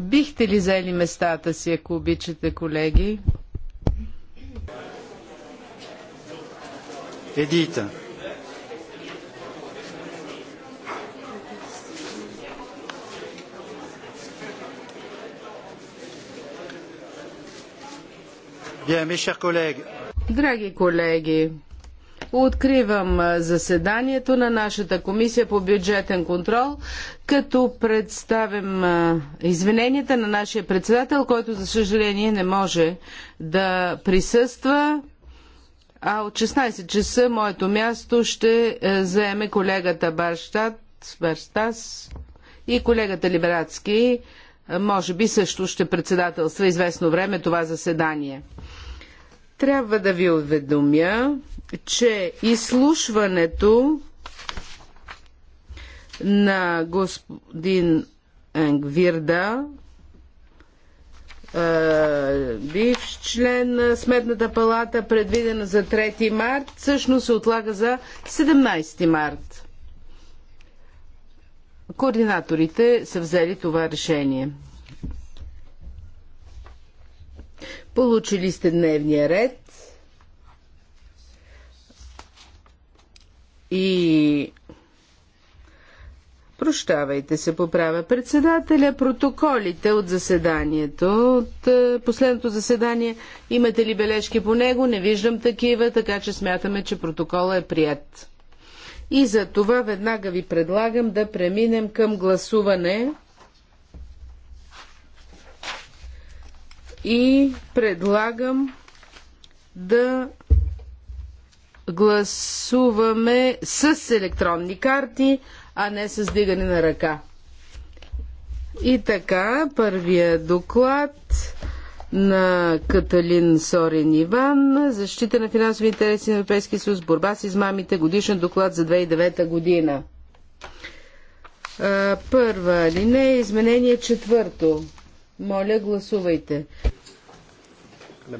Бихте ли заели местата си, ако обичате, колеги? Едита. Bien, mes chers collègues. Драги колеги, Откривам заседанието на нашата комисия по бюджетен контрол, като представим извиненията на нашия председател, който за съжаление не може да присъства. А от 16 часа моето място ще заеме колегата Барштат, Барштас и колегата Либерацки. Може би също ще председателства известно време това заседание. Трябва да ви уведомя, че изслушването на господин Енгвирда, бивш член на Сметната палата, предвидена за 3 март, всъщност се отлага за 17 март. Координаторите са взели това решение. Получили сте дневния ред. и Прощавайте се, поправя председателя. Протоколите от заседанието, от е, последното заседание, имате ли бележки по него? Не виждам такива, така че смятаме, че протокола е прият. И за това веднага ви предлагам да преминем към гласуване. И предлагам да гласуваме с електронни карти, а не с дигане на ръка. И така, първия доклад на Каталин Сорин Иван, защита на финансови интереси на Европейския съюз, борба с измамите, годишен доклад за 2009 година. Първа линия, изменение четвърто. Моля, гласувайте. La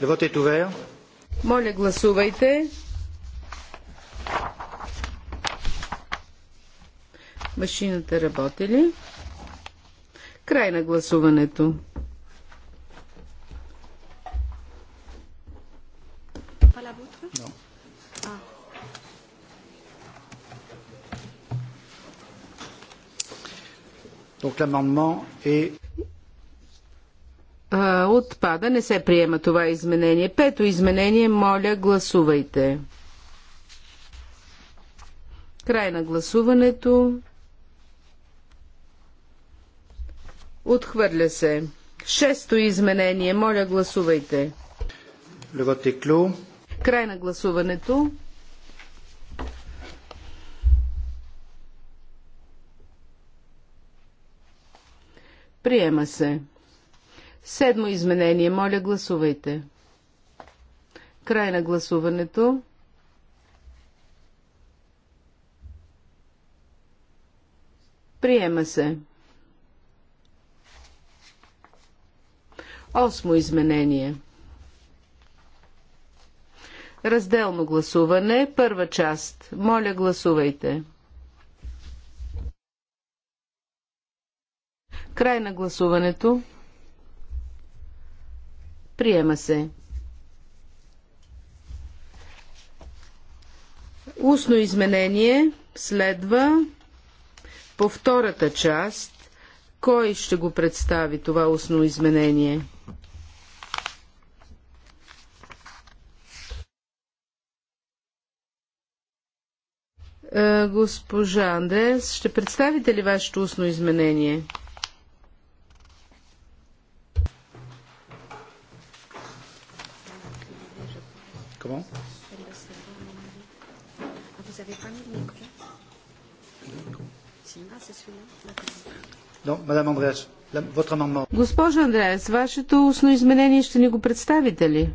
Le vote est ouvert. Моля, гласувайте. Машината работи ли? Край на гласуването. Ah. Donc l'amendement est отпада, не се приема това изменение. Пето изменение, моля, гласувайте. Край на гласуването. Отхвърля се. Шесто изменение, моля, гласувайте. Леватеклю. Край на гласуването. Приема се. Седмо изменение. Моля, гласувайте. Край на гласуването. Приема се. Осмо изменение. Разделно гласуване. Първа част. Моля, гласувайте. Край на гласуването. Приема се. Устно изменение следва по втората част. Кой ще го представи това устно изменение? Е, госпожа Андреас, ще представите ли вашето устно изменение? Comment ah, Vous avez pas mis le micro Si, Ah, c'est celui-là Non, Madame Andreas. Госпожо Андреас, вашето устно изменение ще ни го представите ли?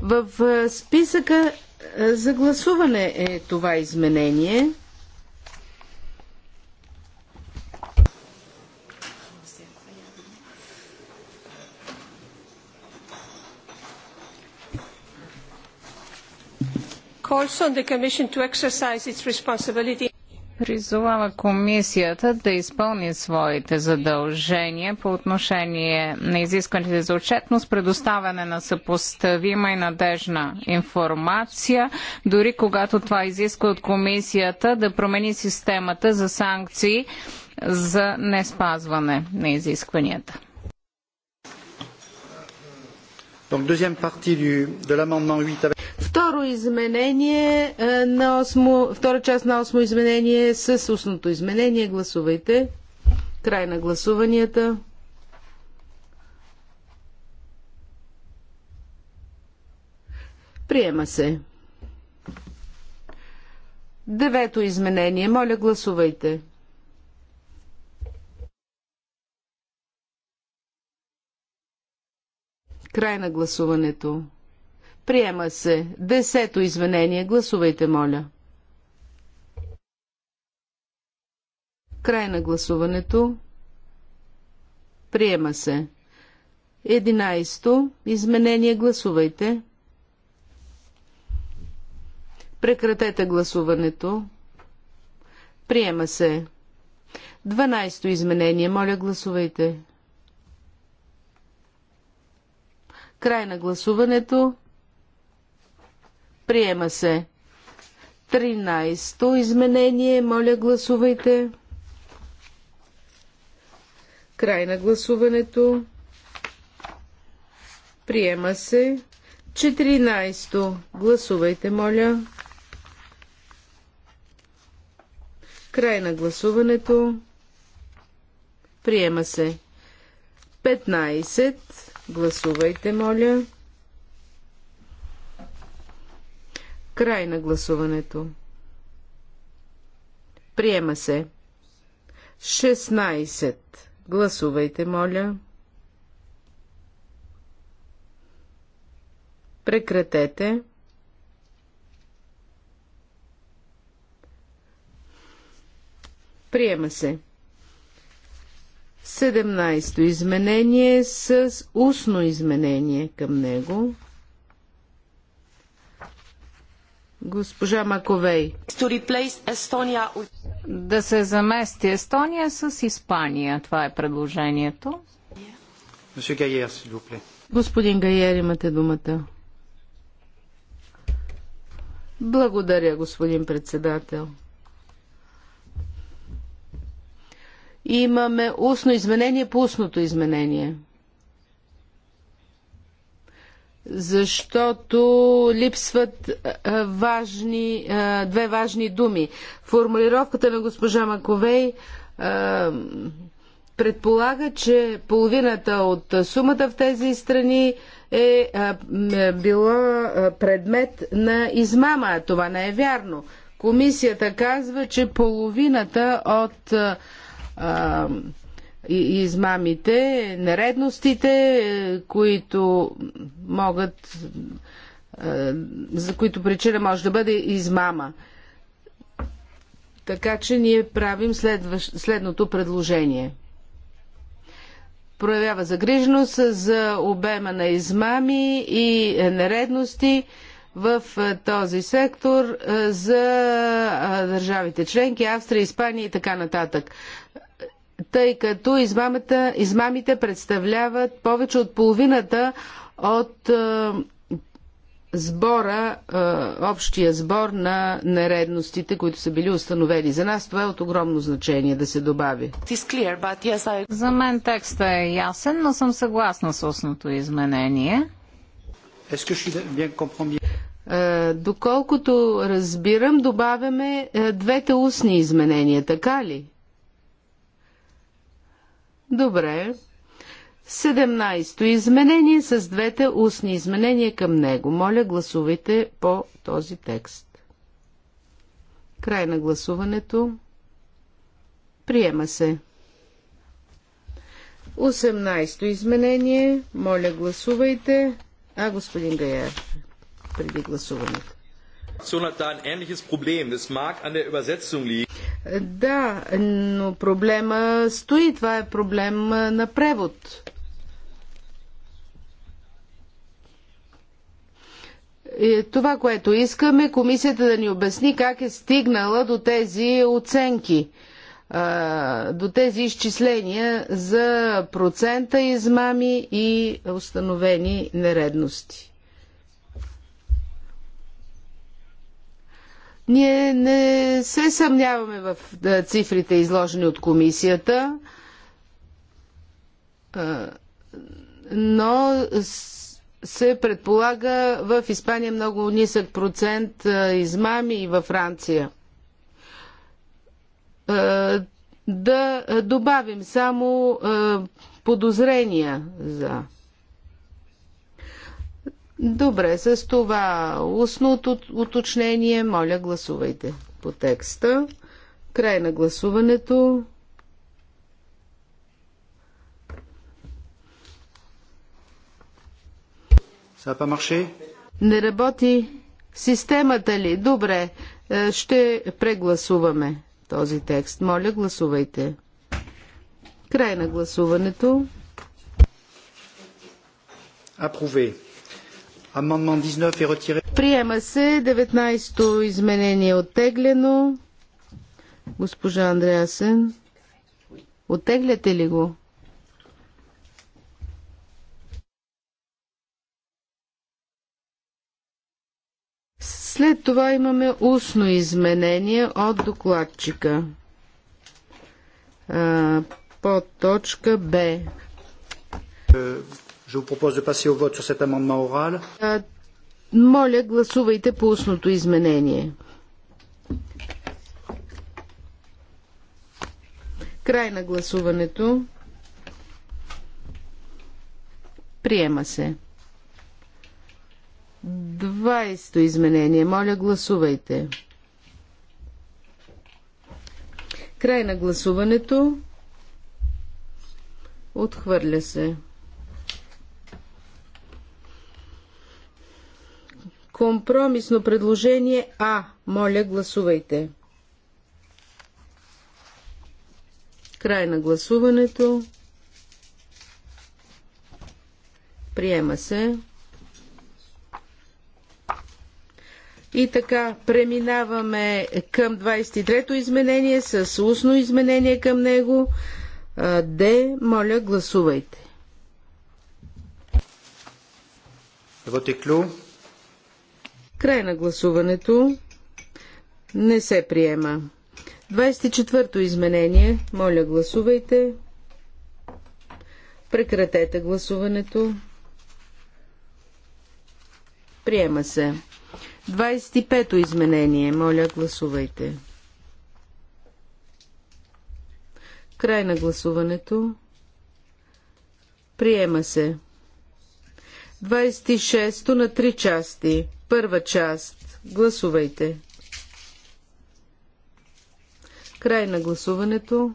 В списъка е, за гласуване е това изменение. Призовава комисията да изпълни своите задължения по отношение на изискването за отчетност, предоставяне на съпоставима и надежна информация, дори когато това изисква от комисията да промени системата за санкции за неспазване на изискванията. Второ изменение е, на осмо, втора част на осмо изменение с устното изменение. Гласувайте. Край на гласуванията. Приема се. Девето изменение. Моля, гласувайте. Край на гласуването. Приема се. Десето изменение. Гласувайте, моля. Край на гласуването. Приема се. Единайсто. Изменение. Гласувайте. Прекратете гласуването. Приема се. Дванайсто изменение. Моля, гласувайте. Край на гласуването. Приема се. 13-то изменение. Моля, гласувайте. Край на гласуването. Приема се. 14-то. Гласувайте, моля. Край на гласуването. Приема се. 15. Гласувайте, моля. Край на гласуването. Приема се. 16. Гласувайте, моля. Прекратете. Приема се. 17-то изменение с устно изменение към него. Госпожа Маковей. Да се замести Естония с Испания. Това е предложението. Господин Гайер, имате думата. Благодаря, господин председател. Имаме устно изменение по устното изменение. Защото липсват е, е, важни, е, две важни думи. Формулировката на госпожа Маковей предполага, че половината от сумата в тези страни е била предмет на измама. Това не е вярно. Комисията казва, че половината от а, измамите, нередностите, е, които могат, е, за които причина може да бъде измама. Така че ние правим следващ, следното предложение. Проявява загриженост за обема на измами и нередности, в е, този сектор е, за е, държавите членки, Австрия, Испания и така нататък. Тъй като измамата, измамите представляват повече от половината от сбора, общия сбор на нередностите, които са били установени. За нас това е от огромно значение да се добави. За мен текста е ясен, но съм съгласна с устното изменение. Е, доколкото разбирам, добавяме е, двете устни изменения, така ли? Добре. 17-то изменение с двете устни изменения към него. Моля, гласувайте по този текст. Край на гласуването. Приема се. 18-то изменение. Моля, гласувайте. А, господин Гаяр преди гласуването. Да, но проблема стои. Това е проблем на превод. това, което искаме, комисията да ни обясни как е стигнала до тези оценки, до тези изчисления за процента измами и установени нередности. Ние не се съмняваме в цифрите, изложени от комисията, но се предполага в Испания много нисък процент измами и във Франция. Да добавим само подозрения за Добре, с това устно уточнение, моля гласувайте по текста. Край на гласуването. Не работи системата ли? Добре, е, ще прегласуваме този текст. Моля, гласувайте. Край на гласуването. Апрове. Приема се 19-то изменение оттеглено. Госпожа Андреасен. Оттегляте ли го? След това имаме устно изменение от докладчика. По точка Б. Е, Je vous propose de passer au vote sur cet amendement oral. Моля, гласувайте по устното изменение. Край на гласуването. Приема се. 20-то изменение. Моля, гласувайте. Край на гласуването. Отхвърля се. Компромисно предложение А. Моля, гласувайте. Край на гласуването. Приема се. И така, преминаваме към 23-то изменение с устно изменение към него. Д. Моля, гласувайте. Вотеклю. Край на гласуването. Не се приема. 24-то изменение. Моля, гласувайте. Прекратете гласуването. Приема се. 25-то изменение. Моля, гласувайте. Край на гласуването. Приема се. 26-то на три части. Първа част. Гласувайте. Край на гласуването.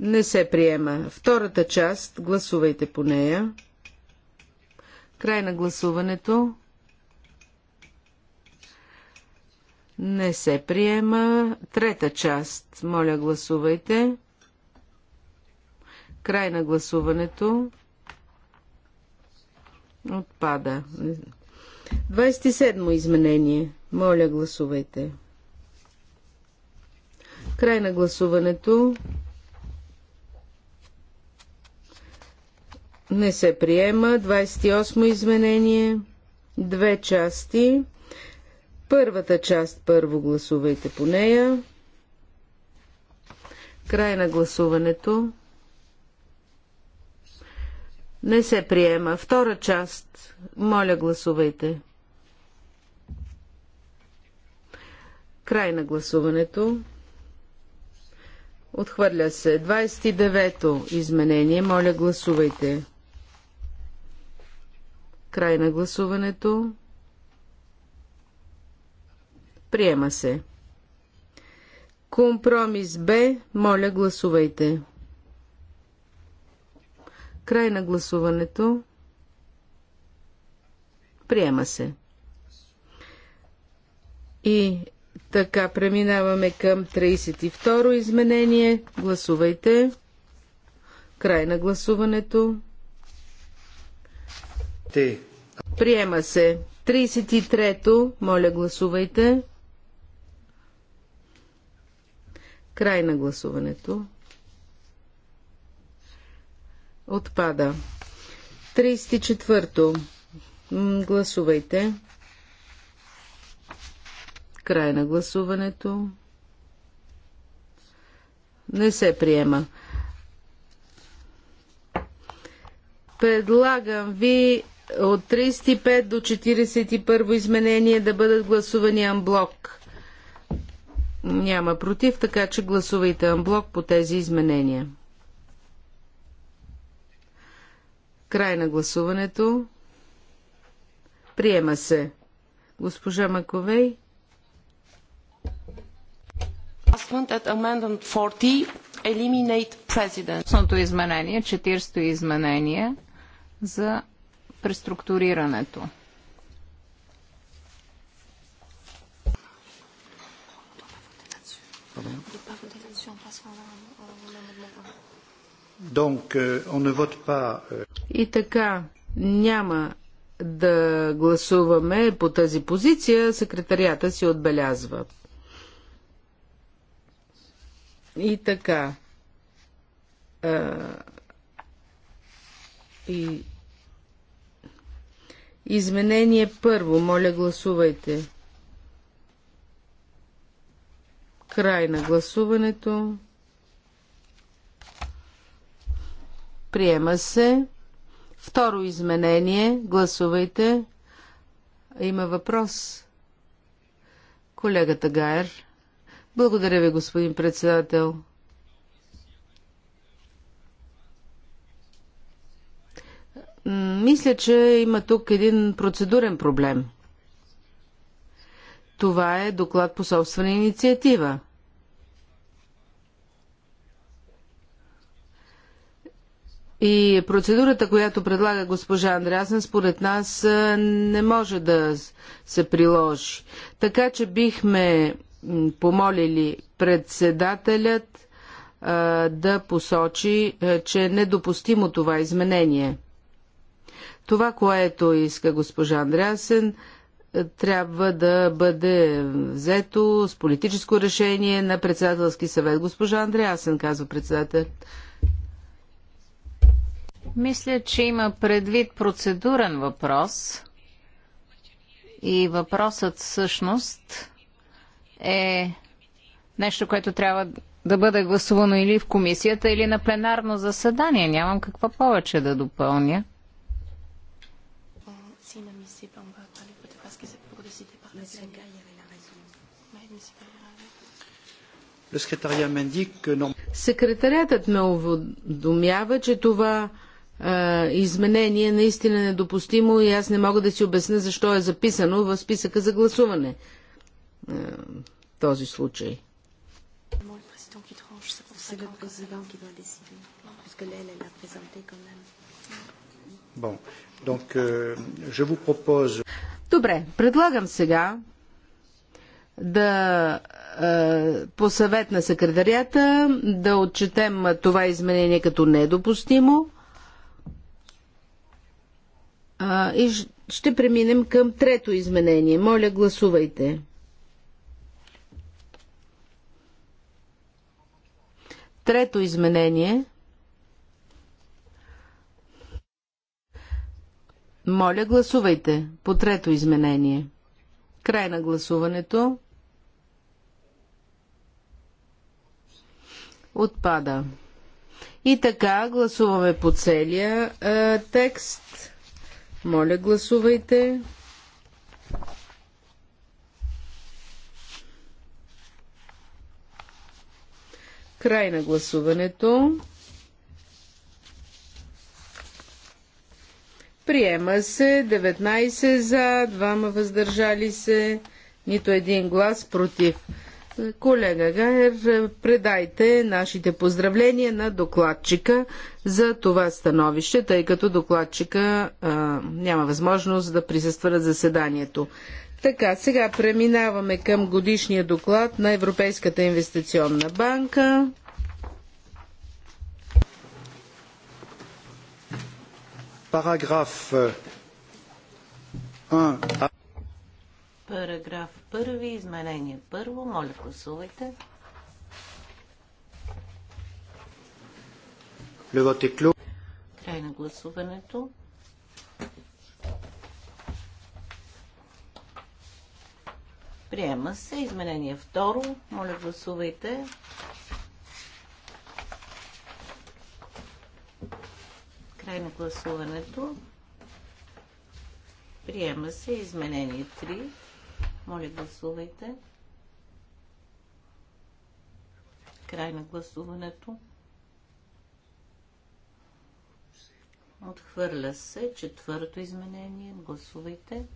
Не се приема. Втората част. Гласувайте по нея. Край на гласуването. Не се приема. Трета част. Моля, гласувайте. Край на гласуването. Отпада. 27 мо изменение. Моля, гласувайте. Край на гласуването. Не се приема. 28 изменение. Две части. Първата част първо гласувайте по нея. Край на гласуването. Не се приема. Втора част. Моля, гласувайте. Край на гласуването. Отхвърля се. 29-то изменение. Моля, гласувайте. Край на гласуването. Приема се. Компромис Б. Моля, гласувайте. Край на гласуването. Приема се. И така, преминаваме към 32-ро изменение. Гласувайте. Край на гласуването. Ти. Приема се. 33-то. Моля, гласувайте. Край на гласуването. Отпада. 34-то. Гласувайте. Край на гласуването. Не се приема. Предлагам ви от 35 до 41 изменение да бъдат гласувани амблок. Няма против, така че гласувайте амблок по тези изменения. Край на гласуването. Приема се. Госпожа Маковей. Основното изменение, 40-то изменение за преструктурирането. Pardon. Euh, euh. И така, няма да гласуваме по тази позиция, секретарията си отбелязва. И така. и... Изменение първо, моля гласувайте. Край на гласуването. Приема се. Второ изменение. Гласувайте. Има въпрос. Колегата Гайер. Благодаря ви, господин председател. Мисля, че има тук един процедурен проблем. Това е доклад по собствена инициатива. И процедурата, която предлага госпожа Андреасен, според нас не може да се приложи. Така че бихме помолили председателят да посочи, че е недопустимо това изменение. Това, което иска госпожа Андреасен, трябва да бъде взето с политическо решение на председателски съвет. Госпожа Андреасен, казва председателят. Мисля, че има предвид процедурен въпрос и въпросът всъщност е нещо, което трябва да бъде гласувано или в комисията, или на пленарно заседание. Нямам какво повече да допълня. Секретариатът ме уведомява, че това изменение наистина недопустимо и аз не мога да си обясня защо е записано в списъка за гласуване този случай. Euh, Добре, предлагам сега да е, по съвет на секретарията да отчетем това изменение като недопустимо а, и ще преминем към трето изменение. Моля, гласувайте. Трето изменение. Моля, гласувайте по трето изменение. Край на гласуването. Отпада. И така гласуваме по целия е, текст. Моля, гласувайте. Край на гласуването. Приема се 19 за, 2 въздържали се, нито един глас против. Колега Гайер, предайте нашите поздравления на докладчика за това становище, тъй като докладчика а, няма възможност да присъства на заседанието. Така, сега преминаваме към годишния доклад на Европейската инвестиционна банка. Параграф 1. Параграф първи, изменение първо. Моля, гласувайте. Край на гласуването. Приема се. Изменение второ. Моля, гласувайте. Край на гласуването. Приема се. Изменение 3. Моля, гласувайте. Край на гласуването. Отхвърля се. Четвърто изменение. Гласувайте.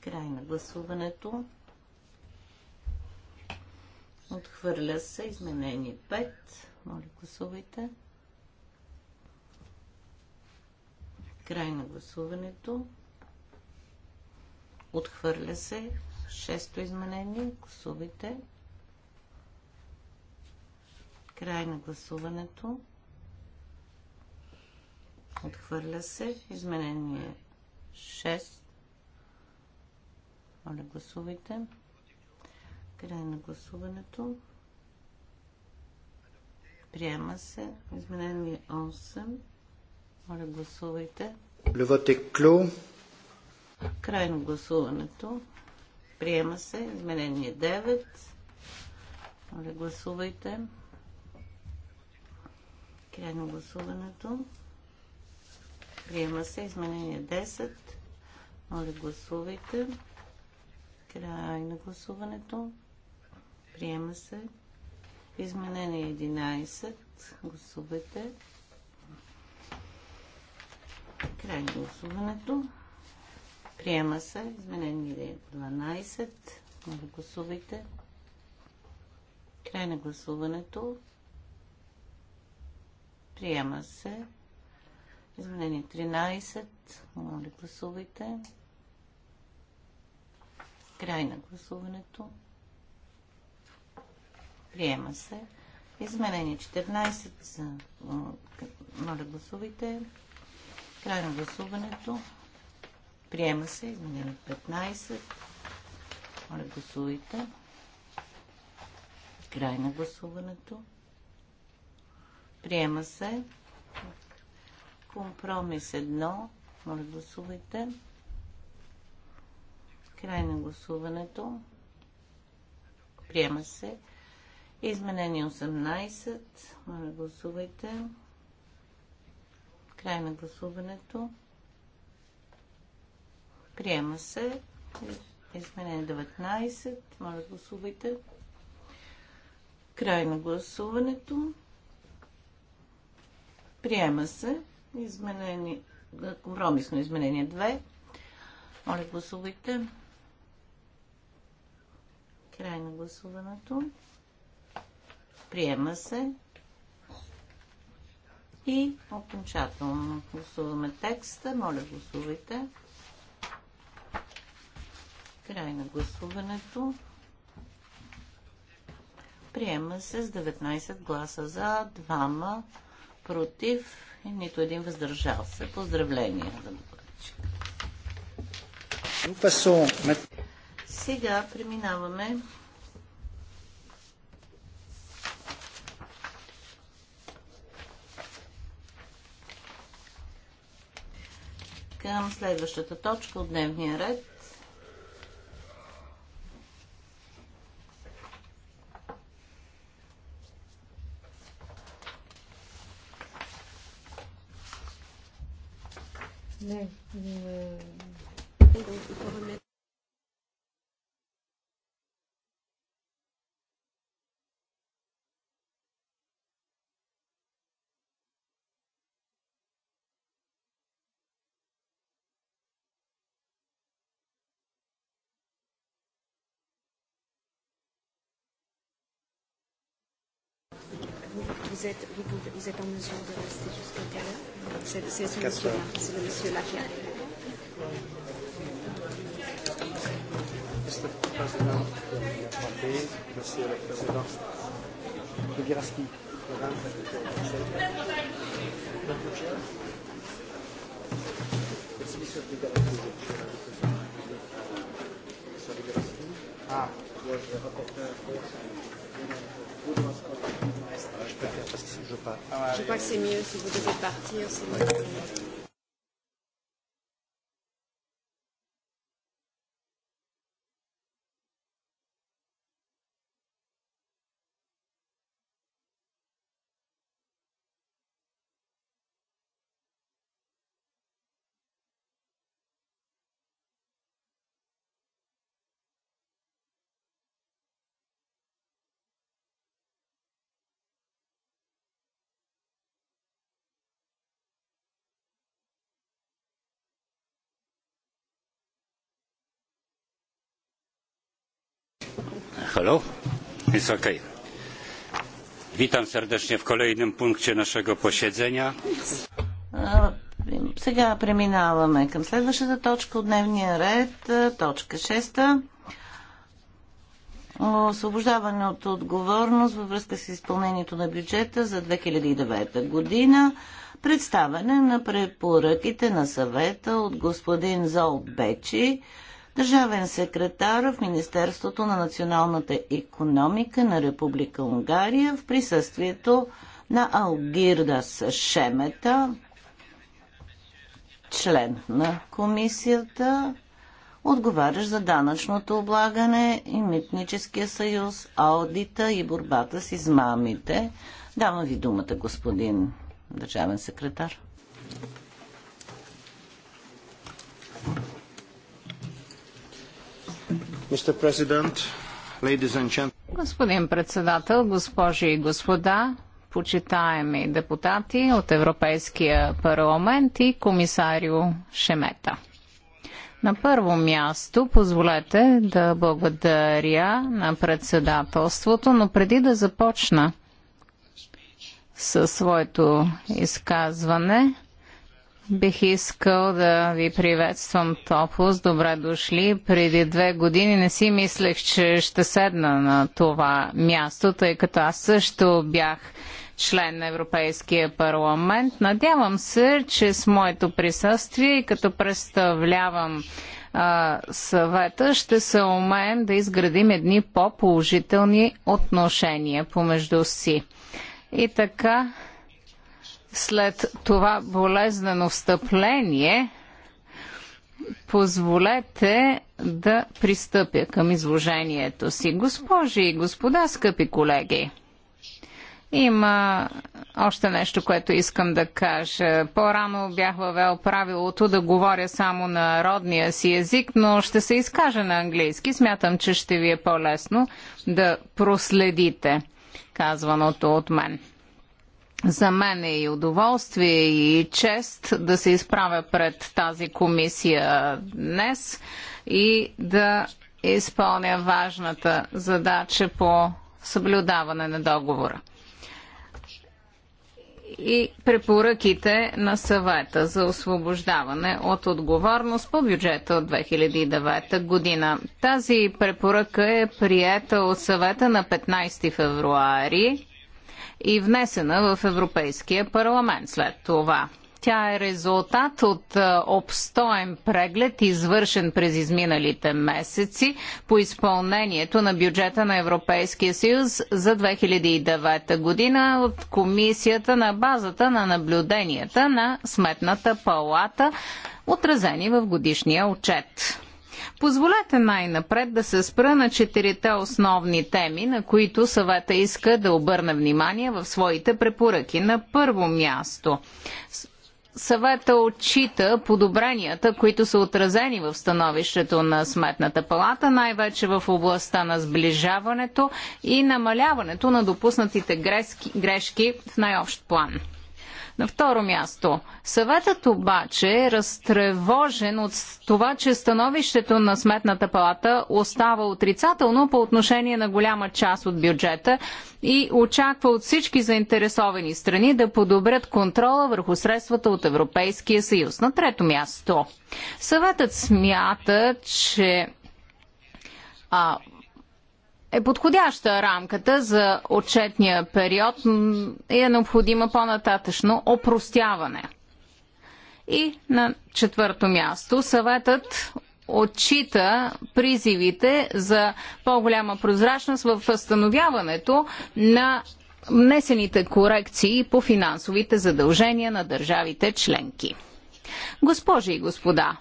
Край на гласуването. Отхвърля се. Изменение 5. Моля, гласувайте. Край на гласуването. Отхвърля се. Шесто изменение. Гласувайте. Край на гласуването. Отхвърля се. Изменение 6. Моля, гласувайте. Край на гласуването. Приема се. Изменение 8. Моля, гласувайте. Le vote Крайно гласуването. Приема се. Изменение 9. Моля, гласувайте. Крайно гласуването. Приема се. Изменение 10. Моля, гласувайте. Крайно гласуването. Приема се. Изменение 11. Гласувайте. Крайно гласуването. Приема се. Изменение 12. Много гласувайте. Край на гласуването. Приема се. Изменение 13. Моля, гласувайте. Край на гласуването. Приема се. Изменение 14. Моля, гласувайте. Край на гласуването. Приема се. Минали 15. Моля, гласувайте. Край на гласуването. Приема се. Компромис 1. Моля, гласувайте. Край на гласуването. Приема се. Изменение 18. Моля, гласувайте. Край на гласуването. Приема се. Изменение 19. Моля, гласувайте. Край на гласуването. Приема се. Изменение, компромисно изменение 2. Моля, гласувайте. Край на гласуването. Приема се. И окончателно гласуваме текста. Моля, гласувайте. Край на гласуването. Приема се с 19 гласа за, 2 против и нито един въздържал се. Поздравления за докладчика. Сега преминаваме към следващата точка от дневния ред. vous, vous, êtes, vous, pouvez, vous êtes en mesure de rester jusqu'à quelle heure C'est ce monsieur-là, c'est le monsieur-là qui arrive. Monsieur le Président, Monsieur le Président, je dirai ce qui Ah, le rapporteur. Je crois que c'est mieux si vous devez partir. C'est Hello? It's okay. Witam serdecznie w kolejnym punkcie naszego posiedzenia. Сега преминаваме към следващата точка от дневния ред, точка 6. Освобождаване от отговорност във връзка с изпълнението на бюджета за 2009 година. Представяне на препоръките на съвета от господин Зол Бечи държавен секретар в Министерството на националната економика на Република Унгария в присъствието на Алгирдас Шемета, член на комисията, отговарящ за данъчното облагане и митническия съюз, аудита и борбата с измамите. Давам ви думата, господин държавен секретар. Господин председател, госпожи и господа, почитаеми депутати от Европейския парламент и комисарио Шемета. На първо място позволете да благодаря на председателството, но преди да започна със своето изказване, Бих искал да ви приветствам топло. С добре дошли. Преди две години не си мислех, че ще седна на това място, тъй като аз също бях член на Европейския парламент. Надявам се, че с моето присъствие и като представлявам а, съвета, ще се умеем да изградим едни по-положителни отношения помежду си. И така, след това болезнено встъпление, позволете да пристъпя към изложението си. Госпожи и господа, скъпи колеги, има още нещо, което искам да кажа. По-рано бях въвел правилото да говоря само на родния си език, но ще се изкажа на английски. Смятам, че ще ви е по-лесно да проследите казваното от мен. За мен е и удоволствие и чест да се изправя пред тази комисия днес и да изпълня важната задача по съблюдаване на договора и препоръките на съвета за освобождаване от отговорност по бюджета от 2009 година. Тази препоръка е приета от съвета на 15 февруари и внесена в Европейския парламент след това. Тя е резултат от е, обстоен преглед, извършен през изминалите месеци по изпълнението на бюджета на Европейския съюз за 2009 година от комисията на базата на наблюденията на Сметната палата, отразени в годишния отчет. Позволете най-напред да се спра на четирите основни теми, на които съвета иска да обърне внимание в своите препоръки. На първо място съвета отчита подобренията, които са отразени в становището на Сметната палата, най-вече в областта на сближаването и намаляването на допуснатите грешки в най-общ план. На второ място, съветът обаче е разтревожен от това, че становището на Сметната палата остава отрицателно по отношение на голяма част от бюджета и очаква от всички заинтересовани страни да подобрят контрола върху средствата от Европейския съюз. На трето място, съветът смята, че а, е подходяща рамката за отчетния период и е необходима по-нататъчно опростяване. И на четвърто място съветът отчита призивите за по-голяма прозрачност в възстановяването на внесените корекции по финансовите задължения на държавите членки. Госпожи и господа,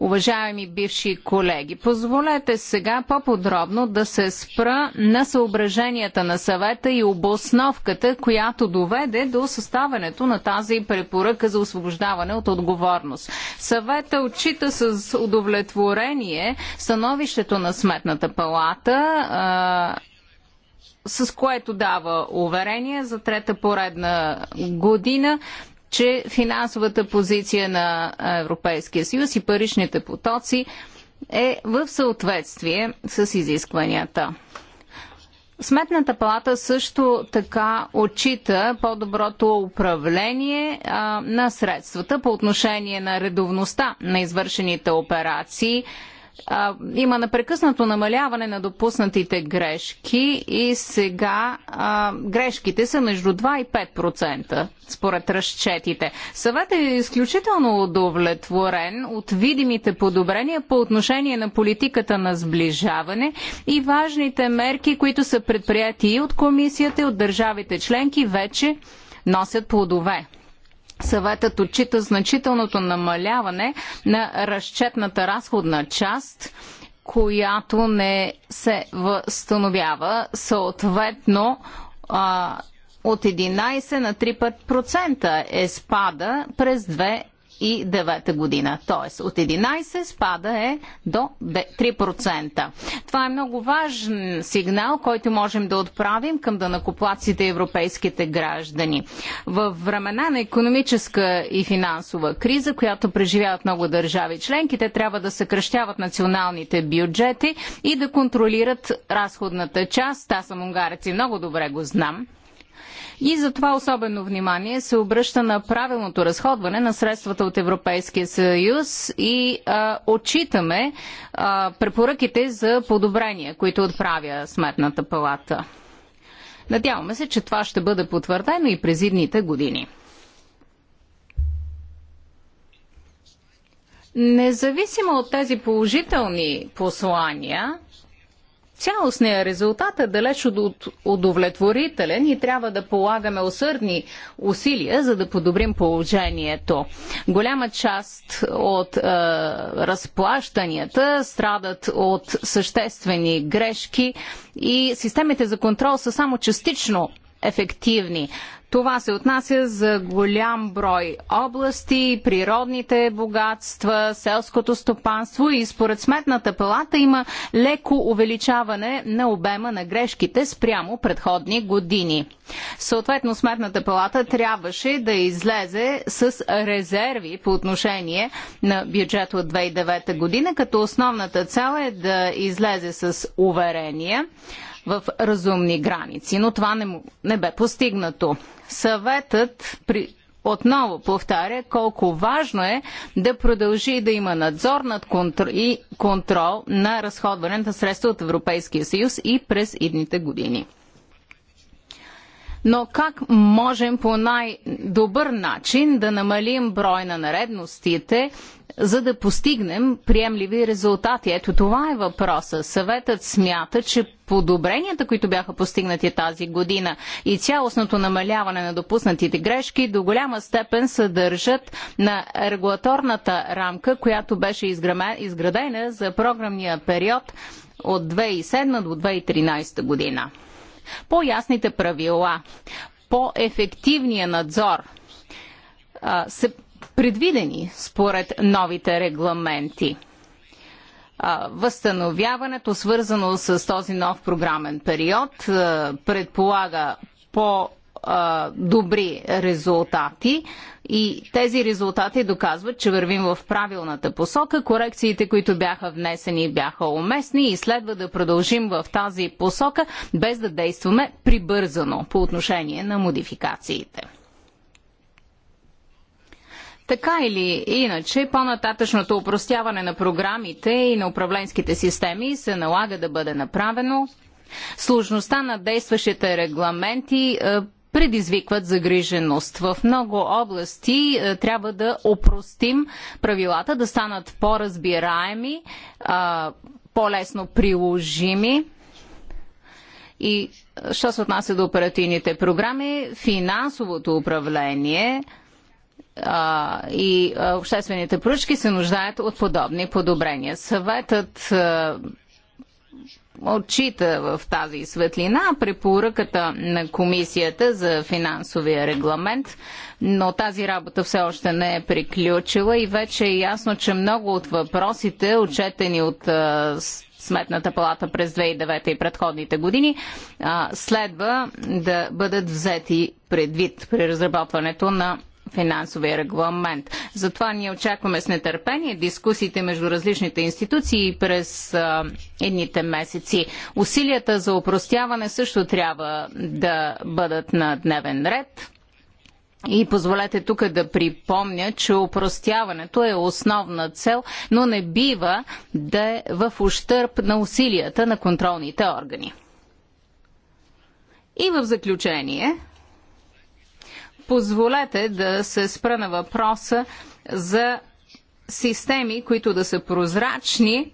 уважаеми бивши колеги. Позволете сега по-подробно да се спра на съображенията на съвета и обосновката, която доведе до съставането на тази препоръка за освобождаване от отговорност. Съвета отчита с удовлетворение становището на Сметната палата с което дава уверение за трета поредна година, че финансовата позиция на Европейския съюз и паричните потоци е в съответствие с изискванията. Сметната палата също така отчита по-доброто управление а, на средствата по отношение на редовността на извършените операции – а, има непрекъснато намаляване на допуснатите грешки и сега а, грешките са между 2 и 5% според разчетите. Съвет е изключително удовлетворен от видимите подобрения по отношение на политиката на сближаване и важните мерки, които са предприяти и от комисията, и от държавите членки, вече носят плодове. Съветът отчита значителното намаляване на разчетната разходна част, която не се възстановява съответно а, от 11 на 3 е спада през две 2009 година. Т.е. от 11 спада е до 3%. Това е много важен сигнал, който можем да отправим към данакоплаците и европейските граждани. В времена на економическа и финансова криза, която преживяват много държави членки, те трябва да съкръщават националните бюджети и да контролират разходната част. Аз съм унгарец и много добре го знам. И за това особено внимание се обръща на правилното разходване на средствата от Европейския съюз и а, отчитаме а, препоръките за подобрения, които отправя Сметната палата. Надяваме се, че това ще бъде потвърдено и през идните години. Независимо от тези положителни послания, Цялостният резултат е далеч от удовлетворителен и трябва да полагаме усърдни усилия, за да подобрим положението. Голяма част от е, разплащанията страдат от съществени грешки и системите за контрол са само частично ефективни. Това се отнася за голям брой области, природните богатства, селското стопанство и според сметната палата има леко увеличаване на обема на грешките спрямо предходни години. Съответно, сметната палата трябваше да излезе с резерви по отношение на бюджет от 2009 година, като основната цел е да излезе с уверения в разумни граници, но това не, не бе постигнато. Съветът при, отново повтаря колко важно е да продължи да има надзор над контр... и контрол на разходването на средства от Европейския съюз и през идните години но как можем по най-добър начин да намалим брой на наредностите, за да постигнем приемливи резултати? Ето това е въпроса. Съветът смята, че подобренията, които бяха постигнати тази година и цялостното намаляване на допуснатите грешки до голяма степен съдържат на регулаторната рамка, която беше изградена за програмния период от 2007 до 2013 година. По-ясните правила, по-ефективния надзор а, са предвидени според новите регламенти. А, възстановяването, свързано с този нов програмен период, а, предполага по добри резултати и тези резултати доказват, че вървим в правилната посока. Корекциите, които бяха внесени, бяха уместни и следва да продължим в тази посока, без да действаме прибързано по отношение на модификациите. Така или иначе, по-нататъчното упростяване на програмите и на управленските системи се налага да бъде направено. Сложността на действащите регламенти е, предизвикват загриженост. В много области е, трябва да опростим правилата, да станат по-разбираеми, е, по-лесно приложими. И е, що се отнася до оперативните програми, финансовото управление а, и обществените поръчки се нуждаят от подобни подобрения. Съветът а, отчита в тази светлина препоръката на комисията за финансовия регламент, но тази работа все още не е приключила и вече е ясно, че много от въпросите, отчетени от Сметната палата през 2009 и предходните години, следва да бъдат взети предвид при разработването на финансовия регламент. Затова ние очакваме с нетърпение дискусиите между различните институции през а, едните месеци. Усилията за упростяване също трябва да бъдат на дневен ред. И позволете тук да припомня, че упростяването е основна цел, но не бива да е в ущърп на усилията на контролните органи. И в заключение, позволете да се спра на въпроса за системи, които да са прозрачни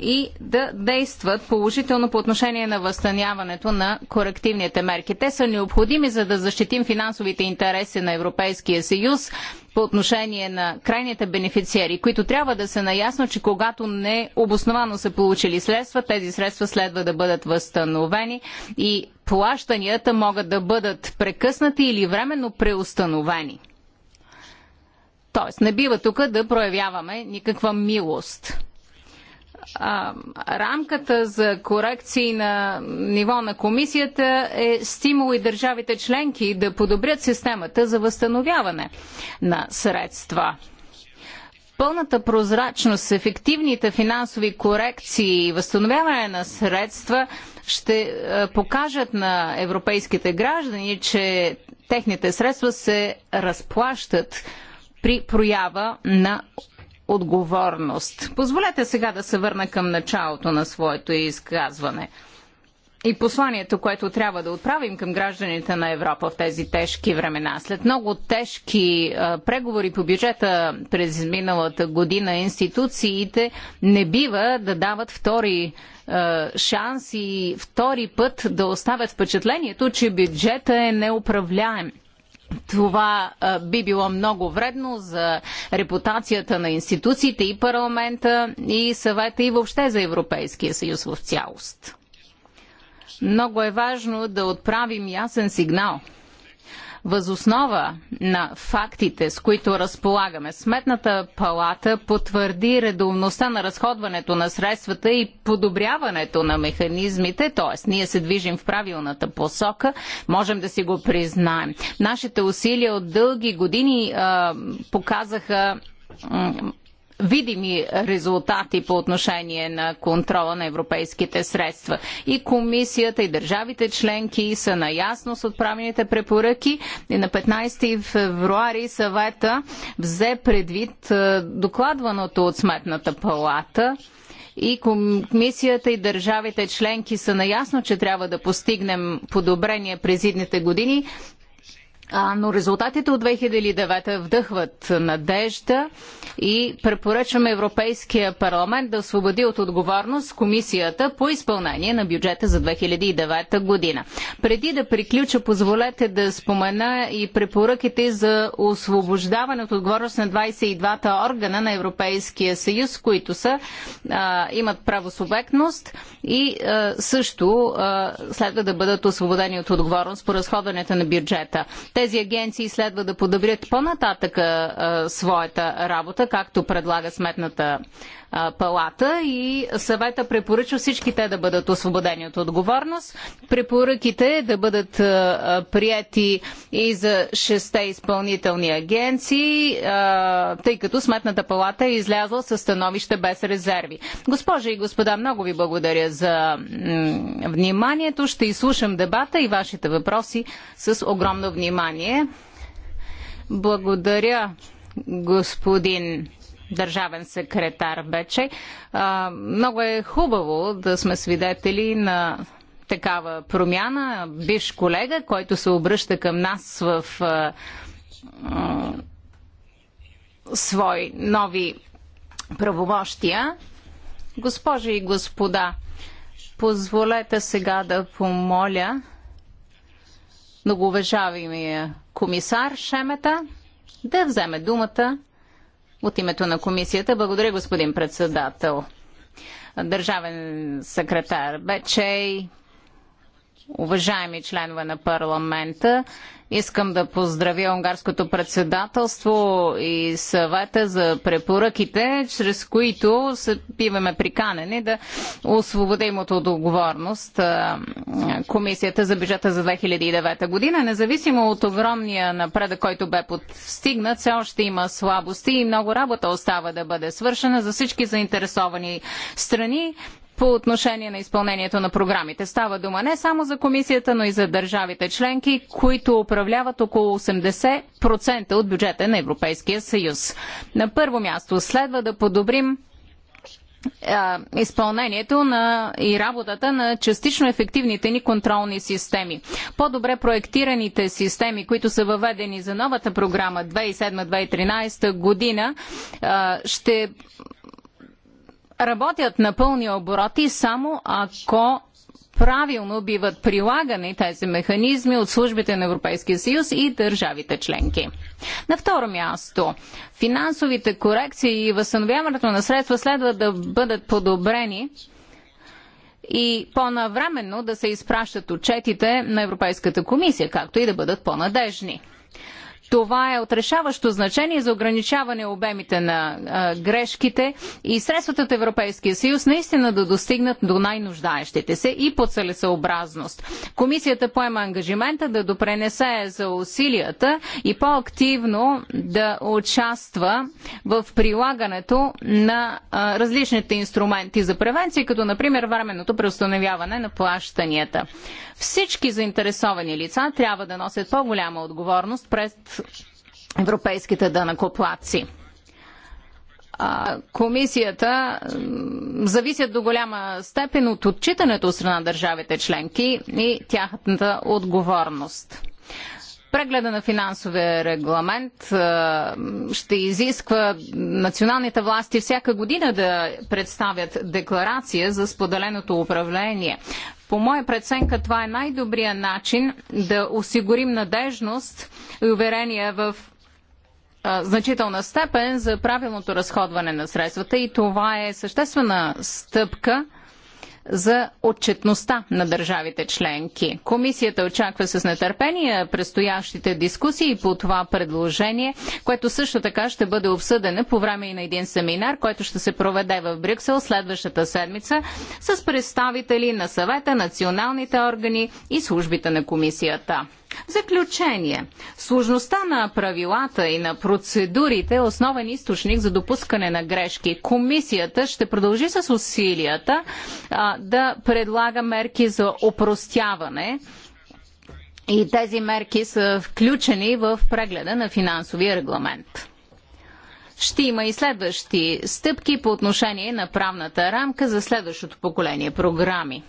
и да действат положително по отношение на възстаняването на корективните мерки. Те са необходими за да защитим финансовите интереси на Европейския съюз по отношение на крайните бенефициери, които трябва да са наясно, че когато не обосновано са получили средства, тези средства следва да бъдат възстановени и плащанията могат да бъдат прекъснати или временно преустановени. Тоест, не бива тук да проявяваме никаква милост а, рамката за корекции на ниво на комисията е стимул и държавите членки да подобрят системата за възстановяване на средства. Пълната прозрачност, ефективните финансови корекции и възстановяване на средства ще е, покажат на европейските граждани, че техните средства се разплащат при проява на отговорност. Позволете сега да се върна към началото на своето изказване и посланието, което трябва да отправим към гражданите на Европа в тези тежки времена. След много тежки а, преговори по бюджета през миналата година, институциите не бива да дават втори а, шанс и втори път да оставят впечатлението, че бюджета е неуправляем. Това а, би било много вредно за репутацията на институциите и парламента и съвета и въобще за Европейския съюз в цялост. Много е важно да отправим ясен сигнал – Възоснова на фактите, с които разполагаме, Сметната палата потвърди редовността на разходването на средствата и подобряването на механизмите, т.е. ние се движим в правилната посока, можем да си го признаем. Нашите усилия от дълги години а, показаха видими резултати по отношение на контрола на европейските средства. И комисията, и държавите членки са наясно с отправените препоръки. И на 15 февруари съвета взе предвид е, докладваното от Сметната палата и комисията и държавите членки са наясно, че трябва да постигнем подобрение през идните години но резултатите от 2009 вдъхват надежда и препоръчваме Европейския парламент да освободи от отговорност комисията по изпълнение на бюджета за 2009 година. Преди да приключа, позволете да спомена и препоръките за освобождаване от отговорност на 22-та органа на Европейския съюз, които са, а, имат правосубектност и а, също а, следва да бъдат освободени от отговорност по разходването на бюджета. Тези агенции следва да подобрят по-нататъка своята работа, както предлага Сметната палата и съвета препоръчва всички те да бъдат освободени от отговорност. Препоръките да бъдат прияти и за шесте изпълнителни агенции, тъй като Сметната палата е излязла със становище без резерви. Госпожа и господа, много ви благодаря за вниманието. Ще изслушам дебата и вашите въпроси с огромно внимание. Благодаря, господин държавен секретар вече. А, много е хубаво да сме свидетели на такава промяна. Биш колега, който се обръща към нас в а, а, свои нови правомощия. Госпожи и господа, позволете сега да помоля многоуважавимия комисар Шемета да вземе думата от името на комисията, благодаря господин председател. Държавен секретар Бечей, уважаеми членове на парламента, Искам да поздравя унгарското председателство и съвета за препоръките, чрез които се биваме приканени да освободим от отговорност Комисията за бюджета за 2009 година. Независимо от огромния напредък, който бе подстигнат, все още има слабости и много работа остава да бъде свършена за всички заинтересовани страни, по отношение на изпълнението на програмите. Става дума не само за комисията, но и за държавите членки, които управляват около 80% от бюджета на Европейския съюз. На първо място следва да подобрим изпълнението на и работата на частично ефективните ни контролни системи. По-добре проектираните системи, които са въведени за новата програма 2007-2013 година, ще работят на пълни обороти само ако правилно биват прилагани тези механизми от службите на Европейския съюз и държавите членки. На второ място, финансовите корекции и възстановяването на средства следва да бъдат подобрени и по-навременно да се изпращат отчетите на Европейската комисия, както и да бъдат по-надежни. Това е отрешаващо значение за ограничаване обемите на а, грешките и средствата от Европейския съюз наистина да достигнат до най-нуждаещите се и по целесъобразност. Комисията поема ангажимента да допренесе за усилията и по-активно да участва в прилагането на а, различните инструменти за превенция, като например временното преустановяване на плащанията. Всички заинтересовани лица трябва да носят по-голяма отговорност пред от европейските данакоплаци. Комисията зависят до голяма степен от отчитането от страна на държавите членки и тяхната отговорност. Прегледа на финансовия регламент ще изисква националните власти всяка година да представят декларация за споделеното управление. По моя преценка това е най-добрия начин да осигурим надежност и уверение в значителна степен за правилното разходване на средствата и това е съществена стъпка – за отчетността на държавите членки. Комисията очаква с нетърпение предстоящите дискусии по това предложение, което също така ще бъде обсъдено по време и на един семинар, който ще се проведе в Брюксел следващата седмица с представители на съвета, националните органи и службите на комисията. В заключение, сложността на правилата и на процедурите е основен източник за допускане на грешки. Комисията ще продължи с усилията а, да предлага мерки за опростяване и тези мерки са включени в прегледа на финансовия регламент. Ще има и следващи стъпки по отношение на правната рамка за следващото поколение програми.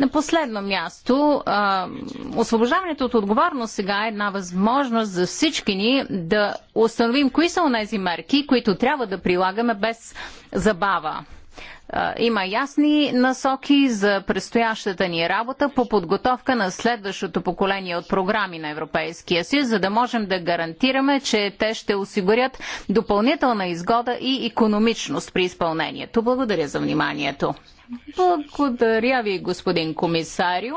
На последно място, а, освобождаването от отговорност сега е една възможност за всички ни да установим кои са тези мерки, които трябва да прилагаме без забава. Има ясни насоки за предстоящата ни работа по подготовка на следващото поколение от програми на Европейския съюз, за да можем да гарантираме, че те ще осигурят допълнителна изгода и економичност при изпълнението. Благодаря за вниманието. Благодаря ви, господин комисарио.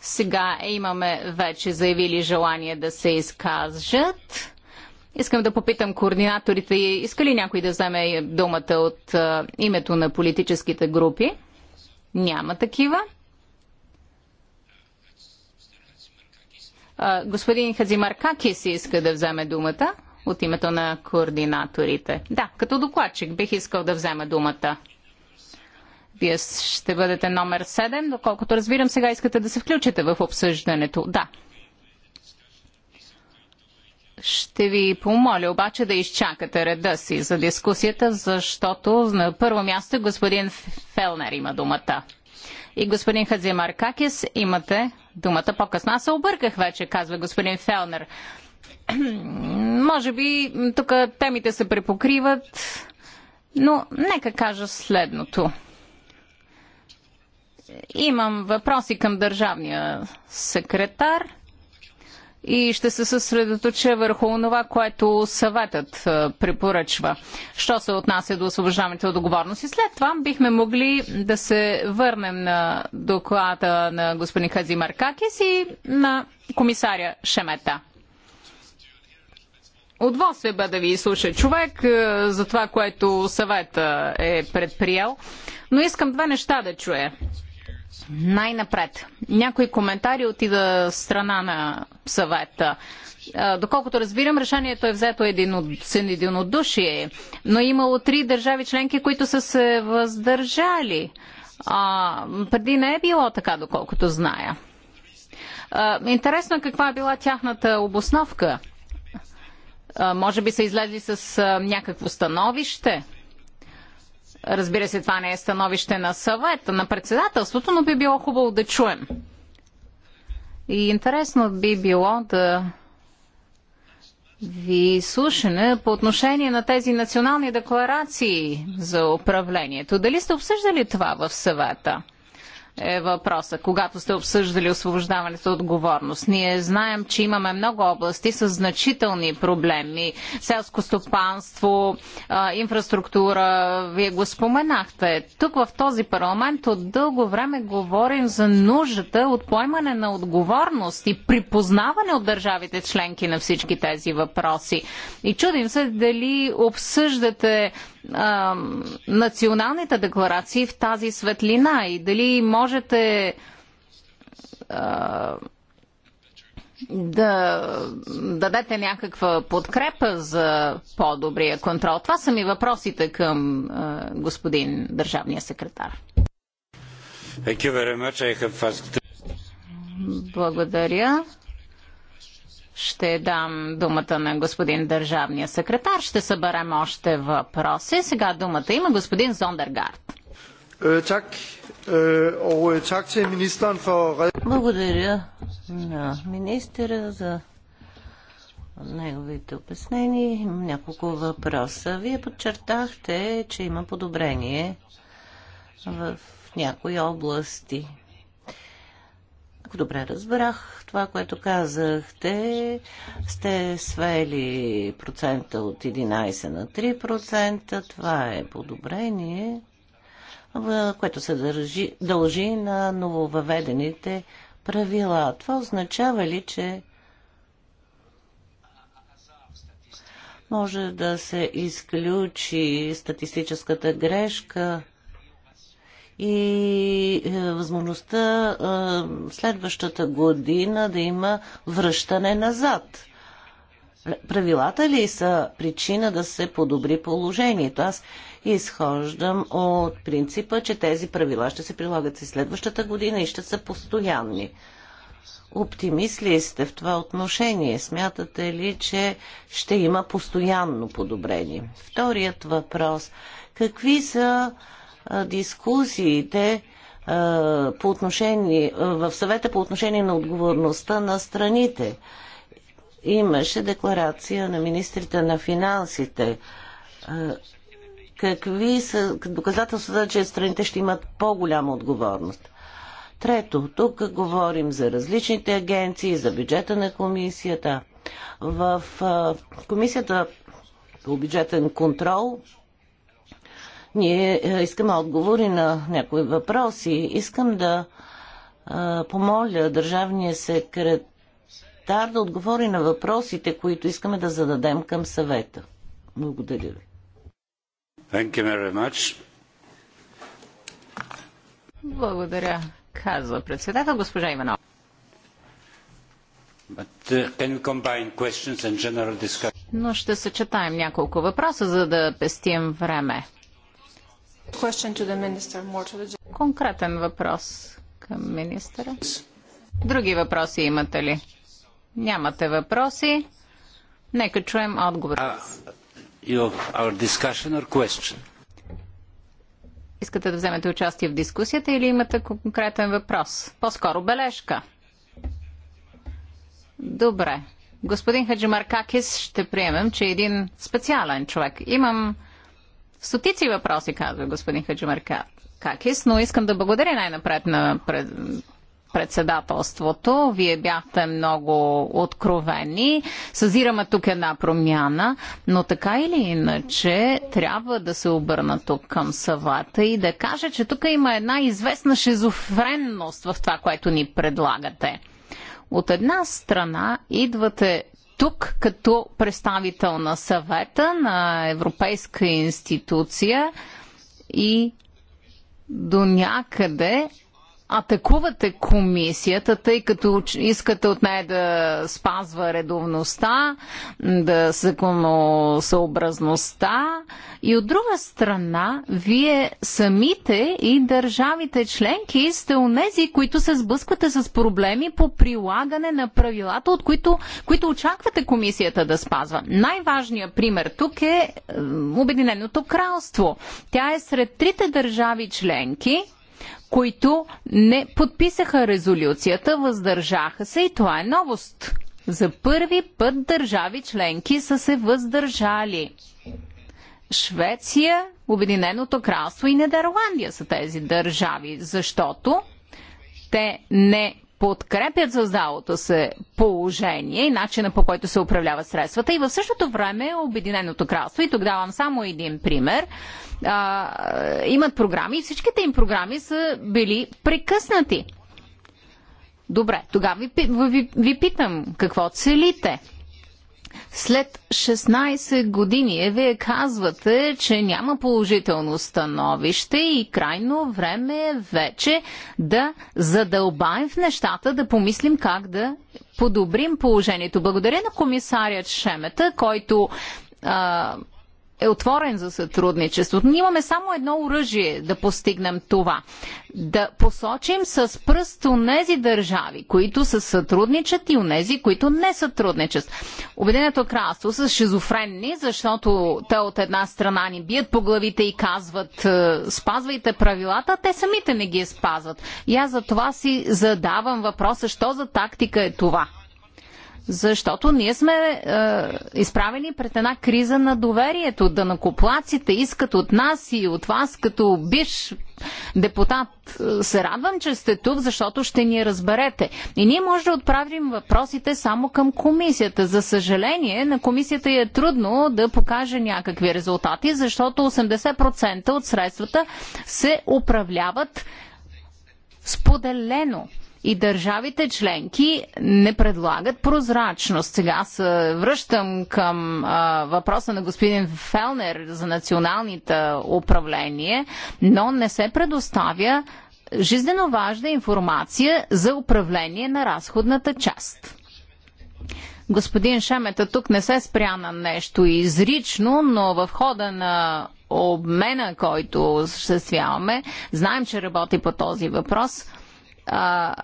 Сега имаме вече заявили желание да се изкажат. Искам да попитам координаторите, иска ли някой да вземе думата от а, името на политическите групи? Няма такива. А, господин си иска да вземе думата от името на координаторите. Да, като докладчик бих искал да взема думата. Вие ще бъдете номер 7, доколкото разбирам, сега искате да се включите в обсъждането. Да. Ще ви помоля обаче да изчакате реда си за дискусията, защото на първо място господин Фелнер има думата. И господин Какис, имате думата по-късно. Аз се обърках вече, казва господин Фелнер. Може би тук темите се препокриват, но нека кажа следното. Имам въпроси към държавния секретар и ще се съсредоточа върху това, което съветът е, препоръчва, що се отнася до освобождаването от договорност? И след това бихме могли да се върнем на доклада на господин Хази Маркакис и на комисаря Шемета. Удоволствие бе да ви слуша човек е, за това, което съвета е предприел, но искам две неща да чуя. Най-напред, някои коментари от ида страна на съвета. Доколкото разбирам, решението е взето един, от души, но имало три държави членки, които са се въздържали. А, преди не е било така, доколкото зная. А, интересно е каква е била тяхната обосновка. А, може би са излезли с а, някакво становище. Разбира се, това не е становище на съвета, на председателството, но би било хубаво да чуем. И интересно би било да ви слушане по отношение на тези национални декларации за управлението. Дали сте обсъждали това в съвета? е въпроса, когато сте обсъждали освобождаването от отговорност. Ние знаем, че имаме много области с значителни проблеми. Селско стопанство, инфраструктура, вие го споменахте. Тук в този парламент от дълго време говорим за нуждата от поемане на отговорност и припознаване от държавите членки на всички тези въпроси. И чудим се дали обсъждате а, националните декларации в тази светлина и дали можете а, да дадете някаква подкрепа за по-добрия контрол. Това са ми въпросите към а, господин държавния секретар. Благодаря. Ще дам думата на господин държавния секретар. Ще съберем още въпроси. Сега думата има господин Зондергард. Е, е, е, Благодаря на министъра за неговите обяснения. Имам няколко въпроса. Вие подчертахте, че има подобрение в някои области ако добре разбрах това, което казахте, сте свели процента от 11 на 3%. Това е подобрение, което се дължи, дължи на нововъведените правила. Това означава ли, че може да се изключи статистическата грешка – и е, възможността е, следващата година да има връщане назад. Правилата ли са причина да се подобри положението? Аз изхождам от принципа, че тези правила ще се прилагат и следващата година и ще са постоянни. Оптимист ли сте в това отношение? Смятате ли, че ще има постоянно подобрение? Вторият въпрос. Какви са дискусиите по отношение, в съвета по отношение на отговорността на страните. Имаше декларация на министрите на финансите. Какви са доказателствата, че страните ще имат по-голяма отговорност? Трето, тук говорим за различните агенции, за бюджета на комисията. В комисията по бюджетен контрол ние е, искаме отговори на някои въпроси. Искам да а, е, помоля държавния секретар да отговори на въпросите, които искаме да зададем към съвета. Благодаря ви. Благодаря, казва председател госпожа Иванова. Uh, Но ще съчетаем няколко въпроса, за да пестим време. Конкретен въпрос към министъра. Други въпроси имате ли? Нямате въпроси. Нека чуем отговор. Uh, Искате да вземете участие в дискусията или имате конкретен въпрос? По-скоро бележка. Добре. Господин Хаджимаркакис, ще приемем, че е един специален човек. Имам стотици въпроси, казва господин Хаджимарка. Какис, но искам да благодаря най-напред на пред, председателството. Вие бяхте много откровени. Съзираме тук една промяна, но така или иначе трябва да се обърна тук към съвата и да кажа, че тук има една известна шизофренност в това, което ни предлагате. От една страна идвате тук като представител на съвета на европейска институция и до някъде атакувате комисията, тъй като искате от нея да спазва редовността, да законосъобразността и от друга страна, вие самите и държавите членки сте онези, които се сблъсквате с проблеми по прилагане на правилата, от които, които очаквате комисията да спазва. Най-важният пример тук е Обединеното кралство. Тя е сред трите държави членки, които не подписаха резолюцията, въздържаха се и това е новост. За първи път държави членки са се въздържали. Швеция, Обединеното кралство и Нидерландия са тези държави, защото те не подкрепят за залото се положение и начина по който се управлява средствата. И в същото време е Обединеното кралство, и тук давам само един пример, а, имат програми и всичките им програми са били прекъснати. Добре, тогава ви, ви, ви питам какво целите? След 16 години е, вие казвате, че няма положително становище и крайно време е вече да задълбаем в нещата, да помислим как да подобрим положението. Благодаря на комисарят Шемета, който а, е отворен за сътрудничеството. Ние имаме само едно оръжие да постигнем това. Да посочим с пръст нези държави, които се сътрудничат и нези, които не сътрудничат. Обединеното кралство са шизофренни, защото те от една страна ни бият по главите и казват е, спазвайте правилата, а те самите не ги спазват. И аз за това си задавам въпроса, що за тактика е това? Защото ние сме е, изправени пред една криза на доверието. Да накоплаците искат от нас и от вас като биш депутат. Се радвам, че сте тук, защото ще ни разберете. И ние може да отправим въпросите само към комисията. За съжаление, на комисията е трудно да покаже някакви резултати, защото 80% от средствата се управляват споделено и държавите членки не предлагат прозрачност. Сега аз е, връщам към а, е, въпроса на господин Фелнер за националните управление, но не се предоставя жизненно важна информация за управление на разходната част. Господин Шемета тук не се спря на нещо изрично, но в хода на обмена, който съществяваме, знаем, че работи по този въпрос – а,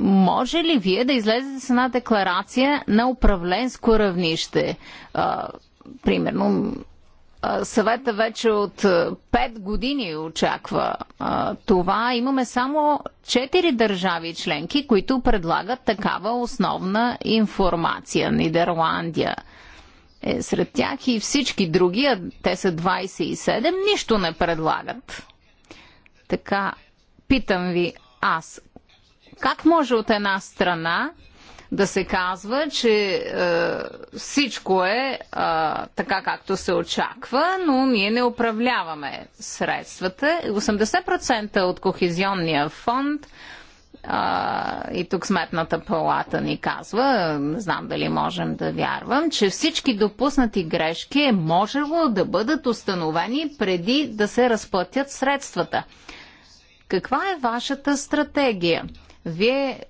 може ли вие да излезете с една декларация на управленско равнище? А, примерно, съвета вече от 5 години очаква а, това. Имаме само 4 държави членки, които предлагат такава основна информация. Нидерландия е сред тях и всички други, а те са 27, нищо не предлагат. Така, питам ви аз, как може от една страна да се казва, че е, всичко е, е така както се очаква, но ние не управляваме средствата. 80% от кохезионния фонд е, и тук сметната палата ни казва, не знам дали можем да вярвам, че всички допуснати грешки е можело да бъдат установени преди да се разплатят средствата. Каква е вашата стратегия? Вие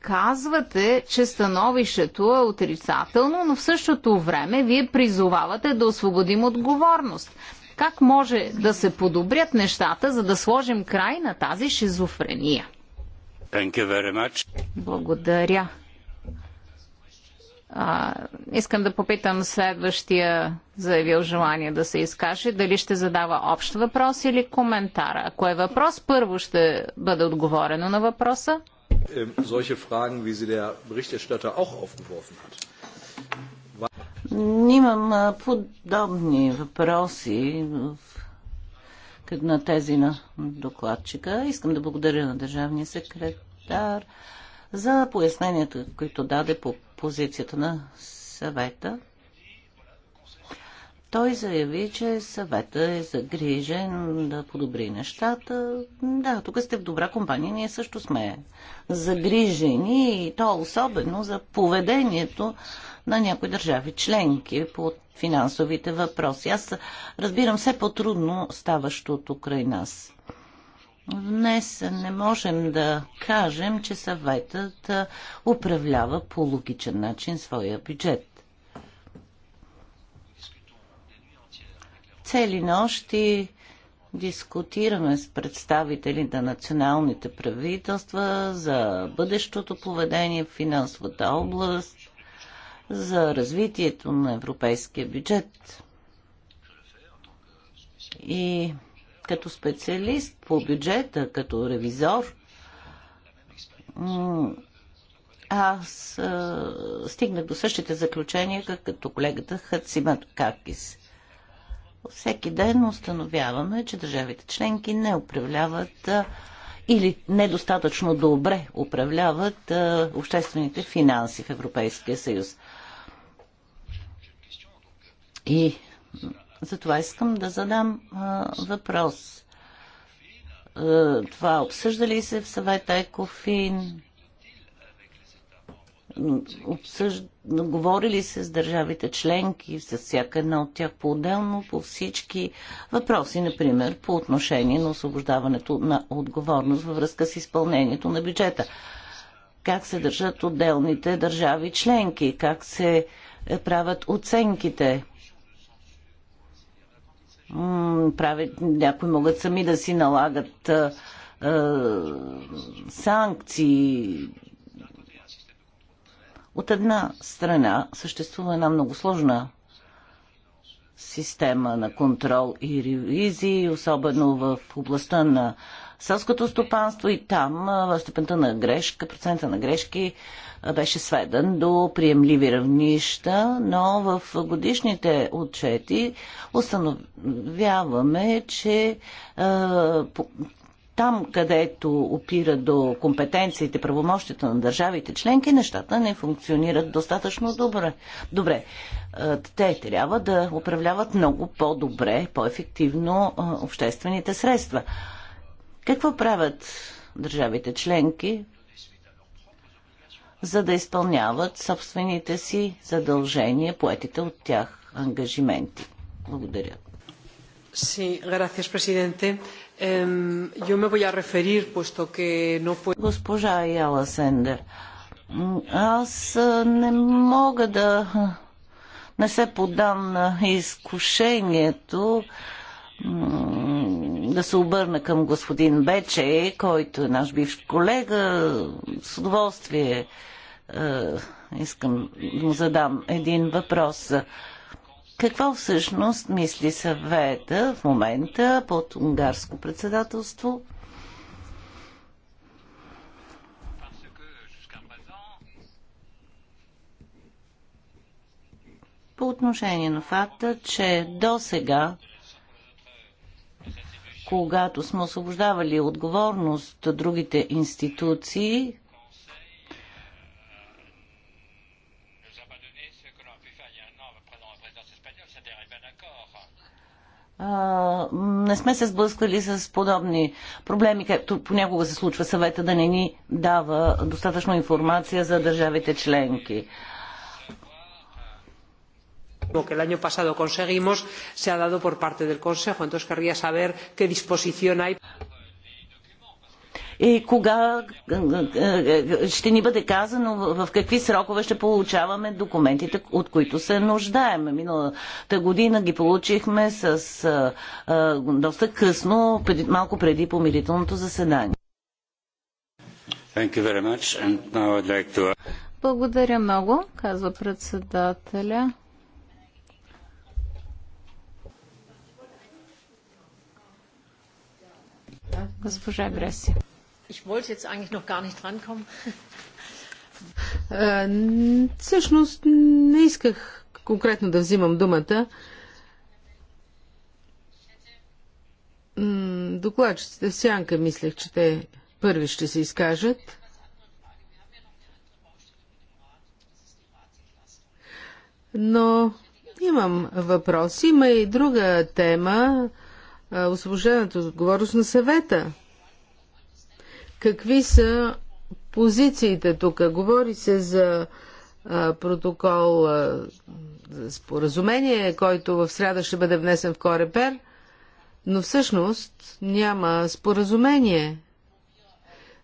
казвате, че становището е отрицателно, но в същото време вие призовавате да освободим отговорност. Как може да се подобрят нещата, за да сложим край на тази шизофрения? Благодаря. А, искам да попитам следващия заявил желание да се изкаже, дали ще задава общ въпрос или коментар. Ако е въпрос, първо ще бъде отговорено на въпроса. Ähm, solche Fragen, wie sie der Berichterstatter auch aufgeworfen hat. Имам подобни въпроси на тези на докладчика. Искам да благодаря на държавния секретар за поясненията, които даде по позицията на съвета. Той заяви, че съвета е загрижен да подобри нещата. Да, тук сте в добра компания, ние също сме загрижени и то особено за поведението на някои държави членки по финансовите въпроси. Аз разбирам все по-трудно ставащото край нас. Днес не можем да кажем, че съветът управлява по логичен начин своя бюджет. Цели нощи дискутираме с представители на националните правителства за бъдещото поведение в финансовата област, за развитието на европейския бюджет. И като специалист по бюджета, като ревизор, аз стигнах до същите заключения, като колегата Хацимат Какис всеки ден установяваме, че държавите членки не управляват или недостатъчно добре управляват обществените финанси в Европейския съюз. И затова искам да задам а, въпрос. А, това обсъжда ли се в съвета Екофин? обсъж... говорили се с държавите членки, с всяка една от тях по-отделно, по всички въпроси, например, по отношение на освобождаването на отговорност във връзка с изпълнението на бюджета. Как се държат отделните държави членки, как се е, правят оценките. правят, някои могат сами да си налагат е, е, санкции, от една страна съществува една много сложна система на контрол и ревизии, особено в областта на селското стопанство и там в степента на грешка, процента на грешки беше сведен до приемливи равнища, но в годишните отчети установяваме, че там, където опира до компетенциите, правомощите на държавите членки, нещата не функционират достатъчно добре. добре. Те трябва да управляват много по-добре, по-ефективно обществените средства. Какво правят държавите членки, за да изпълняват собствените си задължения, поетите от тях ангажименти? Благодаря. Sí, gracias, presidente. Госпожа Яла Сендер, аз не мога да не се подам на изкушението да се обърна към господин Бече, който е наш бивш колега. С удоволствие искам да му задам един въпрос. Какво всъщност мисли съвета в момента под унгарско председателство? По отношение на факта, че до сега когато сме освобождавали отговорност от другите институции, не сме се сблъсквали с подобни проблеми, както понякога се случва съвета да не ни дава достатъчно информация за държавите членки. que el año pasado conseguimos se ha dado por parte del Consejo. Entonces querría saber qué disposición hay и кога е, е, е, ще ни бъде казано в какви срокове ще получаваме документите, от които се нуждаем. Миналата година ги получихме с доста късно, малко преди помирителното заседание. Like to... Благодаря много, казва председателя. Госпожа Греси. Ich wollte jetzt eigentlich noch gar nicht drankommen. Е, всъщност не исках конкретно да взимам думата. Докладчиците в сянка мислех, че те първи ще се изкажат. Но имам въпрос. Има и друга тема е, освобождената отговорност на съвета. Какви са позициите тук? Говори се за а, протокол а, за споразумение, който в среда ще бъде внесен в Корепер, но всъщност няма споразумение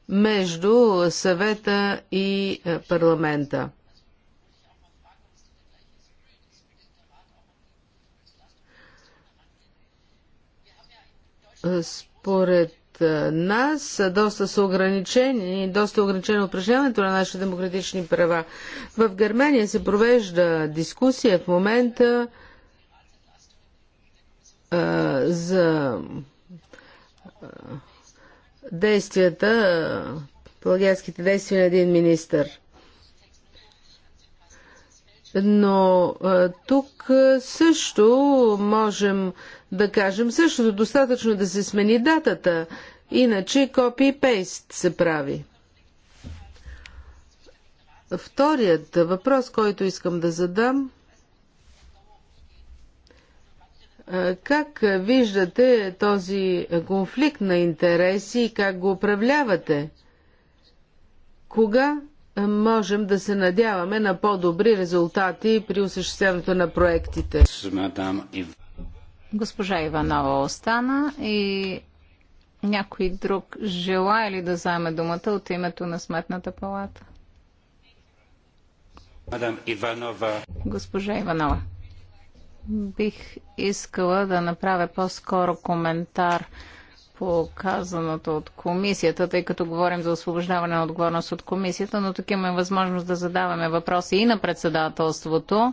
между съвета и парламента. Според от нас доста са ограничени, доста ограничено упражняването на нашите демократични права. В Германия се провежда дискусия в момента а, за а, действията, плагиатските действия на един министр. Но а, тук също можем да кажем същото. Достатъчно да се смени датата, иначе копи-пейст се прави. Вторият въпрос, който искам да задам. Как виждате този конфликт на интереси и как го управлявате? Кога можем да се надяваме на по-добри резултати при осъществяването на проектите? Госпожа Иванова остана и някой друг желая ли да вземе думата от името на Сметната палата? Мадам Иванова. Госпожа Иванова. Бих искала да направя по-скоро коментар по казаното от комисията, тъй като говорим за освобождаване на отговорност от комисията, но тук имаме възможност да задаваме въпроси и на председателството.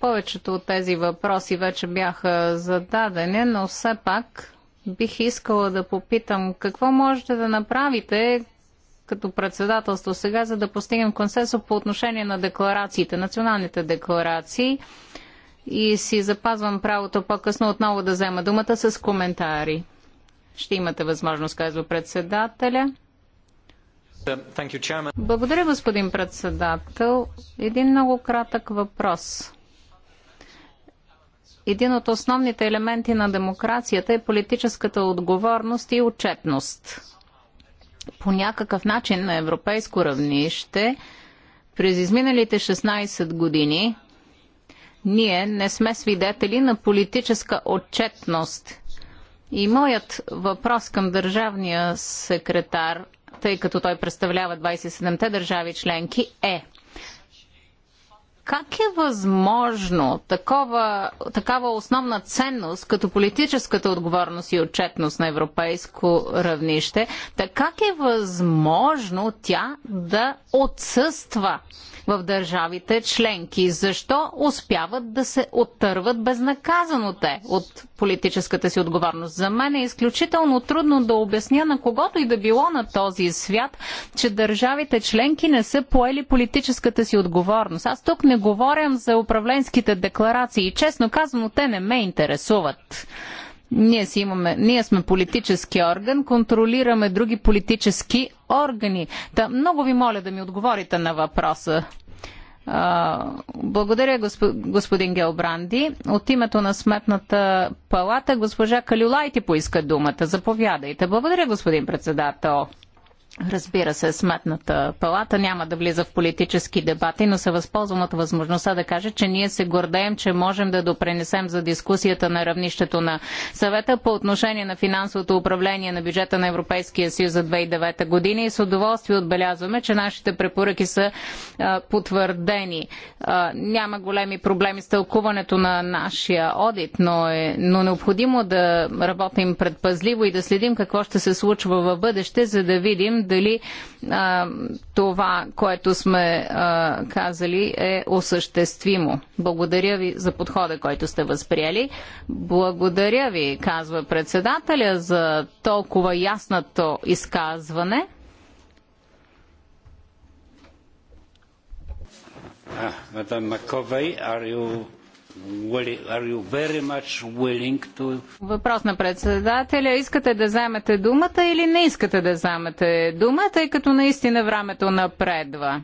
Повечето от тези въпроси вече бяха зададени, но все пак бих искала да попитам какво можете да направите като председателство сега, за да постигнем консенсус по отношение на декларациите, националните декларации и си запазвам правото по-късно отново да взема думата с коментари. Ще имате възможност, казва председателя. Благодаря, господин председател. Един много кратък въпрос един от основните елементи на демокрацията е политическата отговорност и отчетност. По някакъв начин на европейско равнище през изминалите 16 години ние не сме свидетели на политическа отчетност. И моят въпрос към държавния секретар, тъй като той представлява 27-те държави членки, е – как е възможно такова, такава основна ценност, като политическата отговорност и отчетност на европейско равнище, да как е възможно тя да отсъства в държавите членки? Защо успяват да се оттърват безнаказано те от политическата си отговорност? За мен е изключително трудно да обясня на когото и да било на този свят, че държавите членки не са поели политическата си отговорност. Аз тук не говорим за управленските декларации. Честно казано, те не ме интересуват. Ние, си имаме, ние сме политически орган, контролираме други политически органи. Та, много ви моля да ми отговорите на въпроса. А, благодаря, госп... господин Гелбранди. От името на Сметната палата госпожа Калюлайти поиска думата. Заповядайте. Благодаря, господин председател. Разбира се, сметната палата няма да влиза в политически дебати, но се възползвам от възможността да кажа, че ние се гордеем, че можем да допренесем за дискусията на равнището на съвета по отношение на финансовото управление на бюджета на Европейския съюз за 2009 година и с удоволствие отбелязваме, че нашите препоръки са а, потвърдени. А, няма големи проблеми с тълкуването на нашия одит, но е но необходимо да работим предпазливо и да следим какво ще се случва в бъдеще, за да видим дали а, това, което сме а, казали, е осъществимо. Благодаря ви за подхода, който сте възприели. Благодаря ви, казва председателя, за толкова ясното изказване. Uh, Madame McCovey, are you Въпрос на председателя. Искате да вземете думата или не искате да вземете думата, тъй като наистина времето напредва?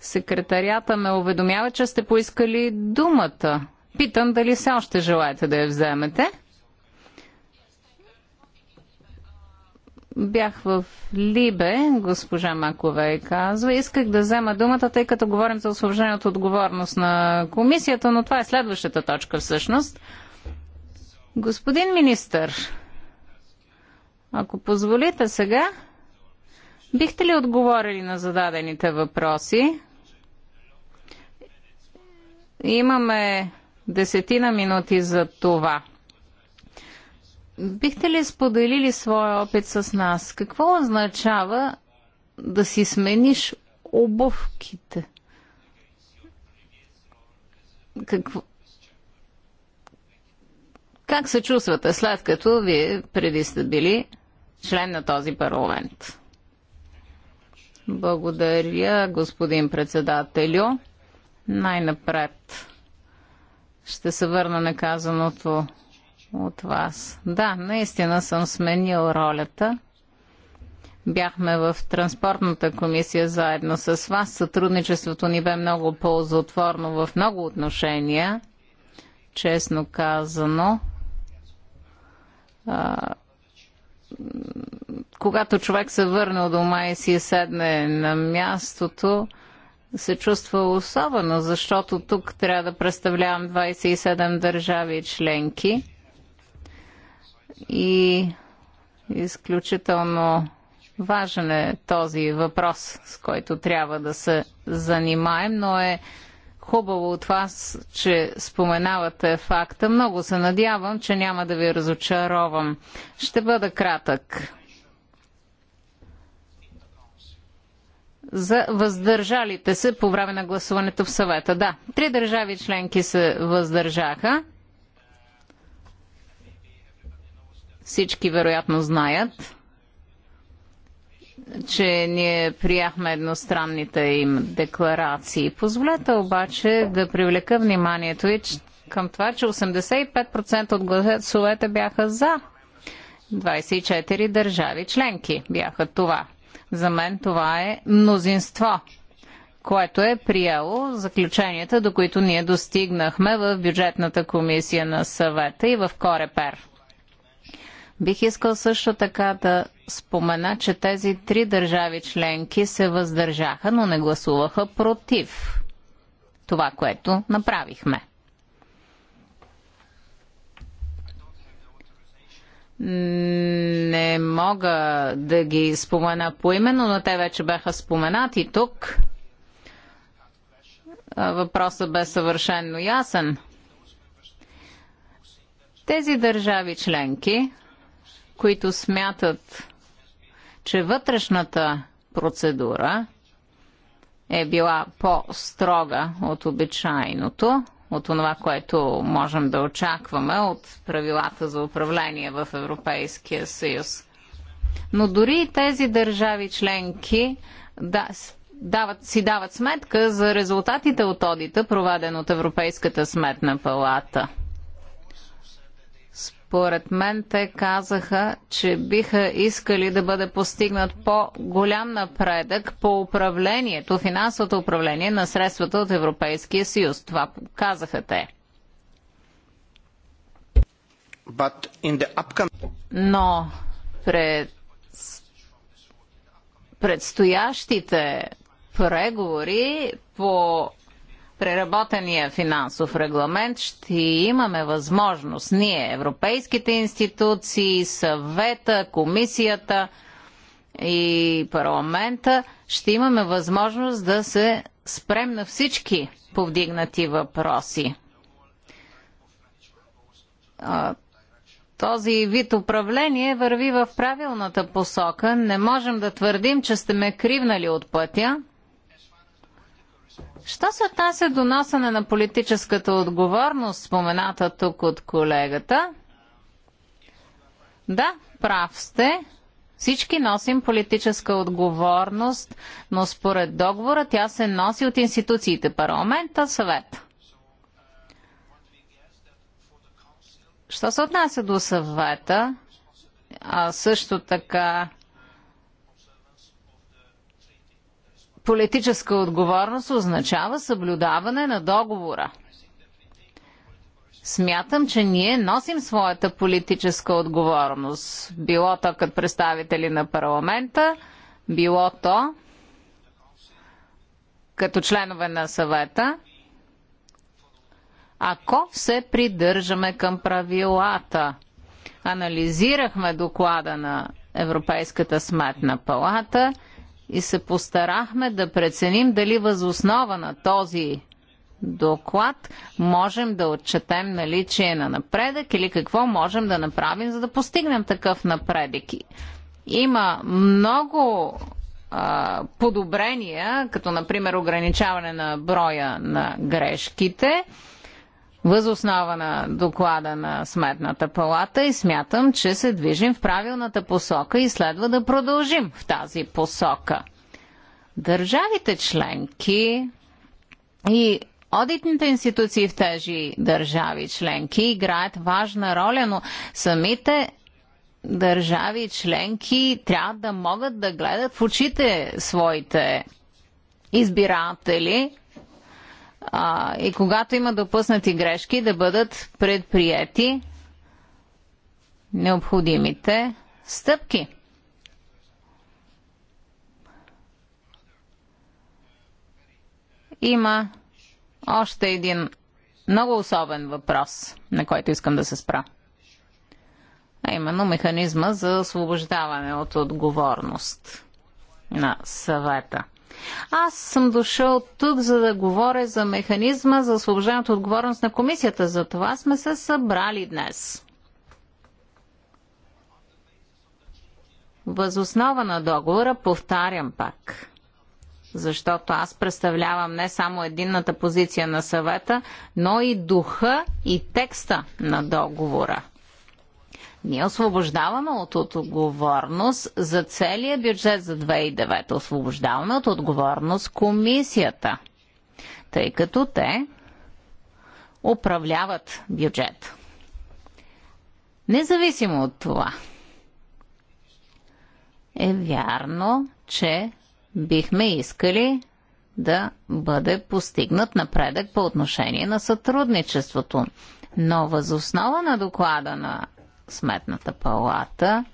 Секретарията ме уведомява, че сте поискали думата. Питам дали все още желаете да я вземете. Бях в Либе, госпожа Макове казва. Исках да взема думата, тъй като говорим за освобождение от отговорност на комисията, но това е следващата точка всъщност. Господин министър, ако позволите сега, бихте ли отговорили на зададените въпроси? Имаме десетина минути за това. Бихте ли споделили своя опит с нас? Какво означава да си смениш обувките? Какво? Как се чувствате след като вие преди сте били член на този парламент? Благодаря, господин председателю. Най-напред ще се върна на казаното от вас. Да, наистина съм сменил ролята. Бяхме в транспортната комисия заедно с вас. Сътрудничеството ни бе много ползотворно в много отношения. Честно казано, а, когато човек се върне от дома и си седне на мястото, се чувства особено, защото тук трябва да представлявам 27 държави членки и изключително важен е този въпрос, с който трябва да се занимаем, но е хубаво от вас, че споменавате факта. Много се надявам, че няма да ви разочаровам. Ще бъда кратък. за въздържалите се по време на гласуването в съвета. Да, три държави членки се въздържаха. Всички вероятно знаят, че ние прияхме едностранните им декларации. Позволете обаче да привлека вниманието и към това, че 85% от гласовете бяха за. 24 държави членки бяха това. За мен това е мнозинство, което е приело заключенията, до които ние достигнахме в бюджетната комисия на съвета и в Корепер. Бих искал също така да спомена, че тези три държави членки се въздържаха, но не гласуваха против това, което направихме. Не мога да ги спомена поименно, но те вече бяха споменати тук. Въпросът бе съвършенно ясен. Тези държави членки, които смятат, че вътрешната процедура е била по-строга от обичайното, от това, което можем да очакваме от правилата за управление в Европейския съюз. Но дори тези държави членки да, дават, си дават сметка за резултатите от одита, проведен от Европейската сметна палата – според мен те казаха, че биха искали да бъде постигнат по-голям напредък по управлението, финансовото управление на средствата от Европейския съюз. Това казаха те. Но пред предстоящите преговори по преработения финансов регламент ще имаме възможност ние, европейските институции, съвета, комисията и парламента, ще имаме възможност да се спрем на всички повдигнати въпроси. Този вид управление върви в правилната посока. Не можем да твърдим, че сте ме кривнали от пътя Що се отнася до носене на политическата отговорност, спомената тук от колегата? Да, прав сте. Всички носим политическа отговорност, но според договора тя се носи от институциите парламента, съвет. Що се отнася до съвета, а също така Политическа отговорност означава съблюдаване на договора. Смятам, че ние носим своята политическа отговорност. Било то като представители на парламента, било то като членове на съвета, ако се придържаме към правилата. Анализирахме доклада на Европейската сметна палата – и се постарахме да преценим дали възоснова на този доклад можем да отчетем наличие на напредък или какво можем да направим, за да постигнем такъв напредък. Има много а, подобрения, като например ограничаване на броя на грешките възоснова на доклада на Сметната палата и смятам, че се движим в правилната посока и следва да продължим в тази посока. Държавите членки и Одитните институции в тези държави членки играят важна роля, но самите държави членки трябва да могат да гледат в очите своите избиратели а, и когато има допуснати грешки, да бъдат предприяти необходимите стъпки. Има още един много особен въпрос, на който искам да се спра. А именно механизма за освобождаване от отговорност на съвета – аз съм дошъл тук, за да говоря за механизма за освобождената отговорност на комисията. За това сме се събрали днес. Възоснова на договора, повтарям пак, защото аз представлявам не само единната позиция на съвета, но и духа и текста на договора – ние освобождаваме от, отговорност за целия бюджет за 2009. Освобождаваме от отговорност комисията, тъй като те управляват бюджет. Независимо от това, е вярно, че бихме искали да бъде постигнат напредък по отношение на сътрудничеството. Но възоснова на доклада на Сметната палата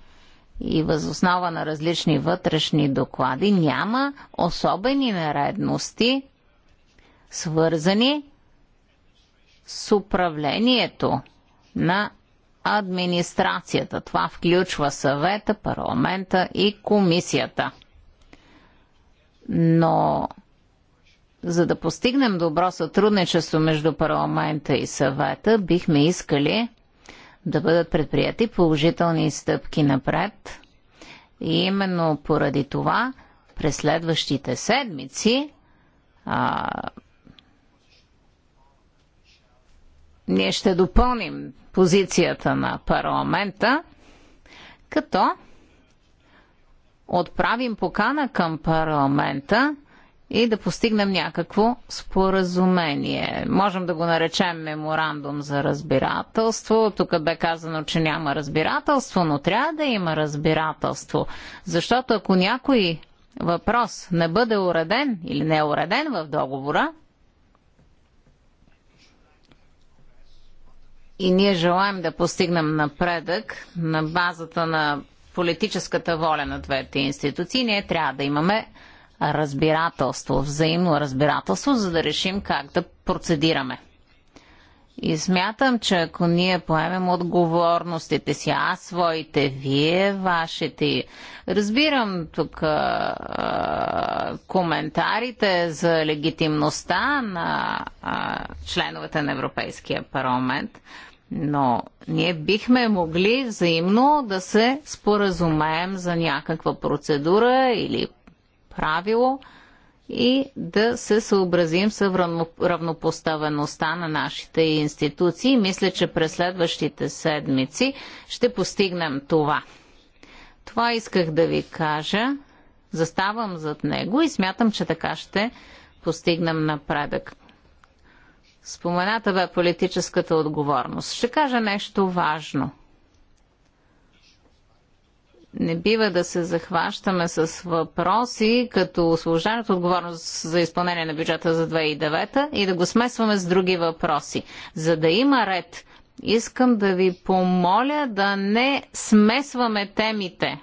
и възоснова на различни вътрешни доклади няма особени нередности, свързани с управлението на администрацията. Това включва съвета, парламента и комисията. Но за да постигнем добро сътрудничество между парламента и съвета, бихме искали да бъдат предприяти положителни стъпки напред. И именно поради това през следващите седмици а, ние ще допълним позицията на парламента, като отправим покана към парламента и да постигнем някакво споразумение. Можем да го наречем меморандум за разбирателство. Тук бе казано, че няма разбирателство, но трябва да има разбирателство. Защото ако някой въпрос не бъде уреден или не е уреден в договора, и ние желаем да постигнем напредък на базата на политическата воля на двете институции, ние трябва да имаме разбирателство, взаимно разбирателство, за да решим как да процедираме. И смятам, че ако ние поемем отговорностите си, аз своите, вие вашите, разбирам тук а, коментарите за легитимността на а, членовете на Европейския парламент, но ние бихме могли взаимно да се споразумеем за някаква процедура или правило и да се съобразим с равнопоставеността на нашите институции. Мисля, че през следващите седмици ще постигнем това. Това исках да ви кажа. Заставам зад него и смятам, че така ще постигнем напредък. Спомената бе политическата отговорност. Ще кажа нещо важно – не бива да се захващаме с въпроси като освобождането отговорност за изпълнение на бюджета за 2009 и да го смесваме с други въпроси. За да има ред, искам да ви помоля да не смесваме темите.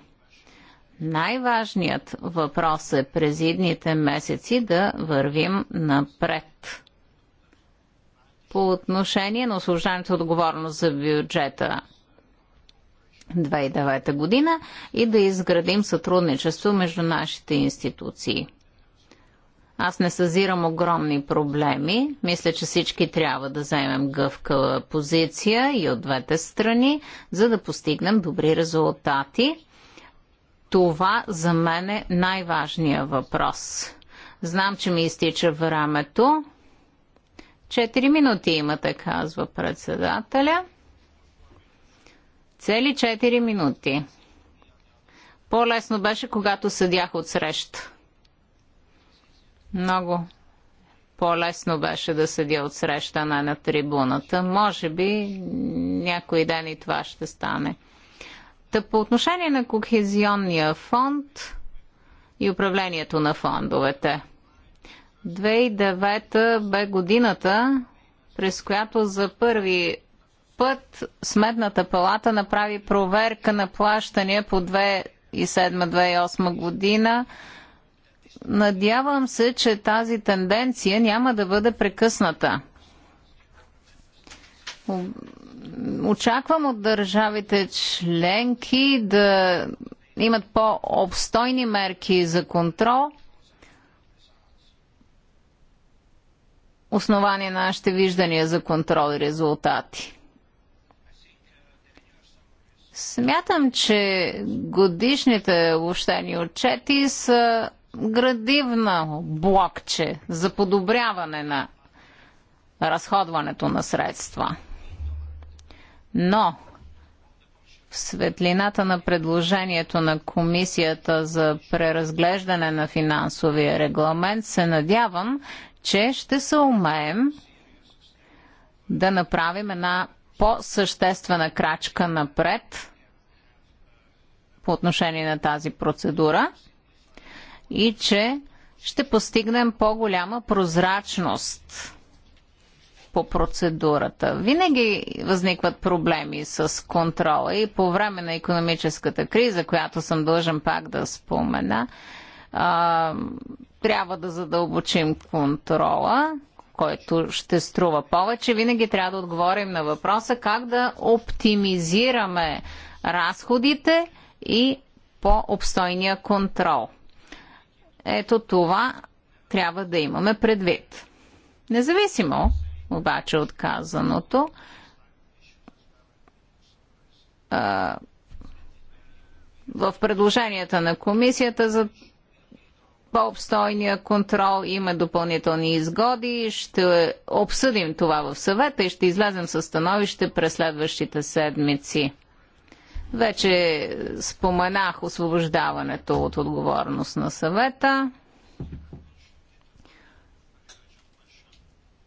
Най-важният въпрос е през идните месеци да вървим напред. По отношение на освобождането отговорност за бюджета – 2009 година и да изградим сътрудничество между нашите институции. Аз не съзирам огромни проблеми. Мисля, че всички трябва да вземем гъвкава позиция и от двете страни, за да постигнем добри резултати. Това за мен е най-важният въпрос. Знам, че ми изтича времето. Четири минути имате, казва председателя. Цели 4 минути. По-лесно беше, когато съдях от среща. Много по-лесно беше да съдя от среща на, на трибуната. Може би някой ден и това ще стане. Та по отношение на кохезионния фонд и управлението на фондовете. 2009 бе годината, през която за първи път Сметната палата направи проверка на плащания по 2007-2008 година. Надявам се, че тази тенденция няма да бъде прекъсната. Очаквам от държавите членки да имат по-обстойни мерки за контрол. Основание на нашите виждания за контрол и резултати. Смятам, че годишните общени отчети са градивно блокче за подобряване на разходването на средства. Но в светлината на предложението на Комисията за преразглеждане на финансовия регламент се надявам, че ще се умеем да направим една по-съществена крачка напред по отношение на тази процедура и че ще постигнем по-голяма прозрачност по процедурата. Винаги възникват проблеми с контрола и по време на економическата криза, която съм дължен пак да спомена, а, трябва да задълбочим контрола който ще струва повече. Винаги трябва да отговорим на въпроса как да оптимизираме разходите и по-обстойния контрол. Ето това трябва да имаме предвид. Независимо обаче от казаното, в предложенията на комисията за по-обстойния контрол, има допълнителни изгоди. Ще обсъдим това в съвета и ще излезем със становище през следващите седмици. Вече споменах освобождаването от отговорност на съвета.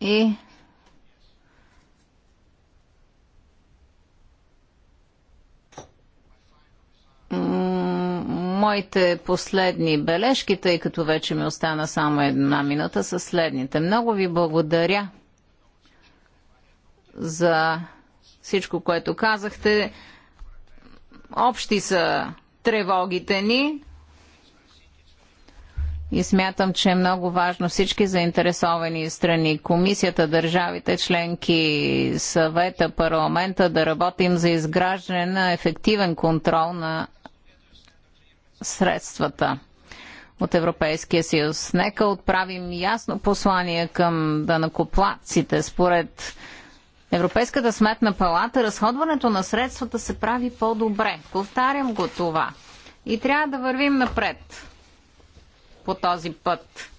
И моите последни бележки, тъй като вече ми остана само една минута, са следните. Много ви благодаря за всичко, което казахте. Общи са тревогите ни и смятам, че е много важно всички заинтересовани страни, комисията, държавите, членки, съвета, парламента да работим за изграждане на ефективен контрол на средствата от Европейския съюз. Нека отправим ясно послание към данакоплаците. Според Европейската сметна палата разходването на средствата се прави по-добре. Повтарям го това. И трябва да вървим напред по този път.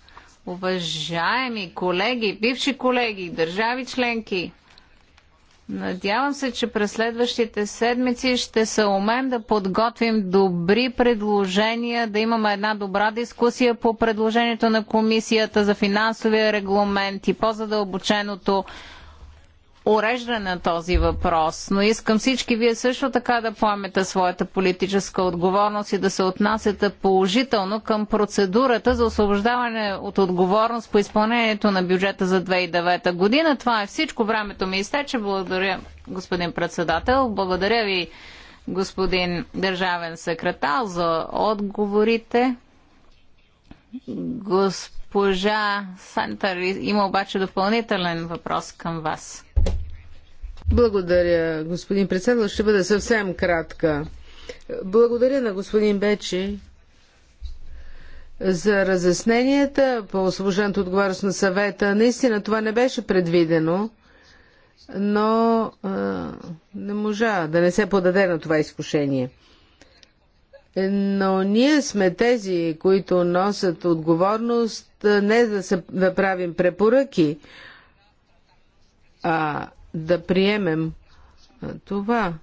Уважаеми колеги, бивши колеги, държави членки, Надявам се, че през следващите седмици ще се умем да подготвим добри предложения, да имаме една добра дискусия по предложението на комисията за финансовия регламент и по-задълбоченото уреждане на този въпрос, но искам всички вие също така да поемете своята политическа отговорност и да се отнасяте положително към процедурата за освобождаване от отговорност по изпълнението на бюджета за 2009 година. Това е всичко. Времето ми изтече. Благодаря, господин председател. Благодаря ви, господин държавен секретар, за отговорите. Госпожа Сантър има обаче допълнителен въпрос към вас. Благодаря, господин председател. Ще бъда съвсем кратка. Благодаря на господин Бечи за разясненията по освобождената отговорност на съвета. Наистина това не беше предвидено, но а, не можа да не се подаде на това изкушение. Но ние сме тези, които носят отговорност не да, се, да правим препоръки, а да приемем това.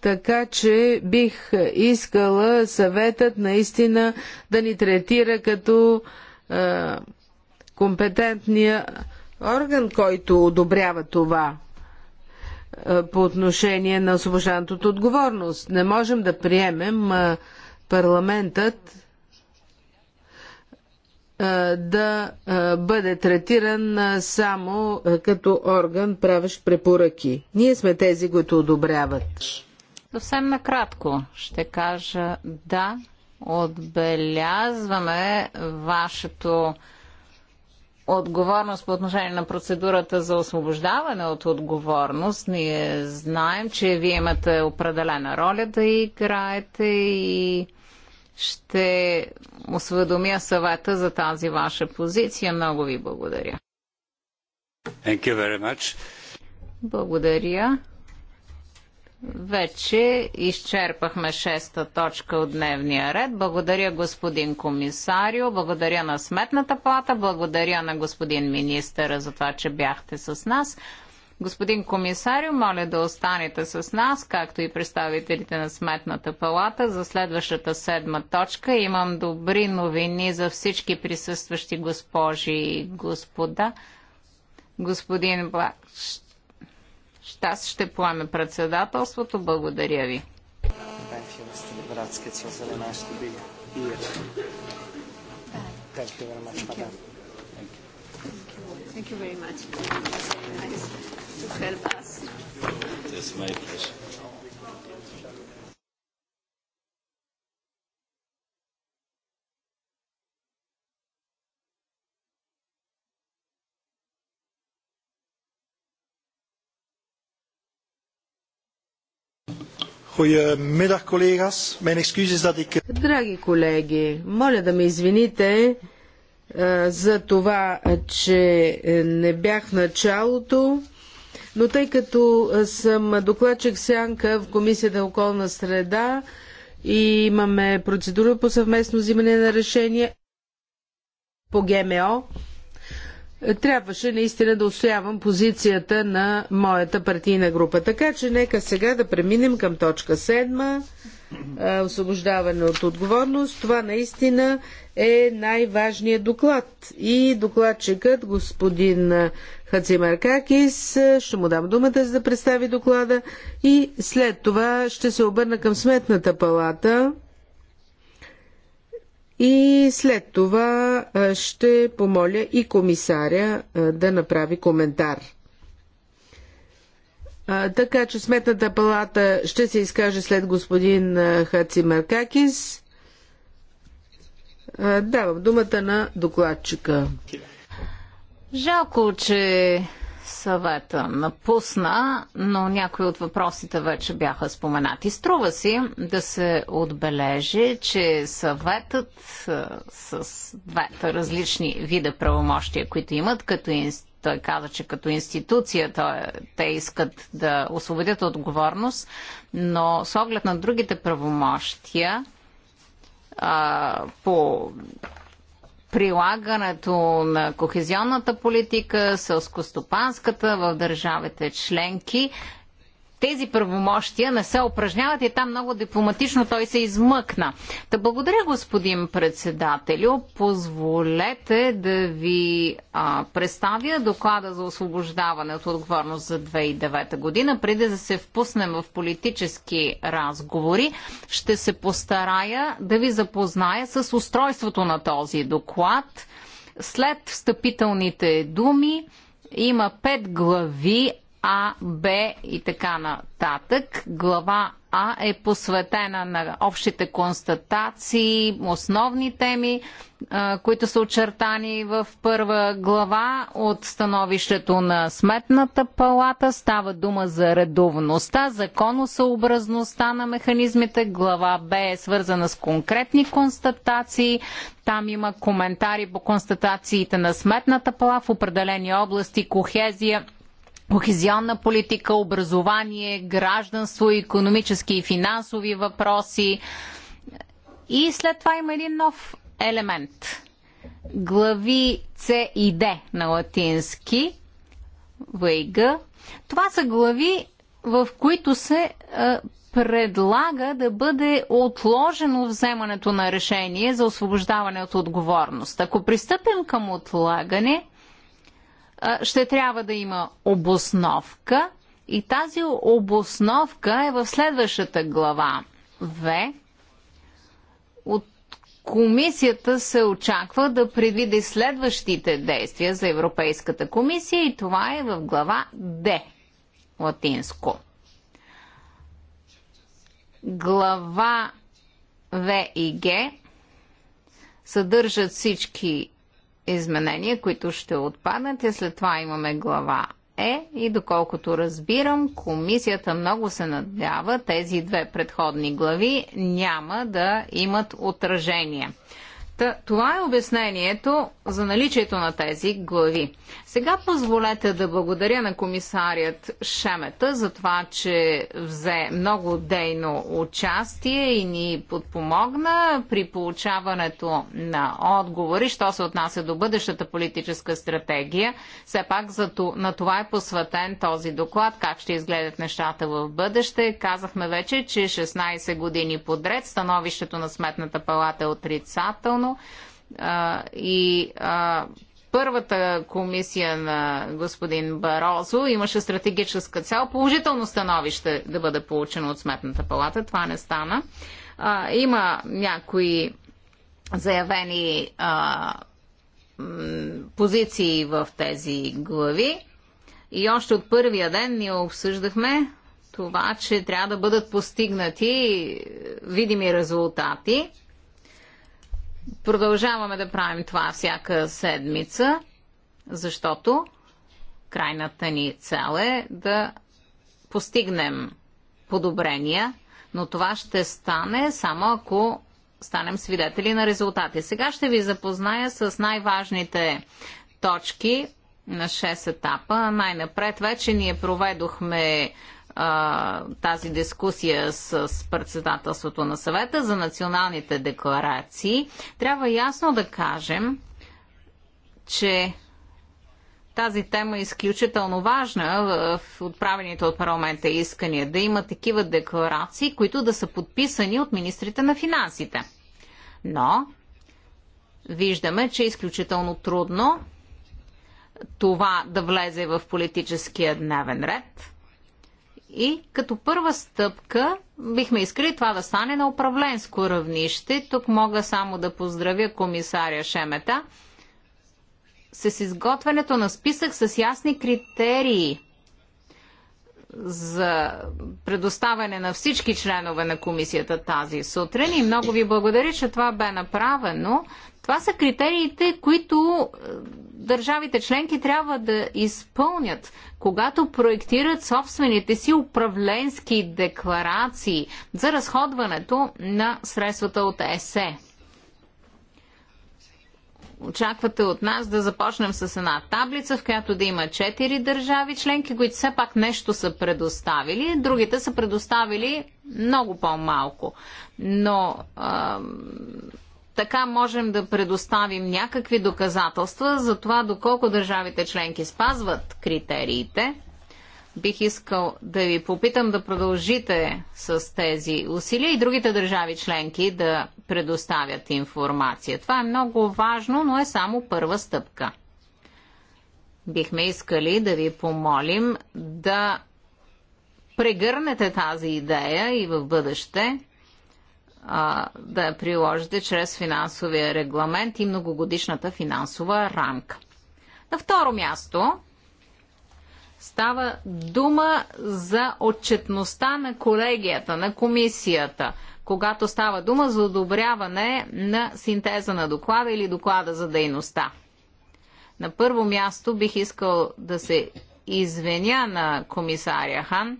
Така че бих искала съветът наистина да ни третира като е, компетентния орган, който одобрява това. Е, по отношение на освобождането отговорност. Не можем да приемем е, парламентът е, да бъде третиран само като орган, правещ препоръки. Ние сме тези, които одобряват. Съвсем накратко ще кажа да, отбелязваме вашето отговорност по отношение на процедурата за освобождаване от отговорност. Ние знаем, че вие имате определена роля да играете и ще осведомя съвета за тази ваша позиция. Много ви благодаря. Thank you very much. Благодаря. Вече изчерпахме шеста точка от дневния ред. Благодаря господин комисарио, благодаря на Сметната плата, благодаря на господин министъра за това, че бяхте с нас. Господин комисарио, моля да останете с нас, както и представителите на Сметната палата. За следващата седма точка имам добри новини за всички присъстващи госпожи и господа. Господин Блак, аз ще поеме председателството. Благодаря ви. Thank you very much, madam. Thank you. Thank you very much. Nice to help us. It's my pleasure. Goedemiddag collega's. Mijn dat ik... Eh, Драги колеги, моля да ме извините е, за това, е, че е, не бях в началото, но тъй като съм докладчик Сянка в Комисията околна среда и имаме процедура по съвместно взимане на решение по ГМО, трябваше наистина да отстоявам позицията на моята партийна група. Така че нека сега да преминем към точка 7 освобождаване от отговорност. Това наистина е най-важният доклад. И докладчикът, господин Хацимаркакис, ще му дам думата за да представи доклада и след това ще се обърна към Сметната палата и след това ще помоля и комисаря да направи коментар. Така че Сметната палата ще се изкаже след господин Маркакис. Давам думата на докладчика. Жалко, че съвета напусна, но някои от въпросите вече бяха споменати. Струва си да се отбележи, че съветът с двете различни вида правомощия, които имат като институт, той каза, че като институция той, те искат да освободят отговорност, но с оглед на другите правомощия а, по прилагането на кохезионната политика, сълскостопанската в държавите членки, тези правомощия не се упражняват и там много дипломатично той се измъкна. Та благодаря, господин председателю. Позволете да ви а, представя доклада за освобождаване от отговорност за 2009 година. Преди да се впуснем в политически разговори, ще се постарая да ви запозная с устройството на този доклад. След встъпителните думи има пет глави а, Б и така нататък. Глава А е посветена на общите констатации, основни теми, които са очертани в първа глава от становището на Сметната палата. Става дума за редовността, законосъобразността на механизмите. Глава Б е свързана с конкретни констатации. Там има коментари по констатациите на Сметната пала в определени области, кохезия – кохезионна политика, образование, гражданство, економически и финансови въпроси. И след това има един нов елемент. Глави С и Д на латински. ВГ. Това са глави, в които се а, е, предлага да бъде отложено вземането на решение за освобождаване от отговорност. Ако пристъпим към отлагане, ще трябва да има обосновка и тази обосновка е в следващата глава В. От комисията се очаква да предвиди следващите действия за Европейската комисия и това е в глава Д латинско. Глава В и Г съдържат всички изменения, които ще отпаднат и след това имаме глава Е и доколкото разбирам, комисията много се надява тези две предходни глави няма да имат отражение. Та, това е обяснението за наличието на тези глави. Сега позволете да благодаря на комисарият Шемета за това, че взе много дейно участие и ни подпомогна при получаването на отговори, що се отнася до бъдещата политическа стратегия. Все пак за, на това е посветен този доклад, как ще изгледат нещата в бъдеще. Казахме вече, че 16 години подред становището на Сметната палата е отрицателно по-рано. и а, първата комисия на господин Барозо имаше стратегическа цел положително становище да бъде получено от Сметната палата. Това не стана. А, има някои заявени а, позиции в тези глави. И още от първия ден ние обсъждахме това, че трябва да бъдат постигнати е, видими резултати Продължаваме да правим това всяка седмица, защото крайната ни цел е да постигнем подобрения, но това ще стане само ако станем свидетели на резултати. Сега ще ви запозная с най-важните точки на 6 етапа. Най-напред вече ние проведохме а, тази дискусия с, с председателството на съвета за националните декларации, трябва ясно да кажем, че тази тема е изключително важна в отправените от парламента искания да има такива декларации, които да са подписани от министрите на финансите. Но виждаме, че е изключително трудно това да влезе в политическия дневен ред и като първа стъпка бихме искали това да стане на управленско равнище. Тук мога само да поздравя комисаря Шемета с изготвянето на списък с ясни критерии за предоставяне на всички членове на комисията тази сутрин и много ви благодаря, че това бе направено. Това са критериите, които е, държавите членки трябва да изпълнят, когато проектират собствените си управленски декларации за разходването на средствата от ЕСЕ очаквате от нас да започнем с една таблица, в която да има четири държави членки, които все пак нещо са предоставили, другите са предоставили много по-малко. Но а, така можем да предоставим някакви доказателства за това доколко държавите членки спазват критериите бих искал да ви попитам да продължите с тези усилия и другите държави членки да предоставят информация. Това е много важно, но е само първа стъпка. Бихме искали да ви помолим да прегърнете тази идея и в бъдеще а, да я приложите чрез финансовия регламент и многогодишната финансова рамка. На второ място, Става дума за отчетността на колегията, на комисията, когато става дума за одобряване на синтеза на доклада или доклада за дейността. На първо място бих искал да се извиня на комисаря Хан.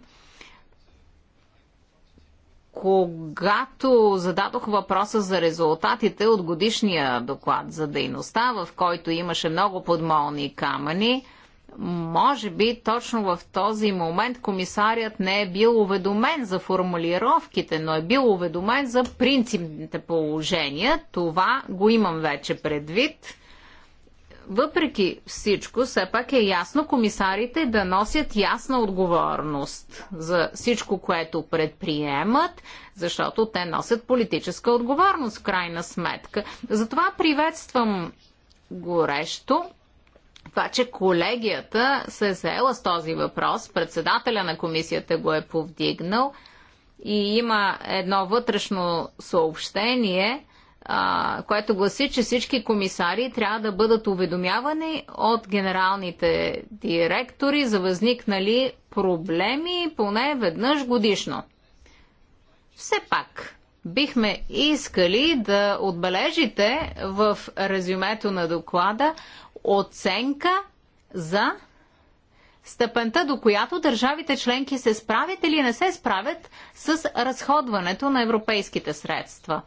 Когато зададох въпроса за резултатите от годишния доклад за дейността, в който имаше много подмолни камъни, може би точно в този момент комисарият не е бил уведомен за формулировките, но е бил уведомен за принципните положения. Това го имам вече предвид. Въпреки всичко, все пак е ясно комисарите да носят ясна отговорност за всичко, което предприемат, защото те носят политическа отговорност в крайна сметка. Затова приветствам горещо това, че колегията се е заела с този въпрос, председателя на комисията го е повдигнал и има едно вътрешно съобщение, а, което гласи, че всички комисари трябва да бъдат уведомявани от генералните директори за възникнали проблеми поне веднъж годишно. Все пак, бихме искали да отбележите в резюмето на доклада оценка за степента, до която държавите членки се справят или не се справят с разходването на европейските средства.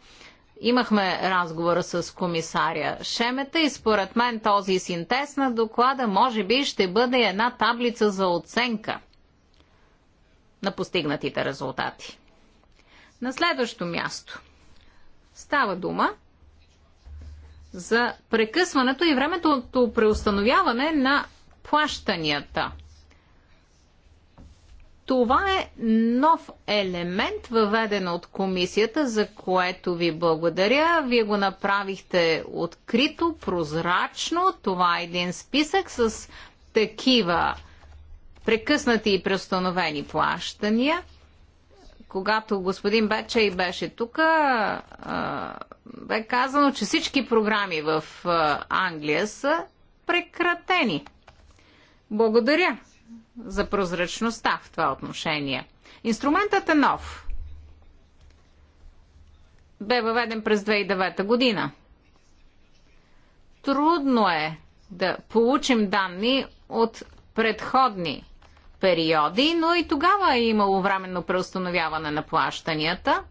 Имахме разговора с комисаря Шемета и според мен този синтез на доклада може би ще бъде една таблица за оценка на постигнатите резултати. На следващо място става дума за прекъсването и времето преустановяване на плащанията. Това е нов елемент, въведен от комисията, за което ви благодаря. Вие го направихте открито, прозрачно. Това е един списък с такива прекъснати и преустановени плащания – когато господин Бечей беше тук, бе казано, че всички програми в Англия са прекратени. Благодаря за прозрачността в това отношение. Инструментът е нов. Бе въведен през 2009 година. Трудно е да получим данни от предходни периоди, но и тогава е имало временно преустановяване на плащанията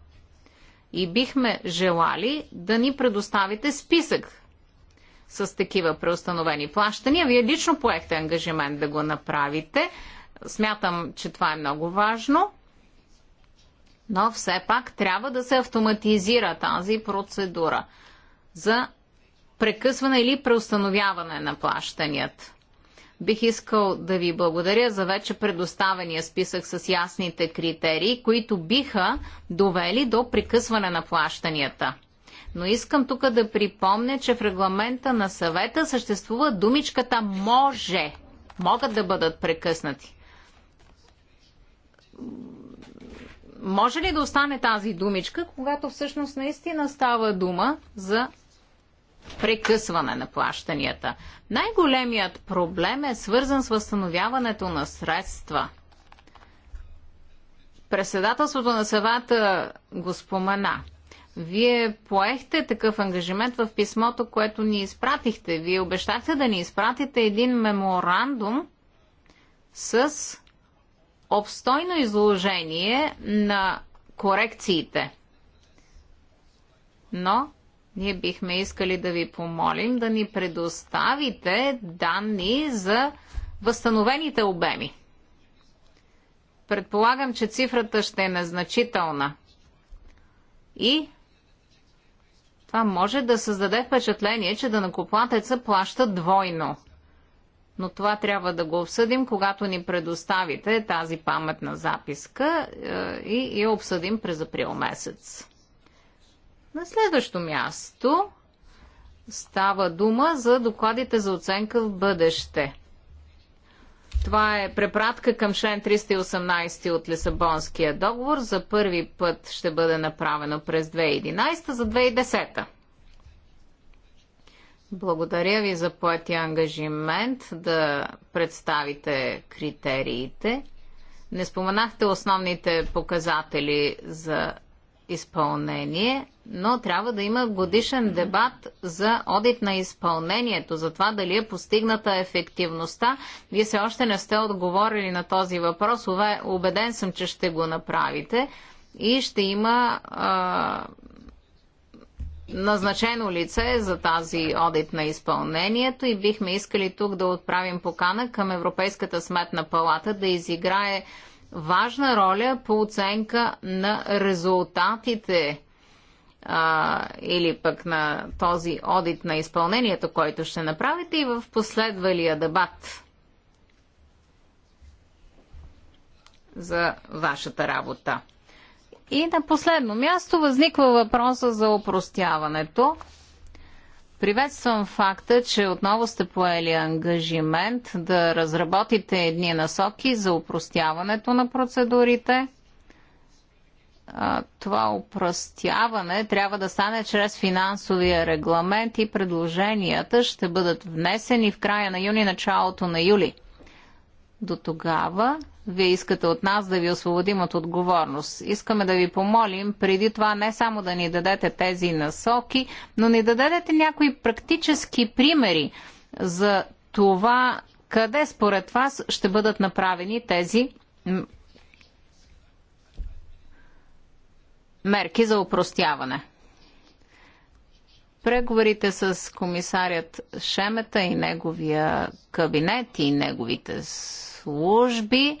и бихме желали да ни предоставите списък с такива преустановени плащания. Вие лично поехте ангажимент да го направите. Смятам, че това е много важно, но все пак трябва да се автоматизира тази процедура за прекъсване или преустановяване на плащанията. Бих искал да ви благодаря за вече предоставения списък с ясните критерии, които биха довели до прекъсване на плащанията. Но искам тук да припомня, че в регламента на съвета съществува думичката може. Могат да бъдат прекъснати. Може ли да остане тази думичка, когато всъщност наистина става дума за прекъсване на плащанията. Най-големият проблем е свързан с възстановяването на средства. Председателството на съвата го спомена. Вие поехте такъв ангажимент в писмото, което ни изпратихте. Вие обещахте да ни изпратите един меморандум с обстойно изложение на корекциите. Но ние бихме искали да ви помолим да ни предоставите данни за възстановените обеми. Предполагам, че цифрата ще е незначителна. И това може да създаде впечатление, че данакоплатеца плаща двойно. Но това трябва да го обсъдим, когато ни предоставите тази паметна записка е, и я обсъдим през април месец. На следващо място става дума за докладите за оценка в бъдеще. Това е препратка към член 318 от Лисабонския договор. За първи път ще бъде направено през 2011 за 2010. Благодаря ви за поети ангажимент да представите критериите. Не споменахте основните показатели за изпълнение, но трябва да има годишен дебат за одит на изпълнението, за това дали е постигната ефективността. Вие се още не сте отговорили на този въпрос, е, убеден съм, че ще го направите и ще има а, назначено лице за тази одит на изпълнението и бихме искали тук да отправим покана към Европейската сметна палата да изиграе важна роля по оценка на резултатите а, или пък на този одит на изпълнението, който ще направите и в последвалия дебат за вашата работа. И на последно място възниква въпроса за опростяването. Приветствам факта, че отново сте поели ангажимент да разработите едни насоки за упростяването на процедурите. Това упростяване трябва да стане чрез финансовия регламент и предложенията ще бъдат внесени в края на юни, началото на юли. До тогава вие искате от нас да ви освободим от отговорност. Искаме да ви помолим преди това не само да ни дадете тези насоки, но ни да дадете някои практически примери за това къде според вас ще бъдат направени тези мерки за упростяване преговорите с комисарят Шемета и неговия кабинет и неговите служби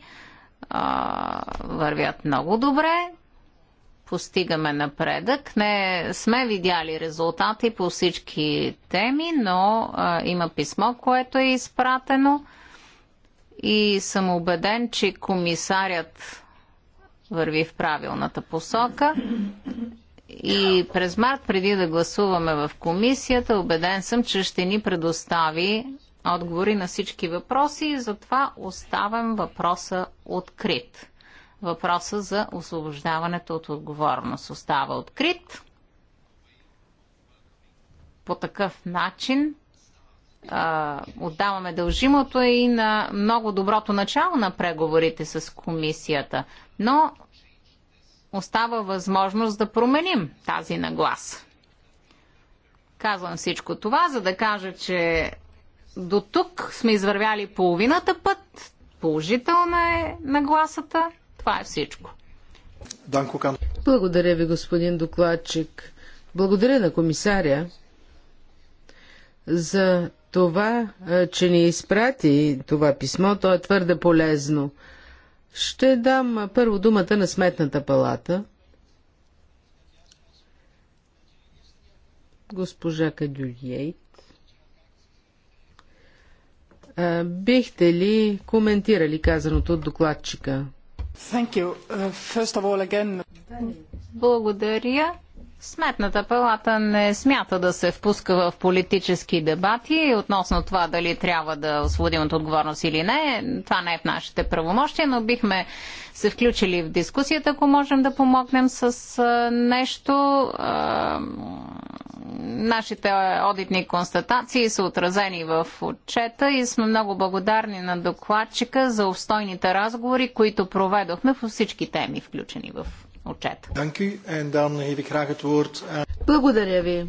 а, вървят много добре. Постигаме напредък. Не сме видяли резултати по всички теми, но а, има писмо, което е изпратено и съм убеден, че комисарят върви в правилната посока и през март, преди да гласуваме в комисията, убеден съм, че ще ни предостави отговори на всички въпроси и затова оставям въпроса открит. Въпроса за освобождаването от отговорност остава открит. По такъв начин а, отдаваме дължимото и на много доброто начало на преговорите с комисията. Но остава възможност да променим тази нагласа. Казвам всичко това, за да кажа, че до тук сме извървяли половината път, положителна е нагласата, това е всичко. Благодаря ви, господин докладчик. Благодаря на комисаря за това, че ни изпрати това писмо. То е твърде полезно. Ще дам първо думата на Сметната палата. Госпожа Кадюлиейт. Бихте ли коментирали казаното от докладчика? Uh, all, again... Благодаря. Сметната палата не смята да се впуска в политически дебати относно това дали трябва да освободим от отговорност или не. Това не е в нашите правомощия, но бихме се включили в дискусията, ако можем да помогнем с нещо. Нашите одитни констатации са отразени в отчета и сме много благодарни на докладчика за обстойните разговори, които проведохме по всички теми, включени в отчет. Благодаря ви.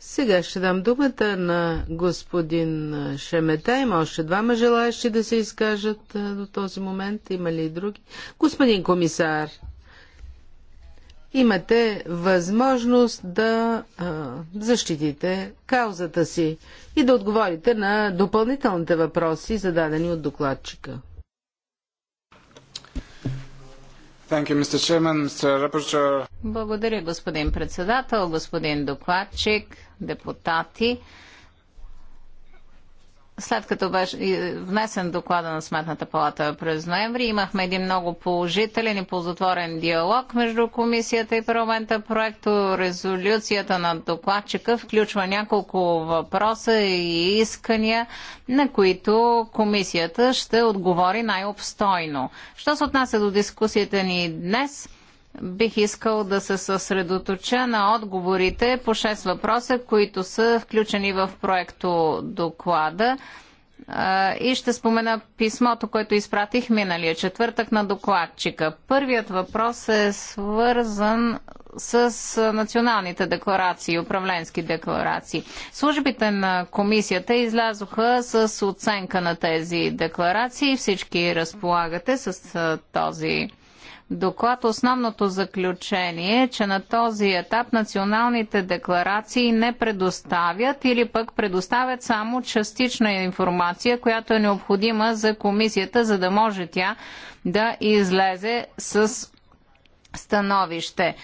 Сега ще дам думата на господин Шемета. Има още двама желаящи да се изкажат до този момент. Има ли и други? Господин комисар, имате възможност да а, защитите каузата си и да отговорите на допълнителните въпроси, зададени от докладчика. Благодаря, господин председател, господин докладчик, депутати. След като беше внесен доклада на Сметната палата през ноември, имахме един много положителен и ползотворен диалог между комисията и парламента. Проекто резолюцията на докладчика включва няколко въпроса и искания, на които комисията ще отговори най-обстойно. Що се отнася до дискусията ни днес – Бих искал да се съсредоточа на отговорите по 6 въпроса, които са включени в проекто доклада. И ще спомена писмото, което изпратих миналия четвъртък на докладчика. Първият въпрос е свързан с националните декларации, управленски декларации. Службите на комисията излязоха с оценка на тези декларации. Всички разполагате с този доклад основното заключение е, че на този етап националните декларации не предоставят или пък предоставят само частична информация, която е необходима за комисията, за да може тя да излезе с становище.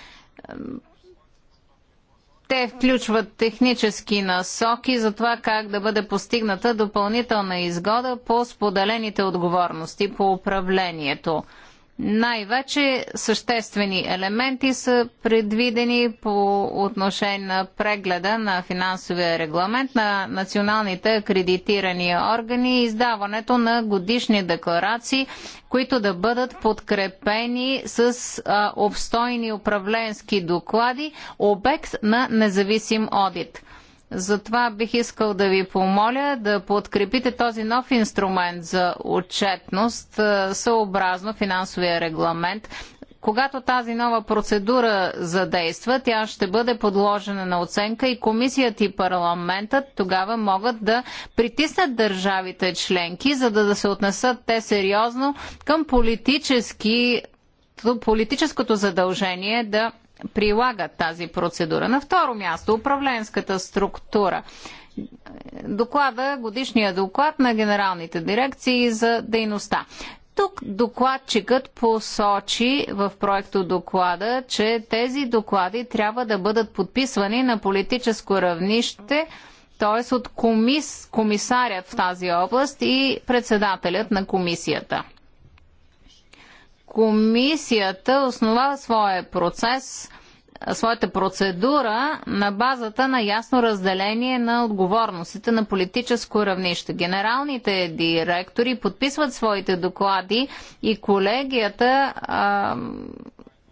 Те включват технически насоки за това как да бъде постигната допълнителна изгода по споделените отговорности по управлението. Най-вече съществени елементи са предвидени по отношение на прегледа на финансовия регламент на националните акредитирани органи и издаването на годишни декларации, които да бъдат подкрепени с а, обстойни управленски доклади, обект на независим одит. Затова бих искал да ви помоля да подкрепите този нов инструмент за отчетност е, съобразно финансовия регламент. Когато тази нова процедура задейства, тя ще бъде подложена на оценка и комисията и парламентът тогава могат да притиснат държавите членки, за да, да се отнесат те сериозно към политически, политическото задължение да прилагат тази процедура. На второ място, управленската структура. Доклада, годишния доклад на генералните дирекции за дейността. Тук докладчикът посочи в проекто доклада, че тези доклади трябва да бъдат подписвани на политическо равнище, т.е. от комис, комисарят в тази област и председателят на комисията комисията основава своя процес, своята процедура на базата на ясно разделение на отговорностите на политическо равнище. Генералните директори подписват своите доклади и колегията а,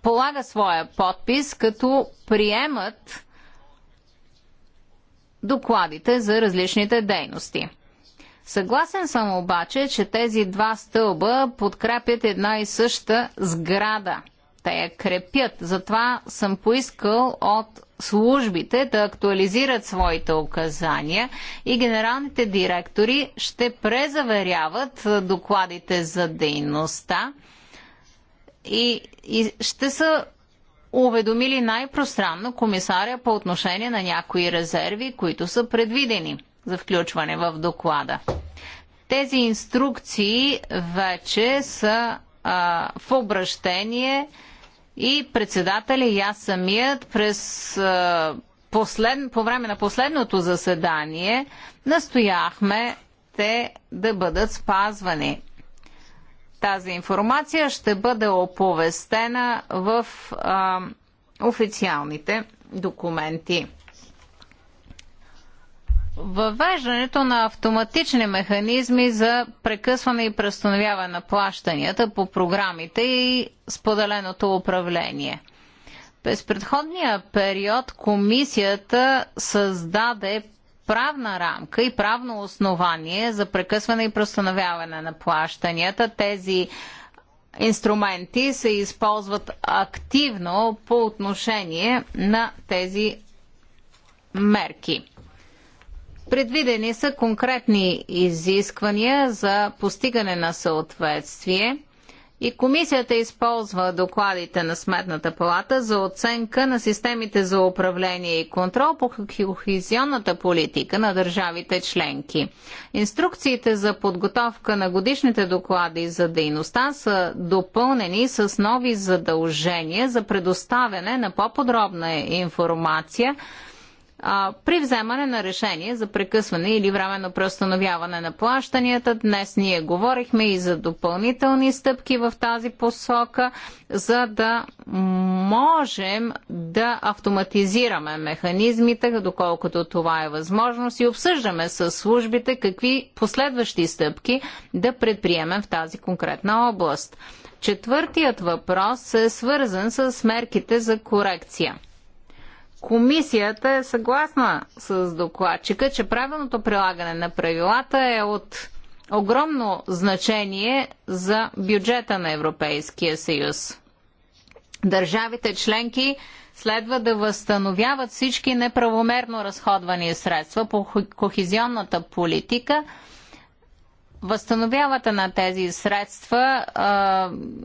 полага своя подпис, като приемат докладите за различните дейности. Съгласен съм обаче, че тези два стълба подкрепят една и съща сграда. Те я крепят. Затова съм поискал от службите да актуализират своите указания и генералните директори ще презаверяват докладите за дейността и, и ще са уведомили най-пространно комисаря по отношение на някои резерви, които са предвидени за включване в доклада. Тези инструкции вече са а, в обращение и председателя и аз самият през а, послед, по време на последното заседание настояхме те да бъдат спазвани. Тази информация ще бъде оповестена в а, официалните документи. Въвеждането на автоматични механизми за прекъсване и престановяване на плащанията по програмите и споделеното управление. През предходния период комисията създаде правна рамка и правно основание за прекъсване и престановяване на плащанията. Тези инструменти се използват активно по отношение на тези мерки. Предвидени са конкретни изисквания за постигане на съответствие и комисията използва докладите на Сметната палата за оценка на системите за управление и контрол по кохизионната политика на държавите членки. Инструкциите за подготовка на годишните доклади за дейността са допълнени с нови задължения за предоставяне на по-подробна информация – при вземане на решение за прекъсване или временно преустановяване на плащанията. Днес ние говорихме и за допълнителни стъпки в тази посока, за да можем да автоматизираме механизмите, доколкото това е възможност и обсъждаме с службите какви последващи стъпки да предприемем в тази конкретна област. Четвъртият въпрос е свързан с мерките за корекция. Комисията е съгласна с докладчика, че правилното прилагане на правилата е от огромно значение за бюджета на Европейския съюз. Държавите членки следва да възстановяват всички неправомерно разходвани средства по кохезионната политика – възстановявате на тези средства,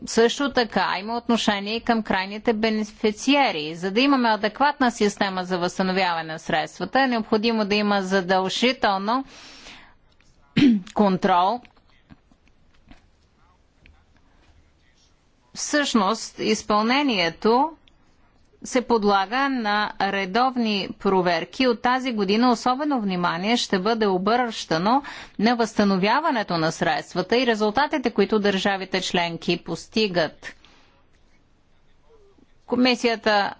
също така има отношение към крайните бенефициери. За да имаме адекватна система за възстановяване на средствата, е необходимо да има задължително контрол. Всъщност, изпълнението се подлага на редовни проверки. От тази година особено внимание ще бъде обръщано на възстановяването на средствата и резултатите, които държавите членки постигат. Комисията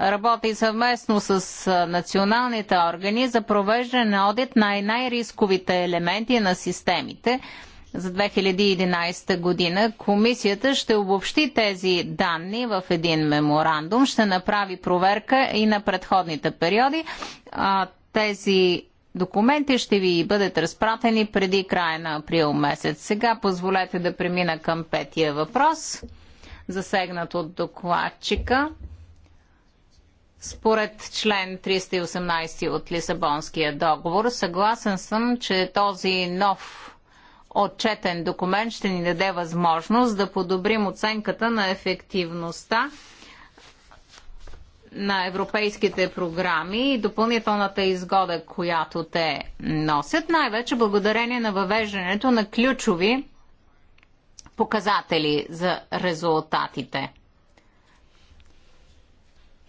работи съвместно с националните органи за провеждане на одит на най-рисковите елементи на системите – за 2011 година. Комисията ще обобщи тези данни в един меморандум, ще направи проверка и на предходните периоди. А, тези документи ще ви бъдат разпратени преди края на април месец. Сега позволете да премина към петия въпрос, засегнат от докладчика. Според член 318 от Лисабонския договор, съгласен съм, че този нов отчетен документ ще ни даде възможност да подобрим оценката на ефективността на европейските програми и допълнителната изгода, която те носят, най-вече благодарение на въвеждането на ключови показатели за резултатите.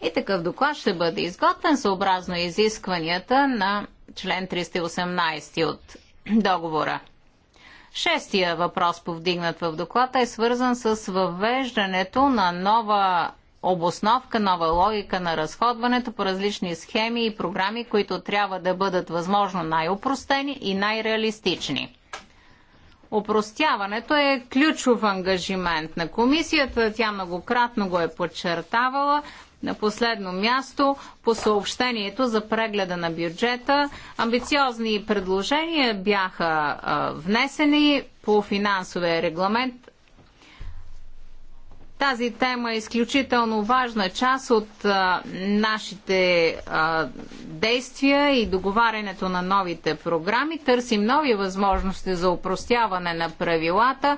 И такъв доклад ще бъде изготвен съобразно изискванията на член 318 от договора. Шестия въпрос, повдигнат в доклада, е свързан с въвеждането на нова обосновка, нова логика на разходването по различни схеми и програми, които трябва да бъдат възможно най-опростени и най-реалистични. Опростяването е ключов ангажимент на комисията, тя многократно го е подчертавала. На последно място, по съобщението за прегледа на бюджета, амбициозни предложения бяха внесени по финансовия регламент. Тази тема е изключително важна част от а, нашите а, действия и договарянето на новите програми. Търсим нови възможности за упростяване на правилата,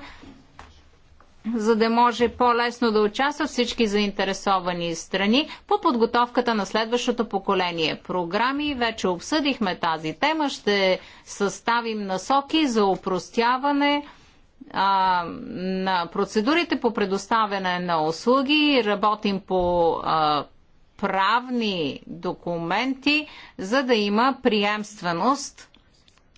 за да може по-лесно да участват всички заинтересовани страни по подготовката на следващото поколение програми. Вече обсъдихме тази тема. Ще съставим насоки за упростяване а, на процедурите по предоставяне на услуги. Работим по а, правни документи, за да има приемственост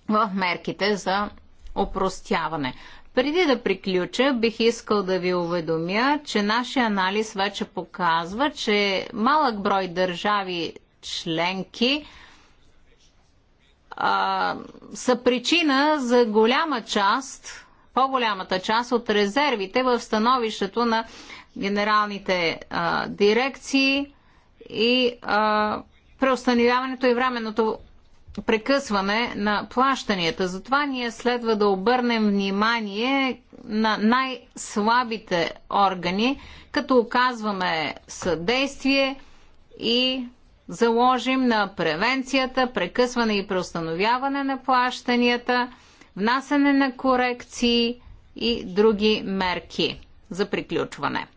в мерките за упростяване. Преди да приключа, бих искал да ви уведомя, че нашия анализ вече показва, че малък брой държави членки а, са причина за голяма част, по-голямата част от резервите в становището на генералните а, дирекции и а, преустановяването и временното прекъсване на плащанията. Затова ние следва да обърнем внимание на най-слабите органи, като оказваме съдействие и заложим на превенцията, прекъсване и преустановяване на плащанията, внасяне на корекции и други мерки за приключване.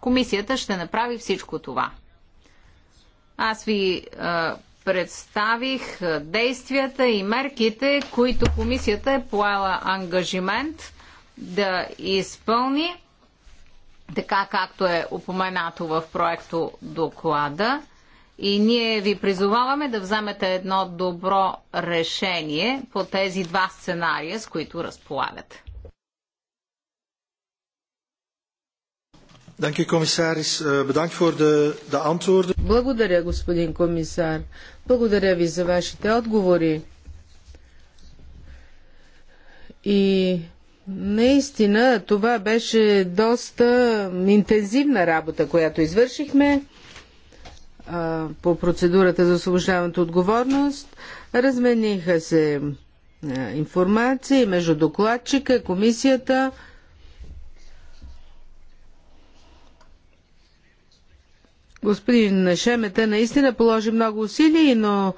Комисията ще направи всичко това. Аз ви а, представих действията и мерките, които комисията е поела ангажимент да изпълни, така както е упоменато в проекто доклада. И ние ви призоваваме да вземете едно добро решение по тези два сценария, с които разполагате. Eh, Благодаря, господин комисар. Благодаря ви за вашите отговори. И наистина това беше доста интензивна работа, която извършихме а, по процедурата за освобождаването отговорност. Размениха се а, информации между докладчика, комисията. Господин Шемета наистина положи много усилия, но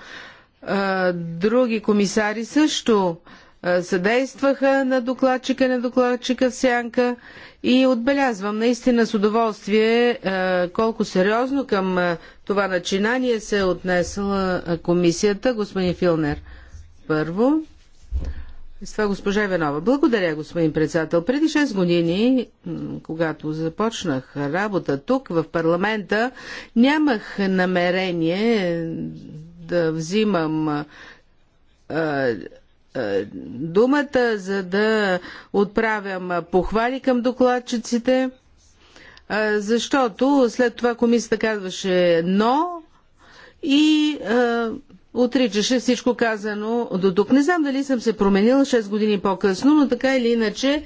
а, други комисари също а, съдействаха на докладчика, на докладчика в сянка и отбелязвам наистина с удоволствие а, колко сериозно към а, това начинание се е отнесла комисията. Господин Филнер, първо. С това госпожа Иванова. Благодаря, господин председател. Преди 6 години, когато започнах работа тук в парламента, нямах намерение да взимам а, а, думата, за да отправям похвали към докладчиците, а, защото след това комисията казваше но и отричаше всичко казано до тук. Не знам дали съм се променила 6 години по-късно, но така или иначе,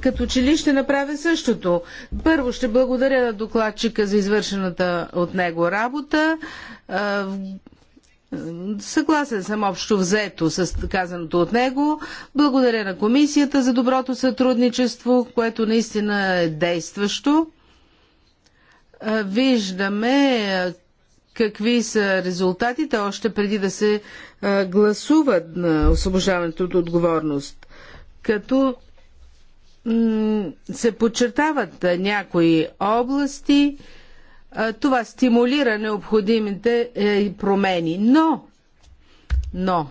като че ли ще направя същото. Първо ще благодаря на докладчика за извършената от него работа. Съгласен съм общо взето с казаното от него. Благодаря на комисията за доброто сътрудничество, което наистина е действащо. Виждаме какви са резултатите още преди да се гласува на освобождаването от отговорност. Като се подчертават някои области, това стимулира необходимите е, промени. Но, но,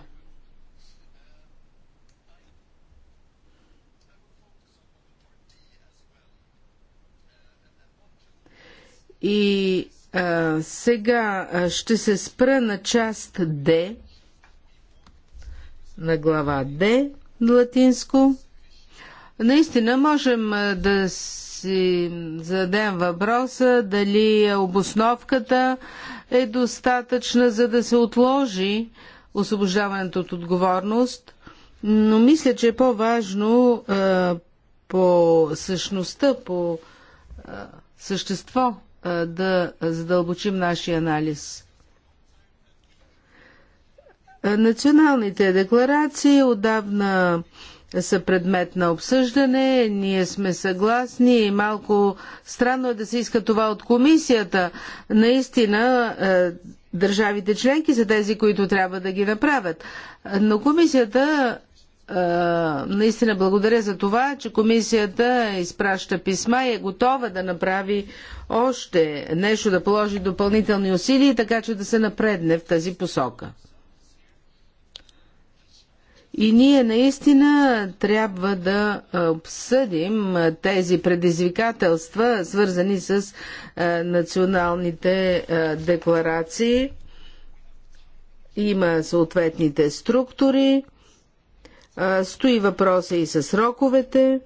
и а, сега ще се спра на част Д, на глава Д, латинско. Наистина можем да си зададем въпроса дали обосновката е достатъчна, за да се отложи освобождаването от отговорност, но мисля, че е по-важно по същността, по същество да задълбочим нашия анализ. Националните декларации отдавна са предмет на обсъждане, ние сме съгласни и малко странно е да се иска това от комисията. Наистина, държавите членки са тези, които трябва да ги направят. Но комисията наистина благодаря за това, че комисията изпраща писма и е готова да направи още нещо, да положи допълнителни усилия, така че да се напредне в тази посока. И ние наистина трябва да обсъдим тези предизвикателства, свързани с националните декларации. Има съответните структури Стои въпроса и с сроковете.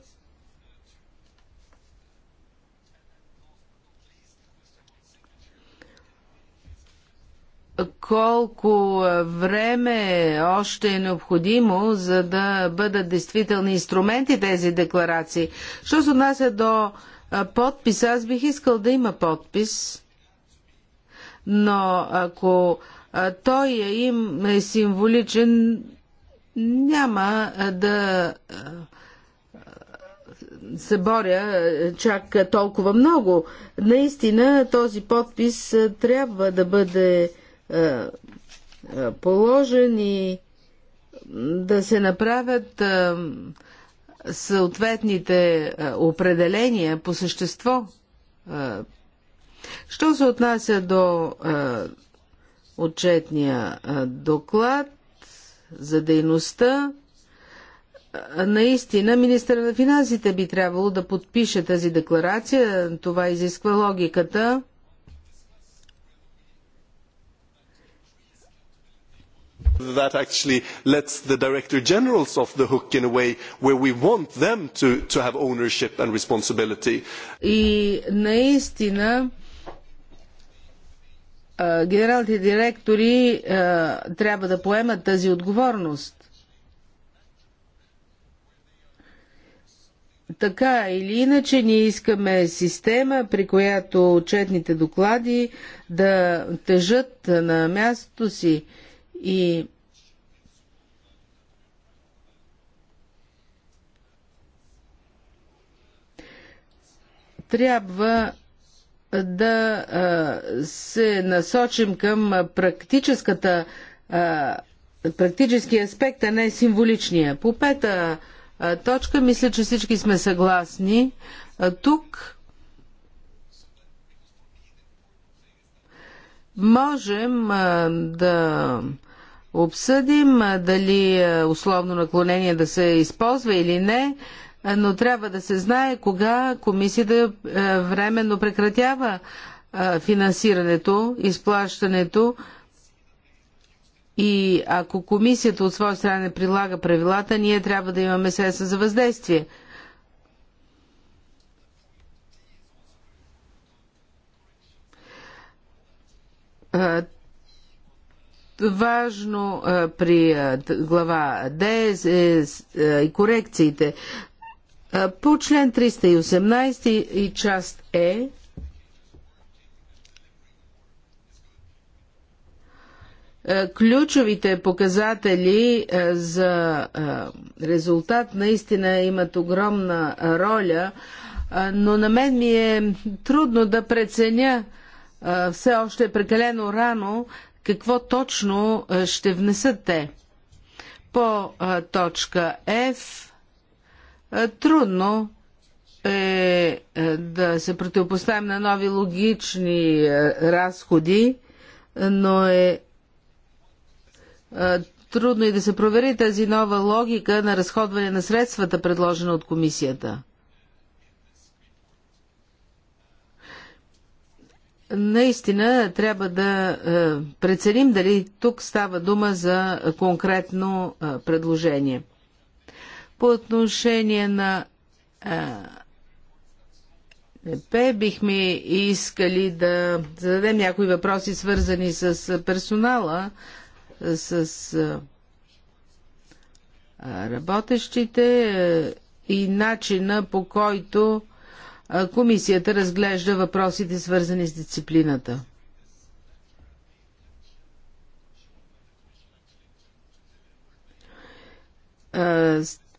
колко време още е необходимо, за да бъдат действителни инструменти тези декларации. Що се отнася до подписа, аз бих искал да има подпис, но ако той е им е символичен, няма да се боря чак толкова много. Наистина този подпис трябва да бъде положен и да се направят съответните определения по същество. Що се отнася до отчетния доклад, за дейността, наистина министър на финансите би трябвало да подпише тази декларация. Това изисква логиката. that actually lets the director generals off the hook in a way where we want them to, to have ownership and responsibility. И наистина генералните директори трябва да поемат тази отговорност. Така или иначе ние искаме система, при която отчетните доклади да тежат на мястото си и трябва да се насочим към практическата, практически аспект, а не символичния. По пета точка мисля, че всички сме съгласни. Тук можем да обсъдим дали условно наклонение да се използва или не но трябва да се знае кога комисията е, временно прекратява е, финансирането, изплащането и ако комисията от своя страна не прилага правилата, ние трябва да имаме средства за въздействие. Е, важно при глава Д е и корекциите. По член 318 и част Е ключовите показатели за резултат наистина имат огромна роля, но на мен ми е трудно да преценя все още е прекалено рано какво точно ще внесат те. По точка F е, трудно е, е да се противопоставим на нови логични е, разходи, но е трудно и да се провери тази нова логика на разходване на средствата, предложена от комисията. Наистина трябва да преценим дали тук става дума за конкретно предложение. По отношение на НП бихме искали да зададем някои въпроси, свързани с персонала, с работещите и начина по който комисията разглежда въпросите, свързани с дисциплината.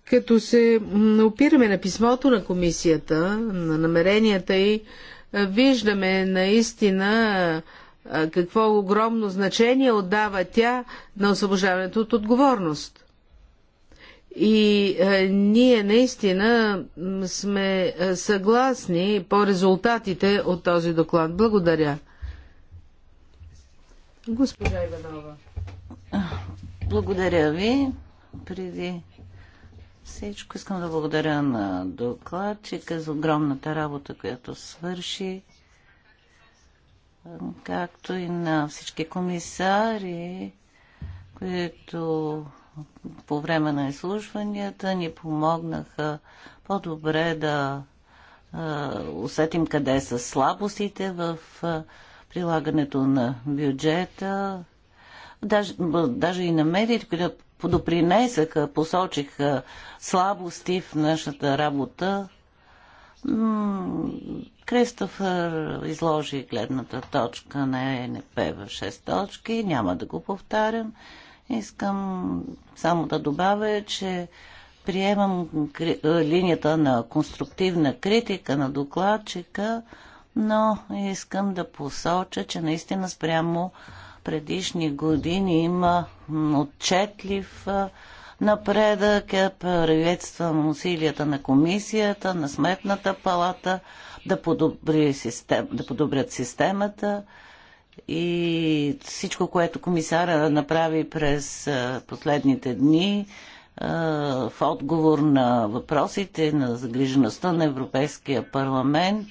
Като се опираме на писмото на комисията, на намеренията и виждаме наистина какво огромно значение отдава тя на освобождаването от отговорност. И е, ние наистина сме съгласни по резултатите от този доклад. Благодаря. Госпожа Иванова. Благодаря ви. Преди всичко искам да благодаря на докладчика за огромната работа, която свърши, както и на всички комисари, които по време на изслушванията ни помогнаха по-добре да усетим къде са слабостите в прилагането на бюджета. Даже, даже и медиите, които подопринесаха, посочиха слабости в нашата работа. Кристофър изложи гледната точка на ЕНП в 6 точки. Няма да го повтарям. Искам само да добавя, че приемам е, линията на конструктивна критика на докладчика, но искам да посоча, че наистина спрямо предишни години има отчетлив напредък. Е, приветствам усилията на комисията, на сметната палата да, подобри систем, да подобрят системата и всичко, което комисара направи през последните дни в отговор на въпросите, на загрижеността на Европейския парламент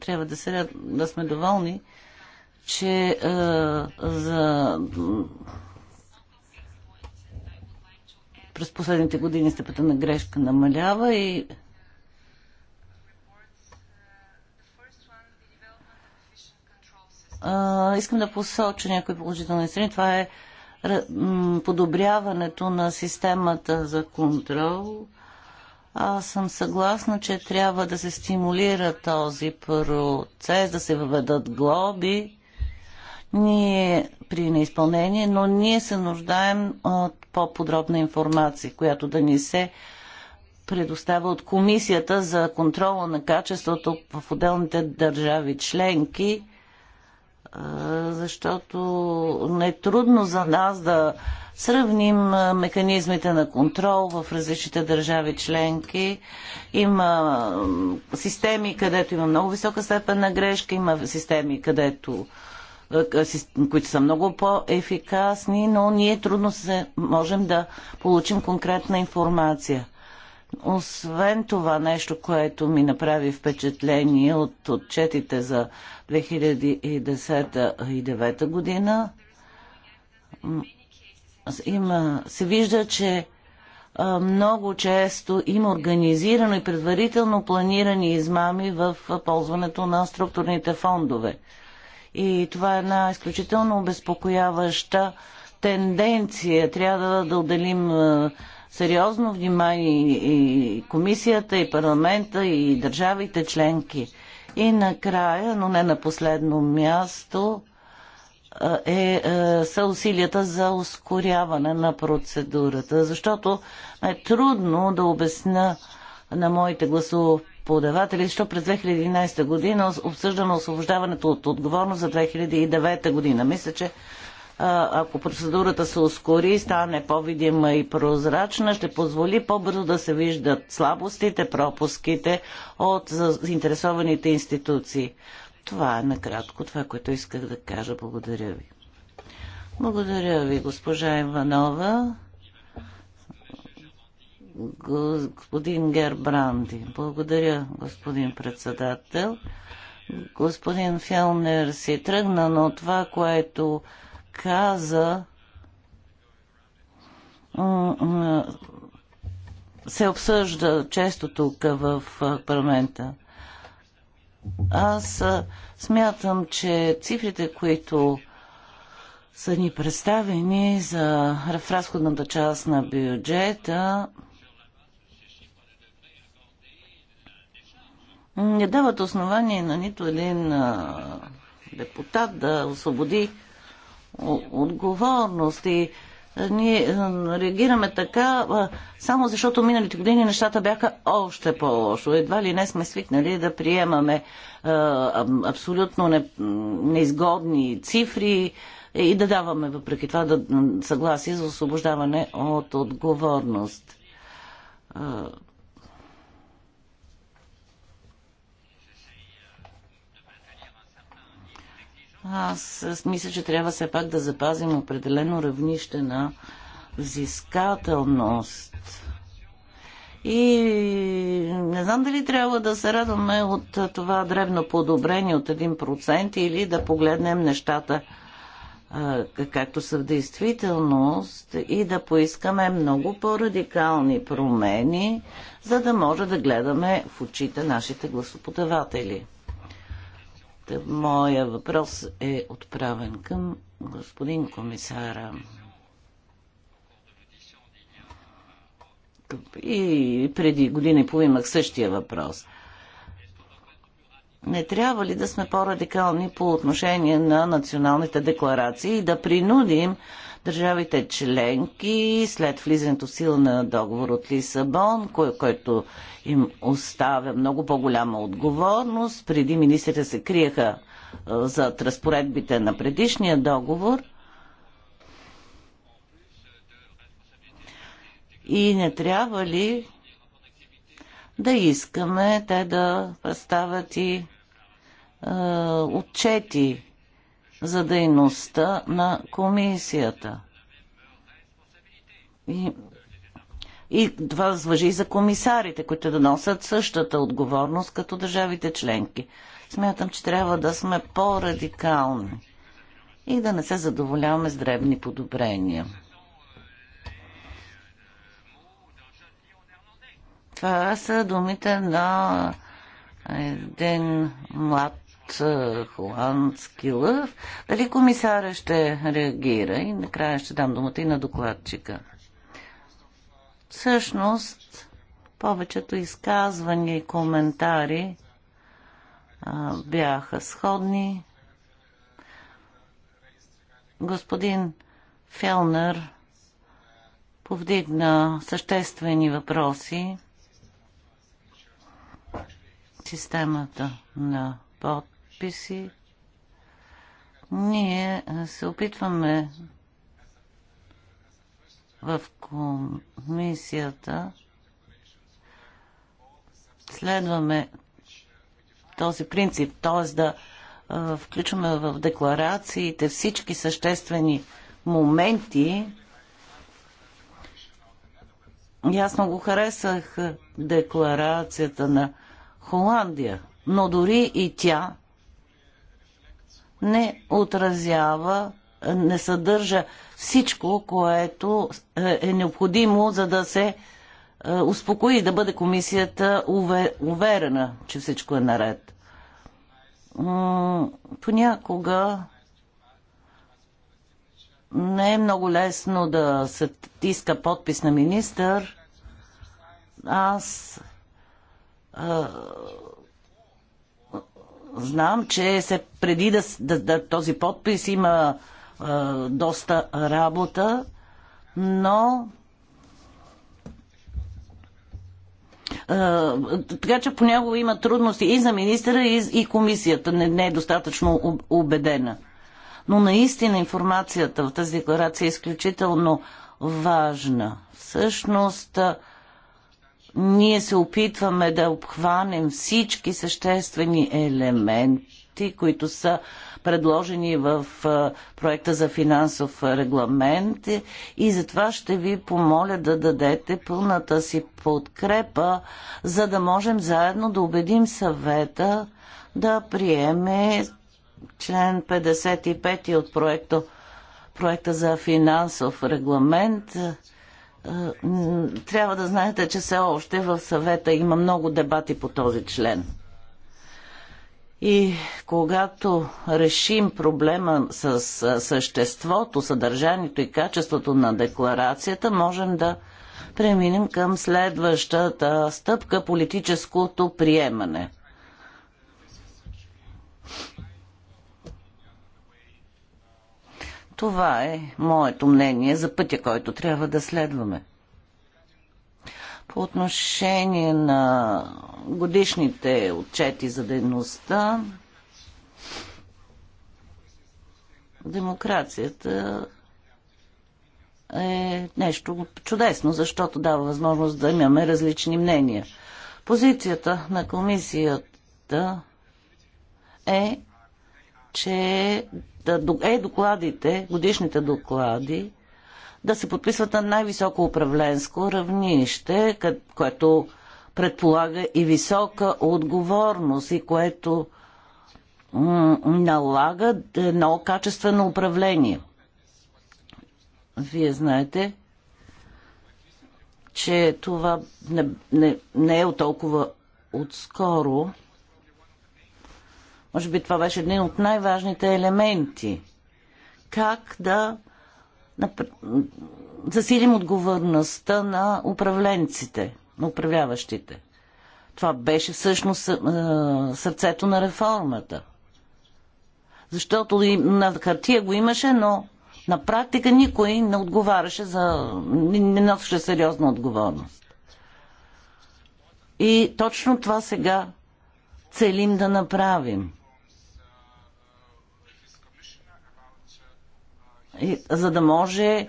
трябва да, се, да сме доволни, че а, за през последните години степента на грешка намалява и а, искам да посоча някои положителни страни. Това е подобряването на системата за контрол аз съм съгласна, че трябва да се стимулира този процес, да се въведат глоби ние при неизпълнение, но ние се нуждаем от по-подробна информация, която да ни се предоставя от Комисията за контрола на качеството в отделните държави членки защото не е трудно за нас да сравним механизмите на контрол в различните държави членки. Има системи, където има много висока степен на грешка, има системи, където които са много по-ефикасни, но ние трудно се можем да получим конкретна информация. Освен това нещо, което ми направи впечатление от отчетите за 2010 и 2009 година, има, се вижда, че много често има организирано и предварително планирани измами в ползването на структурните фондове. И това е една изключително обезпокояваща тенденция. Трябва да, да отделим сериозно внимание и комисията, и парламента, и държавите членки. И накрая, но не на последно място, е, е, са усилията за ускоряване на процедурата, защото е трудно да обясня на моите гласоподаватели, защото през 2011 година обсъждано освобождаването от отговорност за 2009 година. Мисля, че ако процедурата се ускори, стане по-видима и прозрачна, ще позволи по-бързо да се виждат слабостите, пропуските от заинтересованите институции. Това е накратко, това, което исках да кажа. Благодаря ви. Благодаря ви, госпожа Иванова. Господин Гербранди. Благодаря, господин председател. Господин Фелнер си тръгна, но това, което каза, се обсъжда често тук в парламента. Аз смятам, че цифрите, които са ни представени за в разходната част на бюджета, не дават основание на нито един депутат да освободи отговорност и ние реагираме така, само защото миналите години нещата бяха още по-лошо. Едва ли не сме свикнали да приемаме абсолютно неизгодни цифри и да даваме въпреки това да съгласие за освобождаване от отговорност. Аз мисля, че трябва все пак да запазим определено равнище на взискателност. И не знам дали трябва да се радваме от това древно подобрение от 1% или да погледнем нещата както са в действителност и да поискаме много по-радикални промени, за да може да гледаме в очите нашите гласоподаватели. Моя въпрос е отправен към господин комисара. И преди година и половина имах същия въпрос. Не трябва ли да сме по-радикални по отношение на националните декларации и да принудим държавите членки след влизането в сила на договор от Лисабон, кой, който им оставя много по-голяма отговорност. Преди министрите се криеха зад разпоредбите на предишния договор – И не трябва ли да искаме те да представят и а, отчети за дейността на комисията. И, и това въжи и за комисарите, които да носят същата отговорност като държавите членки. Смятам, че трябва да сме по-радикални и да не се задоволяваме с дребни подобрения. Това са думите на един млад холандски лъв. Дали комисаря ще реагира? И накрая ще дам думата и на докладчика. Всъщност, повечето изказвания и коментари а, бяха сходни. Господин Фелнер повдигна съществени въпроси. Системата на бот надписи. Ние се опитваме в комисията следваме този принцип, т.е. да включваме в декларациите всички съществени моменти. И аз много харесах декларацията на Холандия, но дори и тя не отразява, не съдържа всичко, което е, е необходимо, за да се е, успокои, да бъде комисията уверена, че всичко е наред. Понякога не е много лесно да се тиска подпис на министър. Аз е, знам, че се преди да, да, да този подпис има е, доста работа, но така че понякога има трудности и за министъра, и, и комисията не, не е достатъчно убедена. Но наистина информацията в тази декларация е изключително важна. Всъщност, ние се опитваме да обхванем всички съществени елементи, които са предложени в проекта за финансов регламент и затова ще ви помоля да дадете пълната си подкрепа, за да можем заедно да убедим съвета да приеме член 55 от проекта, проекта за финансов регламент, е, трябва да знаете, че все още в съвета има много дебати по този член. И когато решим проблема с е, съществото, съдържанието и качеството на декларацията, можем да преминем към следващата стъпка политическото приемане – Това е моето мнение за пътя, който трябва да следваме. По отношение на годишните отчети за дейността, демокрацията е нещо чудесно, защото дава възможност да имаме различни мнения. Позицията на комисията е, че е, е докладите, годишните доклади да се подписват на най-високо управленско равнище, което предполага и висока отговорност и което налага едно качествено управление. Вие знаете, че това не, не, не е толкова отскоро. Може би това беше един от най-важните елементи. Как да засилим отговорността на управленците, на управляващите. Това беше всъщност е, сърцето на реформата. Защото и на хартия го имаше, но на практика никой не отговаряше за... не носеше сериозна отговорност. И точно това сега целим да направим – за да може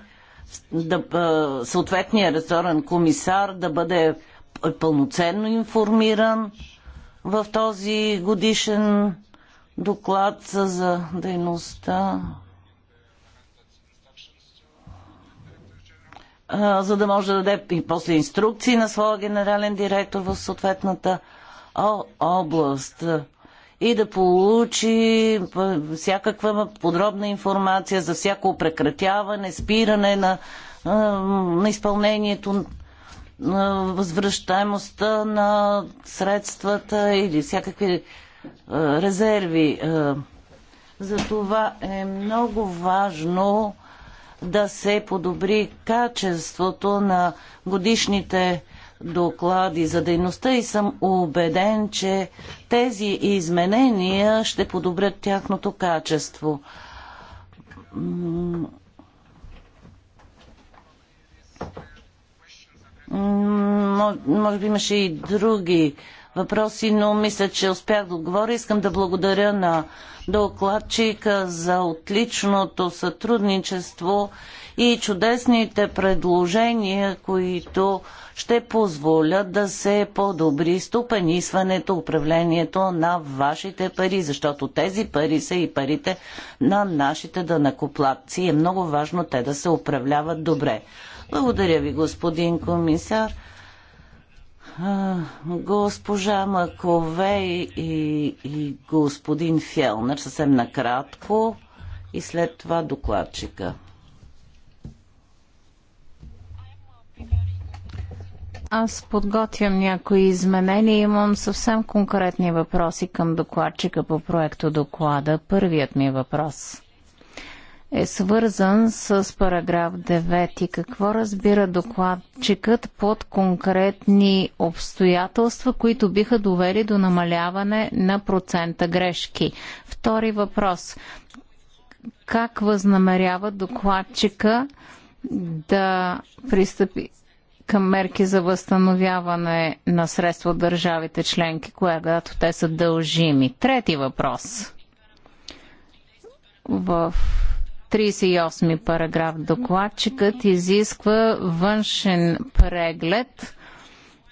да, съответният ресорен комисар да бъде пълноценно информиран в този годишен доклад за дейността. за да може да даде и после инструкции на своя генерален директор в съответната област и да получи всякаква подробна информация за всяко прекратяване, спиране на, на изпълнението, на възвръщаемостта на средствата или всякакви резерви. Затова е много важно да се подобри качеството на годишните доклади за дейността и съм убеден, че тези изменения ще подобрят тяхното качество. Може би имаше и други въпроси, но мисля, че успях да отговоря. Искам да благодаря на докладчика за отличното сътрудничество и чудесните предложения, които ще позволят да се подобри стопанисването, управлението на вашите пари, защото тези пари са и парите на нашите данакоплатци. Е много важно те да се управляват добре. Благодаря ви, господин комисар госпожа Маковей и, и господин Фелнер съвсем накратко и след това докладчика. Аз подготвям някои изменения. и Имам съвсем конкретни въпроси към докладчика по проекто доклада. Първият ми въпрос е свързан с параграф 9. Какво разбира докладчикът под конкретни обстоятелства, които биха довели до намаляване на процента грешки? Втори въпрос. Как възнамерява докладчика да пристъпи към мерки за възстановяване на средства от държавите членки, когато те са дължими. Трети въпрос. В 38 параграф докладчикът изисква външен преглед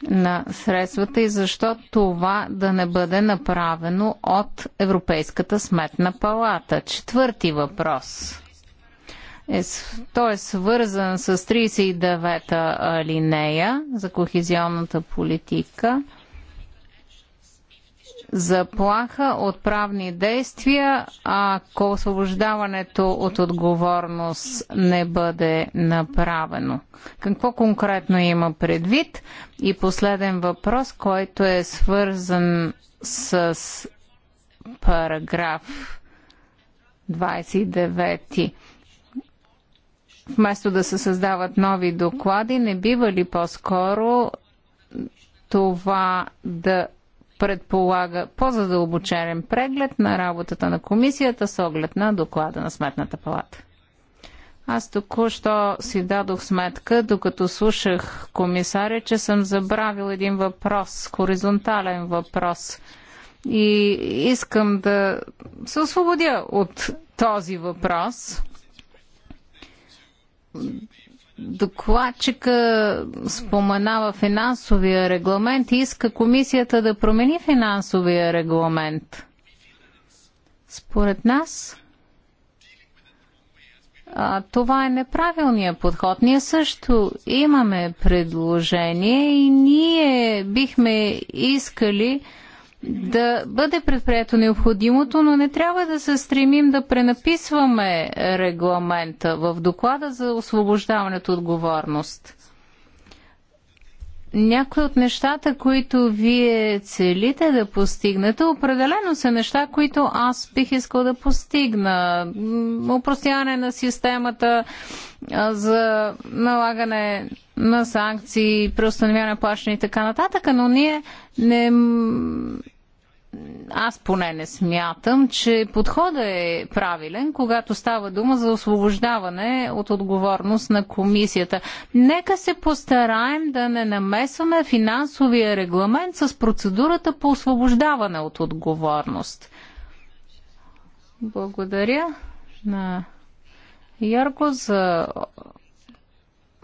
на средствата и защо това да не бъде направено от Европейската сметна палата. Четвърти въпрос е, той е свързан с 39-та линея за кохезионната политика. Заплаха от правни действия, ако освобождаването от отговорност не бъде направено. Какво конкретно има предвид? И последен въпрос, който е свързан с параграф 29 вместо да се създават нови доклади, не бива ли по-скоро това да предполага по-задълбочерен преглед на работата на комисията с оглед на доклада на Сметната палата? Аз току-що си дадох сметка, докато слушах комисаря, че съм забравил един въпрос, хоризонтален въпрос. И искам да се освободя от този въпрос докладчика споменава финансовия регламент и иска комисията да промени финансовия регламент. Според нас а, това е неправилният подход. Ние също имаме предложение и ние бихме искали да бъде предприето необходимото, но не трябва да се стремим да пренаписваме регламента в доклада за освобождаването от отговорност. Някои от нещата, които вие целите да постигнете, определено са неща, които аз бих искал да постигна. Упростяване на системата за налагане на санкции, преустановяване на плащане и така нататък, но ние не аз поне не смятам, че подходът е правилен, когато става дума за освобождаване от отговорност на комисията. Нека се постараем да не намесваме финансовия регламент с процедурата по освобождаване от отговорност. Благодаря на Йорко за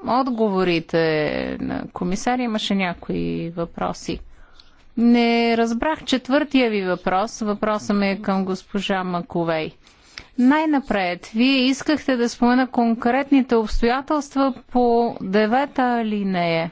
отговорите на комисаря. Имаше някои въпроси. Не разбрах четвъртия ви въпрос. Въпросът ми е към госпожа Маковей. Най-напред, вие искахте да спомена конкретните обстоятелства по девета алинея.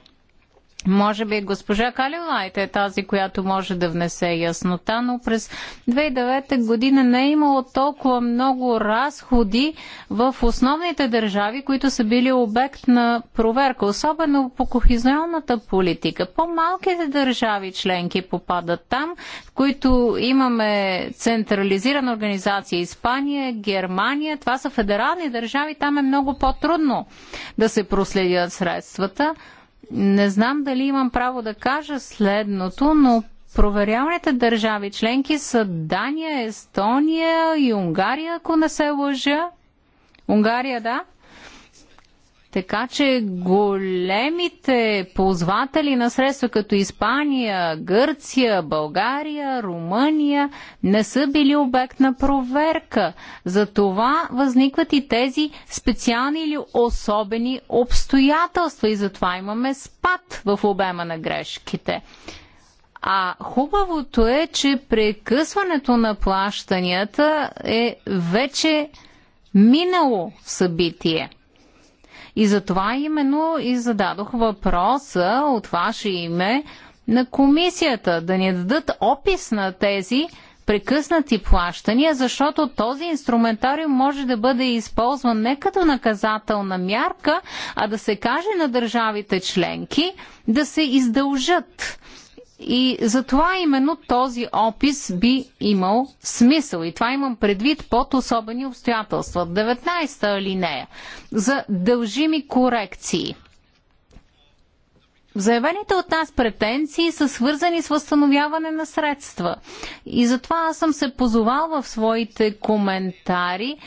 Може би госпожа Калилайт е тази, която може да внесе яснота, но през 2009 година не е имало толкова много разходи в основните държави, които са били обект на проверка, особено по кохизионната политика. По-малките държави членки попадат там, в които имаме централизирана организация Испания, Германия. Това са федерални държави, там е много по-трудно да се проследят средствата. Не знам дали имам право да кажа следното, но проверяваните държави членки са Дания, Естония и Унгария, ако не се лъжа. Унгария, да. Така че големите ползватели на средства като Испания, Гърция, България, Румъния не са били обект на проверка. Затова възникват и тези специални или особени обстоятелства и затова имаме спад в обема на грешките. А хубавото е, че прекъсването на плащанията е вече минало събитие – и за това именно и зададох въпроса от ваше име на комисията да ни дадат опис на тези прекъснати плащания, защото този инструментариум може да бъде използван не като наказателна мярка, а да се каже на държавите членки да се издължат и затова именно този опис би имал смисъл. И това имам предвид под особени обстоятелства. 19-та алинея за дължими корекции. Заявените от нас претенции са свързани с възстановяване на средства. И затова аз съм се позовал в своите коментари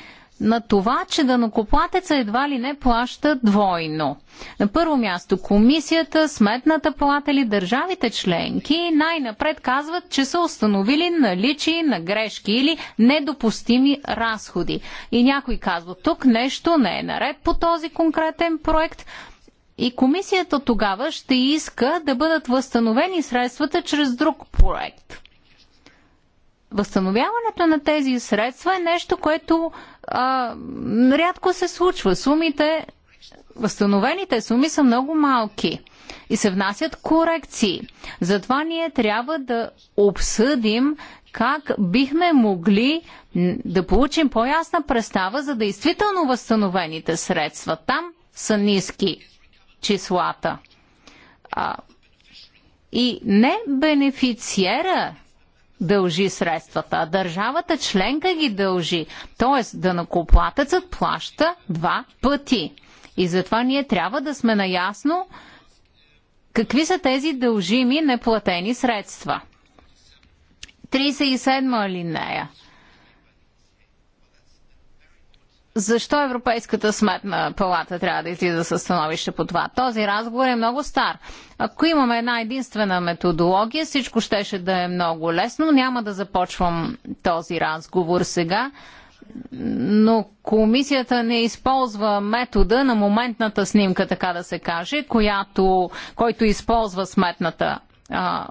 на това, че данокоплатеца едва ли не плаща двойно. На първо място комисията, сметната плата или държавите членки най-напред казват, че са установили наличие на грешки или недопустими разходи. И някой казва, тук нещо не е наред по този конкретен проект, и комисията тогава ще иска да бъдат възстановени средствата чрез друг проект. Възстановяването на тези средства е нещо, което а, рядко се случва. Сумите, възстановените суми са много малки и се внасят корекции. Затова ние трябва да обсъдим как бихме могли да получим по-ясна представа за действително възстановените средства. Там са ниски числата. А, и не бенефициера дължи средствата, а държавата членка ги дължи. Тоест, накоплатецът плаща два пъти. И затова ние трябва да сме наясно какви са тези дължими неплатени средства. 37 алинея защо Европейската сметна палата трябва да излиза със становище по това? Този разговор е много стар. Ако имаме една единствена методология, всичко щеше да е много лесно. Няма да започвам този разговор сега, но комисията не използва метода на моментната снимка, така да се каже, която, който използва сметната а,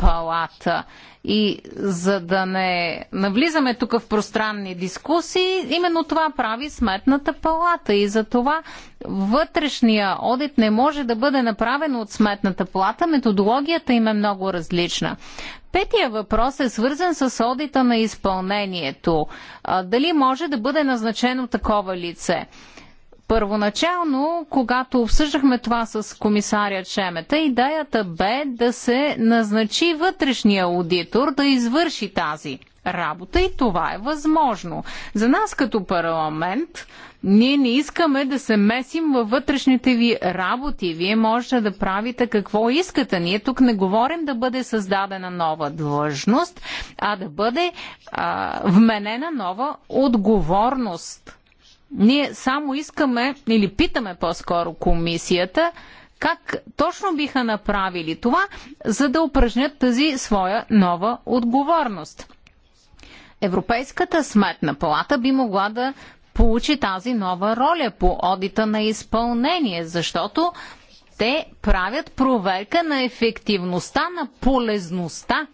палата. И за да не навлизаме тук в пространни дискусии, именно това прави сметната палата. И за това вътрешния одит не може да бъде направен от сметната палата. Методологията им е много различна. Петия въпрос е свързан с одита на изпълнението. дали може да бъде назначено такова лице? Първоначално, когато обсъждахме това с комисаря Чемета, идеята бе да се назначи вътрешния аудитор да извърши тази работа и това е възможно. За нас като парламент, ние не искаме да се месим във вътрешните ви работи. Вие можете да правите какво искате. Ние тук не говорим да бъде създадена нова длъжност, а да бъде а, вменена нова отговорност ние само искаме или питаме по-скоро комисията как точно биха направили това, за да упражнят тази своя нова отговорност. Европейската сметна палата би могла да получи тази нова роля по одита на изпълнение, защото те правят проверка на ефективността, на полезността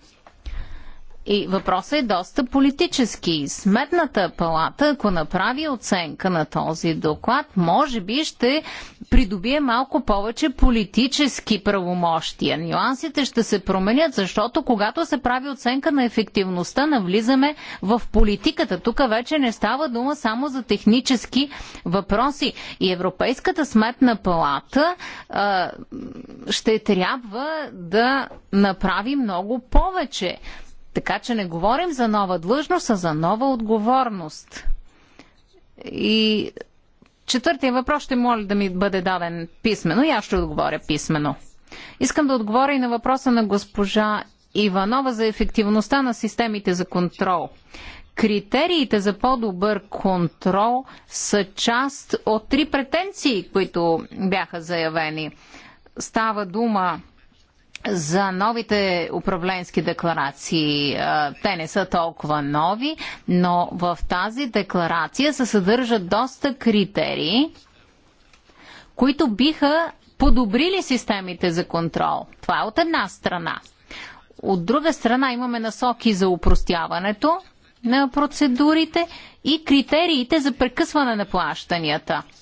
и въпросът е доста политически. Сметната палата, ако направи оценка на този доклад, може би ще придобие малко повече политически правомощия. Нюансите ще се променят, защото когато се прави оценка на ефективността, навлизаме в политиката. Тук вече не става дума само за технически въпроси. И Европейската сметна палата а, ще трябва да направи много повече. Така че не говорим за нова длъжност, а за нова отговорност. И четвъртия въпрос ще моля да ми бъде даден писмено и аз ще отговоря писмено. Искам да отговоря и на въпроса на госпожа Иванова за ефективността на системите за контрол. Критериите за по-добър контрол са част от три претенции, които бяха заявени. Става дума за новите управленски декларации. Те не са толкова нови, но в тази декларация се съдържат доста критерии, които биха подобрили системите за контрол. Това е от една страна. От друга страна имаме насоки за упростяването на процедурите и критериите за прекъсване на плащанията –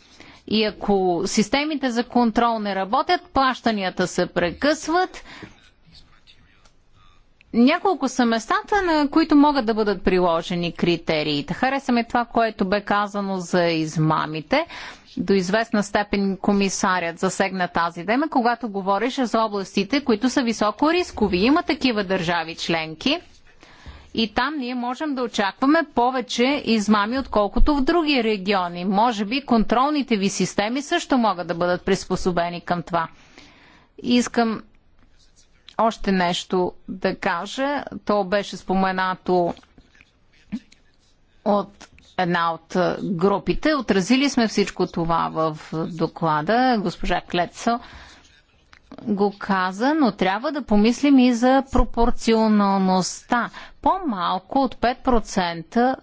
и ако системите за контрол не работят, плащанията се прекъсват. Няколко са местата, на които могат да бъдат приложени критериите. Харесаме това, което бе казано за измамите. До известна степен комисарят засегна тази тема, когато говореше за областите, които са високо рискови. Има такива държави членки – и там ние можем да очакваме повече измами, отколкото в други региони. Може би контролните ви системи също могат да бъдат приспособени към това. Искам още нещо да кажа. То беше споменато от една от групите. Отразили сме всичко това в доклада. Госпожа Клецо го каза, но трябва да помислим и за пропорционалността. По-малко от 5%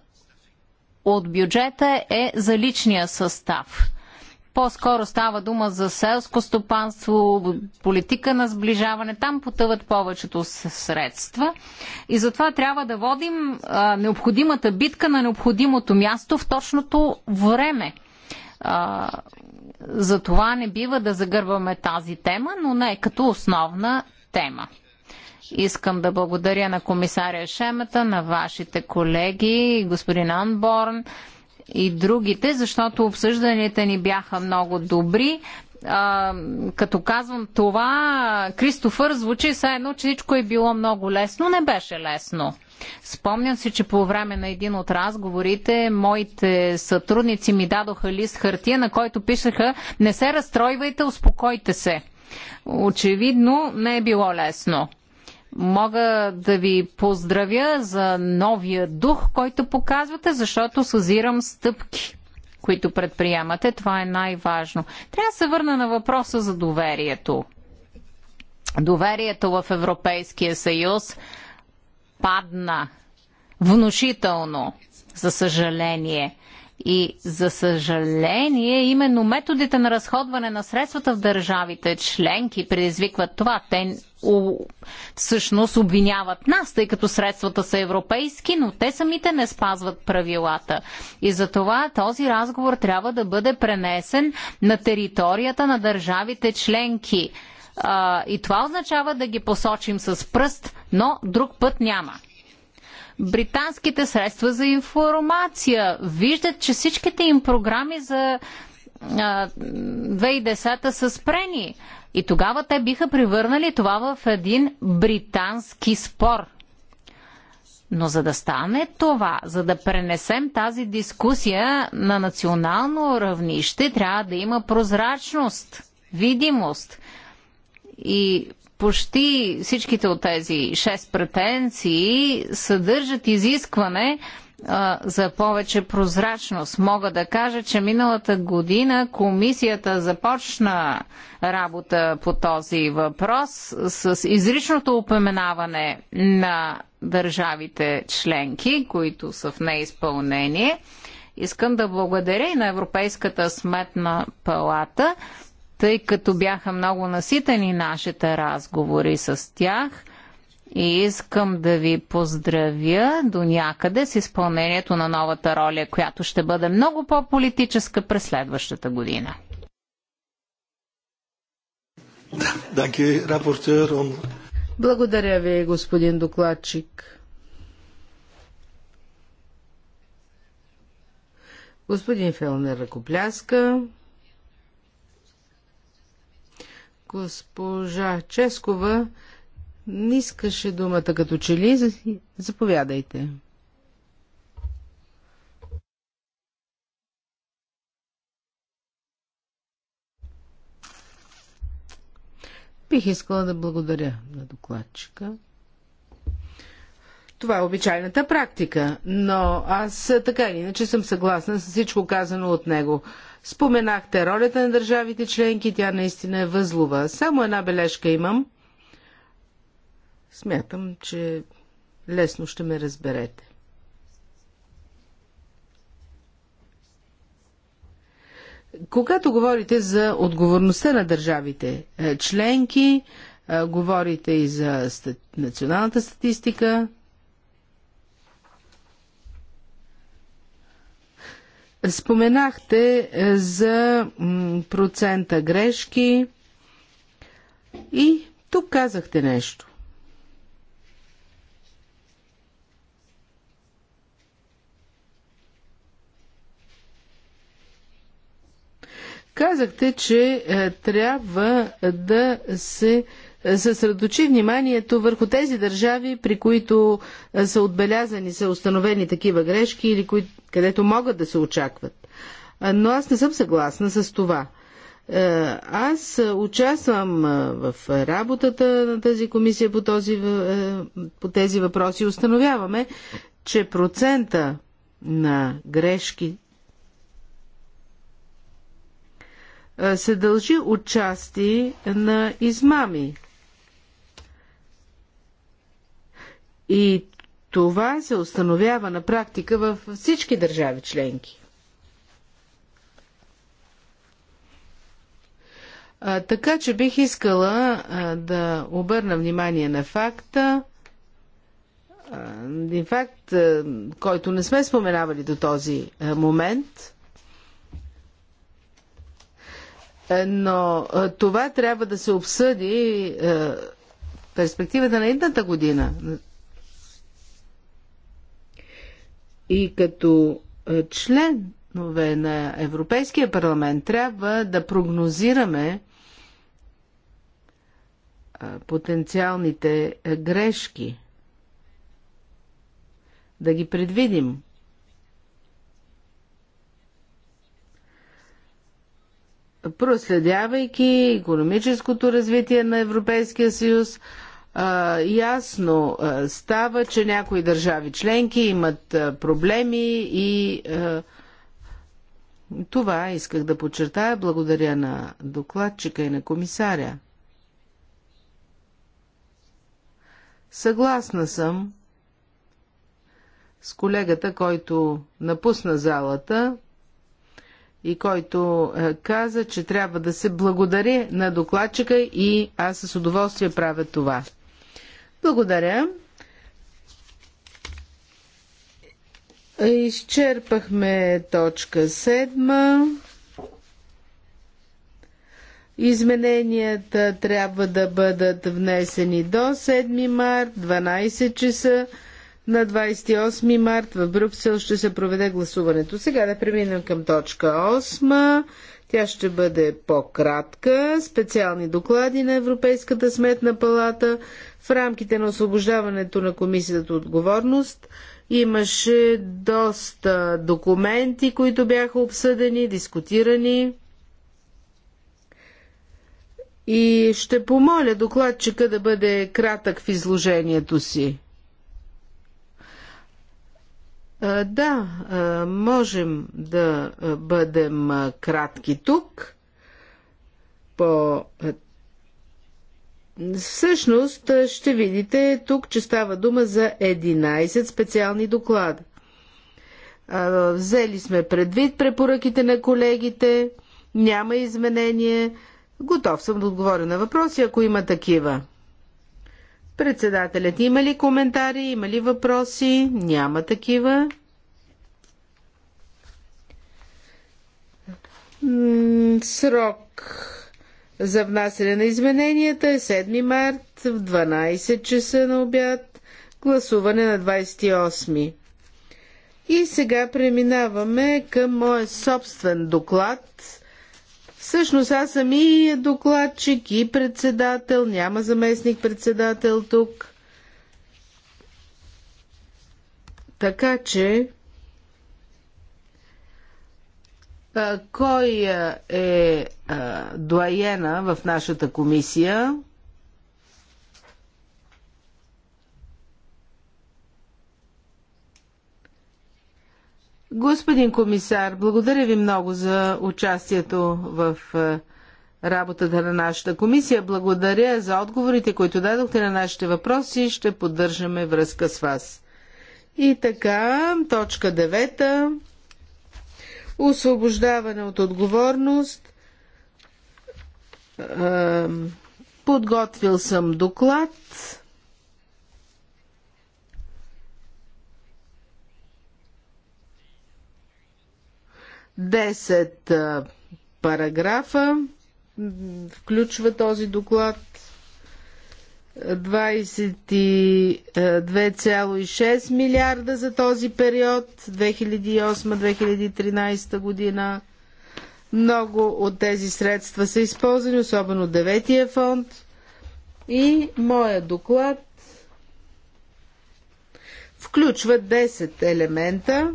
от бюджета е за личния състав. По-скоро става дума за селско стопанство, политика на сближаване. Там потъват повечето средства. И затова трябва да водим а, необходимата битка на необходимото място в точното време. А, за това не бива да загърбваме тази тема, но не е като основна тема. Искам да благодаря на комисаря Шемета, на вашите колеги, господин Анборн, и другите, защото обсъжданията ни бяха много добри. А, като казвам това, Кристофър звучи все едно, че всичко е било много лесно. Не беше лесно. Спомням си, че по време на един от разговорите моите сътрудници ми дадоха лист хартия, на който пишеха «Не се разстройвайте, успокойте се». Очевидно не е било лесно. Мога да ви поздравя за новия дух, който показвате, защото съзирам стъпки, които предприемате. Това е най-важно. Трябва да се върна на въпроса за доверието. Доверието в Европейския съюз падна внушително, за съжаление. И за съжаление, именно методите на разходване на средствата в държавите членки предизвикват това. Те всъщност обвиняват нас, тъй като средствата са европейски, но те самите не спазват правилата. И за това този разговор трябва да бъде пренесен на територията на държавите членки. и това означава да ги посочим с пръст, но друг път няма британските средства за информация. Виждат, че всичките им програми за 2010-та са спрени. И тогава те биха превърнали това в един британски спор. Но за да стане това, за да пренесем тази дискусия на национално равнище, трябва да има прозрачност, видимост. И почти всичките от тези шест претенции съдържат изискване за повече прозрачност. Мога да кажа, че миналата година комисията започна работа по този въпрос с изричното упоменаване на държавите членки, които са в неизпълнение. Искам да благодаря и на Европейската сметна палата тъй като бяха много наситени нашите разговори с тях и искам да ви поздравя до някъде с изпълнението на новата роля, която ще бъде много по-политическа през следващата година. Благодаря ви, господин докладчик. Господин Фелнер ръкопляска. Госпожа Ческова не искаше думата като че ли. Заповядайте. Бих искала да благодаря на докладчика. Това е обичайната практика, но аз така или иначе съм съгласна с всичко казано от него. Споменахте ролята на държавите членки, тя наистина е възлова. Само една бележка имам. Смятам, че лесно ще ме разберете. Когато говорите за отговорността на държавите е, членки, е, говорите и за националната статистика, Споменахте е, за процента грешки и тук казахте нещо. Казахте, че е, трябва да се съсредочи вниманието върху тези държави, при които са отбелязани, са установени такива грешки или кои, където могат да се очакват. Но аз не съм съгласна с това. Аз участвам в работата на тази комисия по, този, по тези въпроси и установяваме, че процента на грешки се дължи отчасти на измами – И това се установява на практика във всички държави членки. А, така че бих искала а, да обърна внимание на факта, а, факт, а, който не сме споменавали до този а, момент, но а, това трябва да се обсъди а, перспективата на едната година, и като е, членове на Европейския парламент трябва да прогнозираме е, потенциалните е, грешки, да ги предвидим. Проследявайки економическото развитие на Европейския съюз, ясно става, че някои държави членки имат проблеми и това исках да подчертая. Благодаря на докладчика и на комисаря. Съгласна съм с колегата, който напусна залата и който е, каза, че трябва да се благодари на докладчика и аз с удоволствие правя това. Благодаря. Изчерпахме точка седма. Измененията трябва да бъдат внесени до 7 март, 12 часа. На 28 март в Брюксел ще се проведе гласуването. Сега да преминем към точка 8. Тя ще бъде по-кратка. Специални доклади на Европейската сметна палата в рамките на освобождаването на комисията от отговорност. Имаше доста документи, които бяха обсъдени, дискутирани. И ще помоля докладчика да бъде кратък в изложението си. Да, можем да бъдем кратки тук. По... Всъщност ще видите тук, че става дума за 11 специални доклада. Взели сме предвид препоръките на колегите, няма изменение. Готов съм да отговоря на въпроси, ако има такива. Председателят, има ли коментари, има ли въпроси? Няма такива. Срок за внасяне на измененията е 7 март в 12 часа на обяд, гласуване на 28. И сега преминаваме към моят собствен доклад Всъщност аз съм и докладчик и председател, няма заместник председател тук. Така че кой е дуаена в нашата комисия? Господин комисар, благодаря ви много за участието в е, работата на нашата комисия. Благодаря за отговорите, които дадохте на нашите въпроси. Ще поддържаме връзка с вас. И така, точка 9. Освобождаване от отговорност. Е, подготвил съм доклад. 10 параграфа включва този доклад. 22,6 милиарда за този период 2008-2013 година. Много от тези средства са използвани, особено деветия фонд. И моя доклад включва 10 елемента,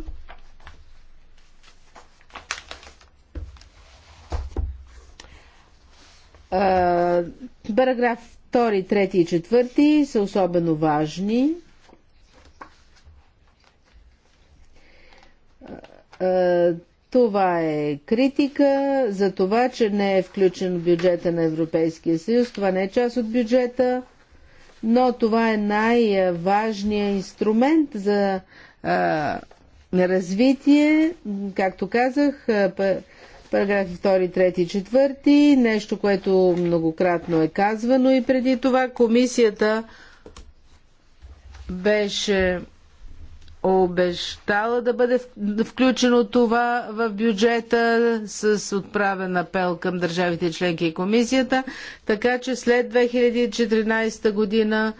Параграф 2, 3 и 4 са особено важни. Това е критика за това, че не е включен в бюджета на Европейския съюз. Това не е част от бюджета, но това е най-важният инструмент за а, развитие. Както казах, Параграфи 2, 3 4, нещо, което многократно е казвано и преди това комисията беше обещала да бъде включено това в бюджета с отправен апел към държавите членки и комисията, така че след 2014 година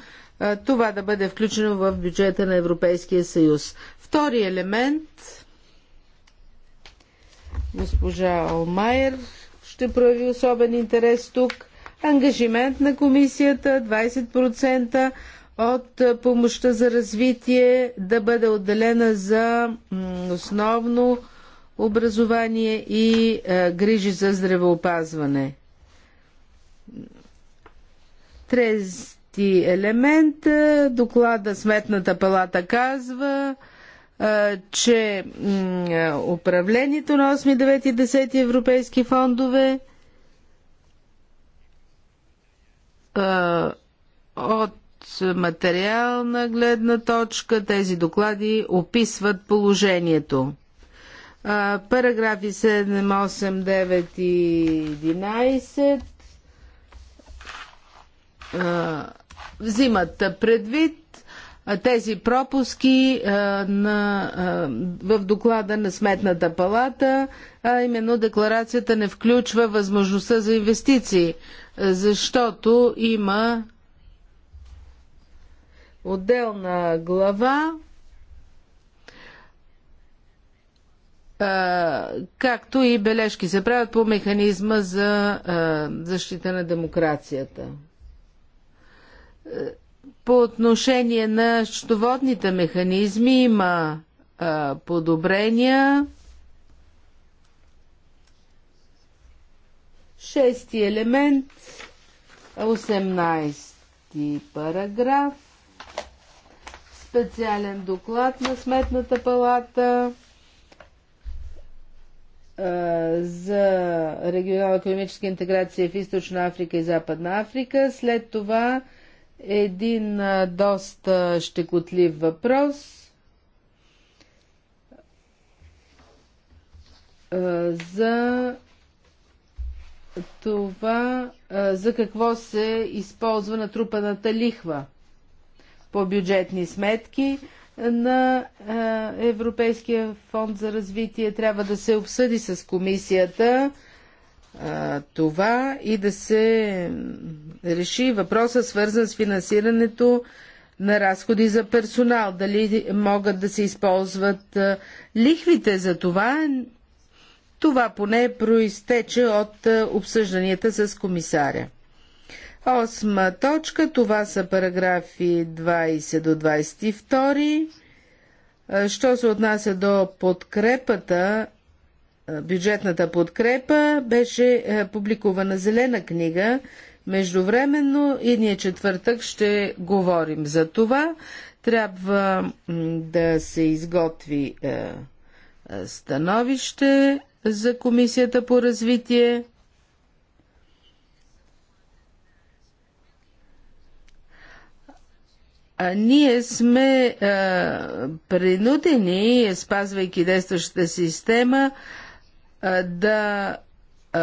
това да бъде включено в бюджета на Европейския съюз. Втори елемент Госпожа Олмайер ще прояви особен интерес тук. Ангажимент на комисията 20% от помощта за развитие да бъде отделена за основно образование и е, грижи за здравеопазване. Трети елемент, е, доклада Сметната палата казва, че управлението на 8, 9 и 10 европейски фондове от материална гледна точка тези доклади описват положението. Параграфи 7, 8, 9 и 11 взимат предвид тези пропуски на, в доклада на Сметната палата, а именно декларацията не включва възможността за инвестиции, защото има отделна глава, както и бележки се правят по механизма за защита на демокрацията по отношение на счетоводните механизми има а, подобрения. Шести елемент, 18 ти параграф, специален доклад на Сметната палата за регионална економическа интеграция в Източна Африка и Западна Африка. След това един доста щекотлив въпрос. за това за какво се използва натрупаната лихва по бюджетни сметки на Европейския фонд за развитие. Трябва да се обсъди с комисията това и да се реши въпроса свързан с финансирането на разходи за персонал. Дали могат да се използват лихвите за това? Това поне проистече от обсъжданията с комисаря. Осма точка, това са параграфи 20 до 22. Що се отнася до подкрепата, бюджетната подкрепа, беше публикувана зелена книга Междувременно и ние четвъртък ще говорим за това. Трябва да се изготви е, е, становище за Комисията по развитие. А ние сме е, принудени, спазвайки действащата система, е, да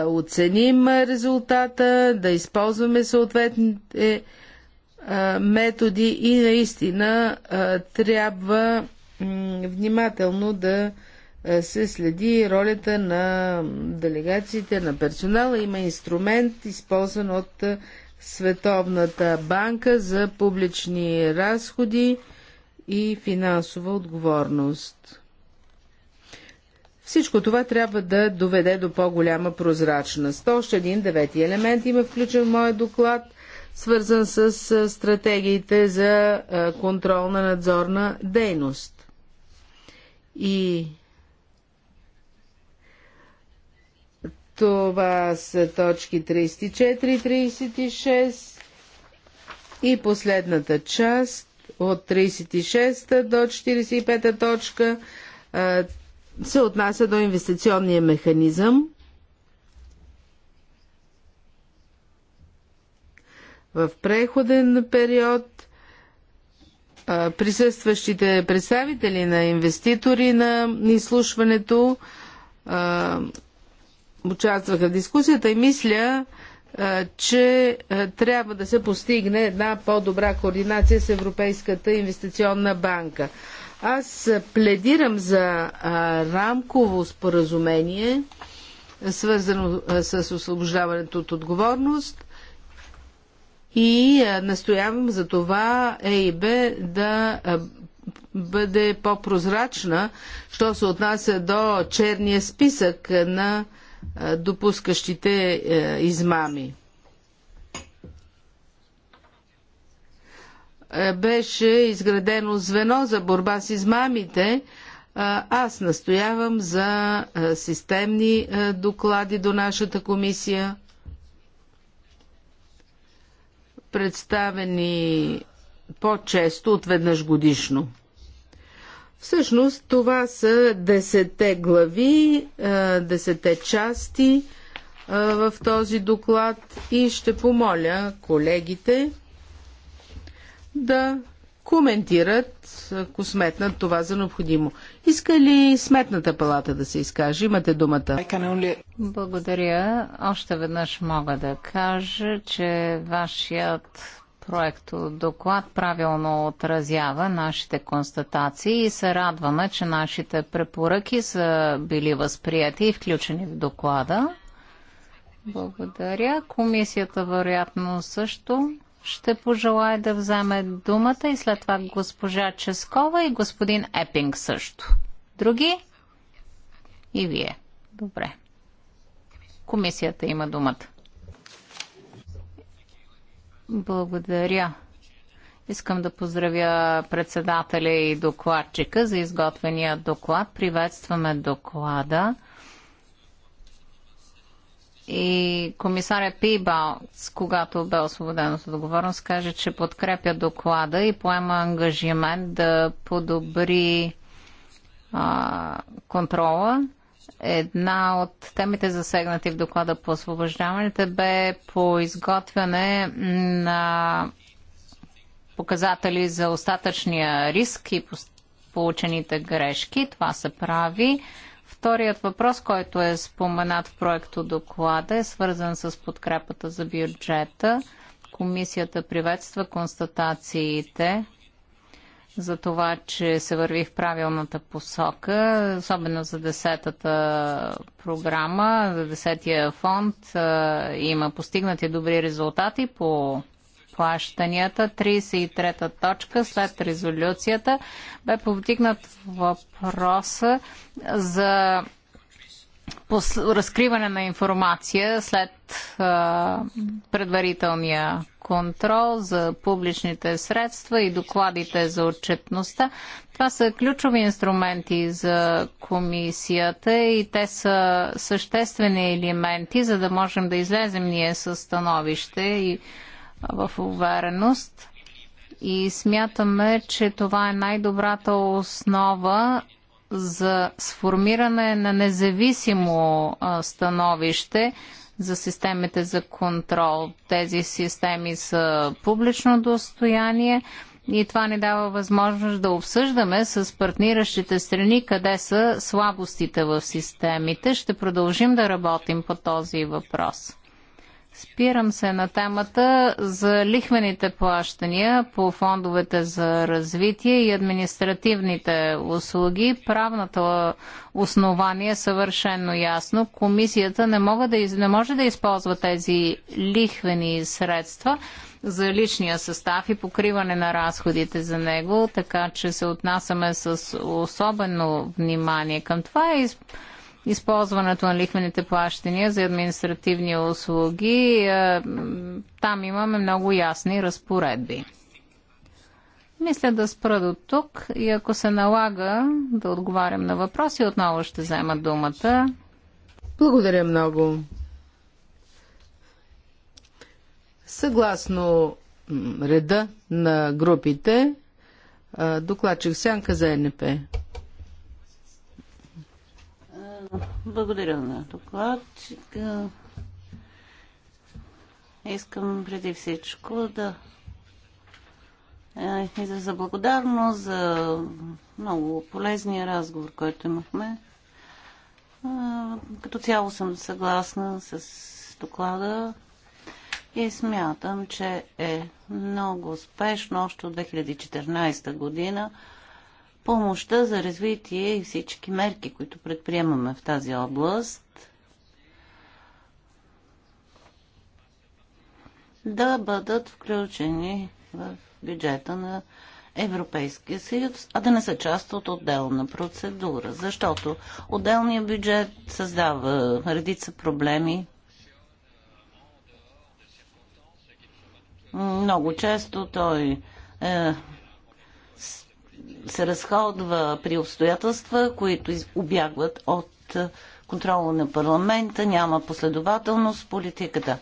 оценим резултата, да използваме съответните методи и наистина трябва внимателно да се следи ролята на делегациите, на персонала. Има инструмент, използван от Световната банка за публични разходи и финансова отговорност. Всичко това трябва да доведе до по-голяма прозрачност. Още един девети елемент има включен в моя доклад, свързан с стратегиите за контрол на надзорна дейност. И това са точки 34-36 и последната част от 36 до 45 точка се отнася до инвестиционния механизъм. В преходен период присъстващите представители на инвеститори на изслушването участваха в дискусията и мисля, че трябва да се постигне една по-добра координация с Европейската инвестиционна банка. Аз пледирам за а, рамково споразумение, свързано а, с освобождаването от отговорност и а, настоявам за това ЕИБ да а, бъде по-прозрачна, що се отнася до черния списък на допускащите измами. Е, беше изградено звено за борба с измамите. Е, аз настоявам за е, системни доклади до нашата комисия. представени по-често от веднъж годишно. Всъщност това са десете глави, десете части в този доклад и ще помоля колегите да коментират, ако сметнат това за необходимо. Иска ли сметната палата да се изкаже? Имате думата. Only... Благодаря. Още веднъж мога да кажа, че вашият проекто доклад правилно отразява нашите констатации и се радваме, че нашите препоръки са били възприяти и включени в доклада. Благодаря. Комисията вероятно също ще пожелая да вземе думата и след това госпожа Ческова и господин Епинг също. Други? И вие. Добре. Комисията има думата. Благодаря. Искам да поздравя председателя и докладчика за изготвения доклад. Приветстваме доклада и комисаря Пибалц, когато бе освободен от отговорност, каже, че подкрепя доклада и поема ангажимент да подобри а, контрола. Една от темите засегнати в доклада по освобождаването бе по изготвяне на показатели за остатъчния риск и получените грешки. Това се прави. Вторият въпрос, който е споменат в проекто доклада, е свързан с подкрепата за бюджета. Комисията приветства констатациите за това, че се върви в правилната посока, особено за 10-та програма, за 10 тия фонд. Има постигнати добри резултати по плащанията. 33-та точка след резолюцията бе повдигнат въпроса за разкриване на информация след а, предварителния контрол за публичните средства и докладите за отчетността. Това са ключови инструменти за комисията и те са съществени елементи, за да можем да излезем ние с становище и в увереност и смятаме, че това е най-добрата основа за сформиране на независимо становище за системите за контрол. Тези системи са публично достояние и това ни дава възможност да обсъждаме с партниращите страни къде са слабостите в системите. Ще продължим да работим по този въпрос. Спирам се на темата за лихвените плащания по фондовете за развитие и административните услуги. Правната основание е съвършенно ясно. Комисията не, мога да, не може да използва тези лихвени средства за личния състав и покриване на разходите за него, така че се отнасяме с особено внимание към това. Е използването на лихвените плащания за административни услуги. Е, там имаме много ясни разпоредби. Мисля да спра до тук и ако се налага да отговарям на въпроси, отново ще взема думата. Благодаря много. Съгласно реда на групите, докладчик Сянка за НП. Благодаря на докладчика. Искам преди всичко да е, и за благодарност за много полезния разговор, който имахме. Като цяло съм съгласна с доклада и смятам, че е много успешно още от 2014 година помощта за развитие и всички мерки, които предприемаме в тази област, да бъдат включени в бюджета на Европейския съюз, а да не са част от отделна процедура, защото отделният бюджет създава редица проблеми. Много често той е, се разходва при обстоятелства, които обягват от е, контрола на парламента, няма последователност в политиката.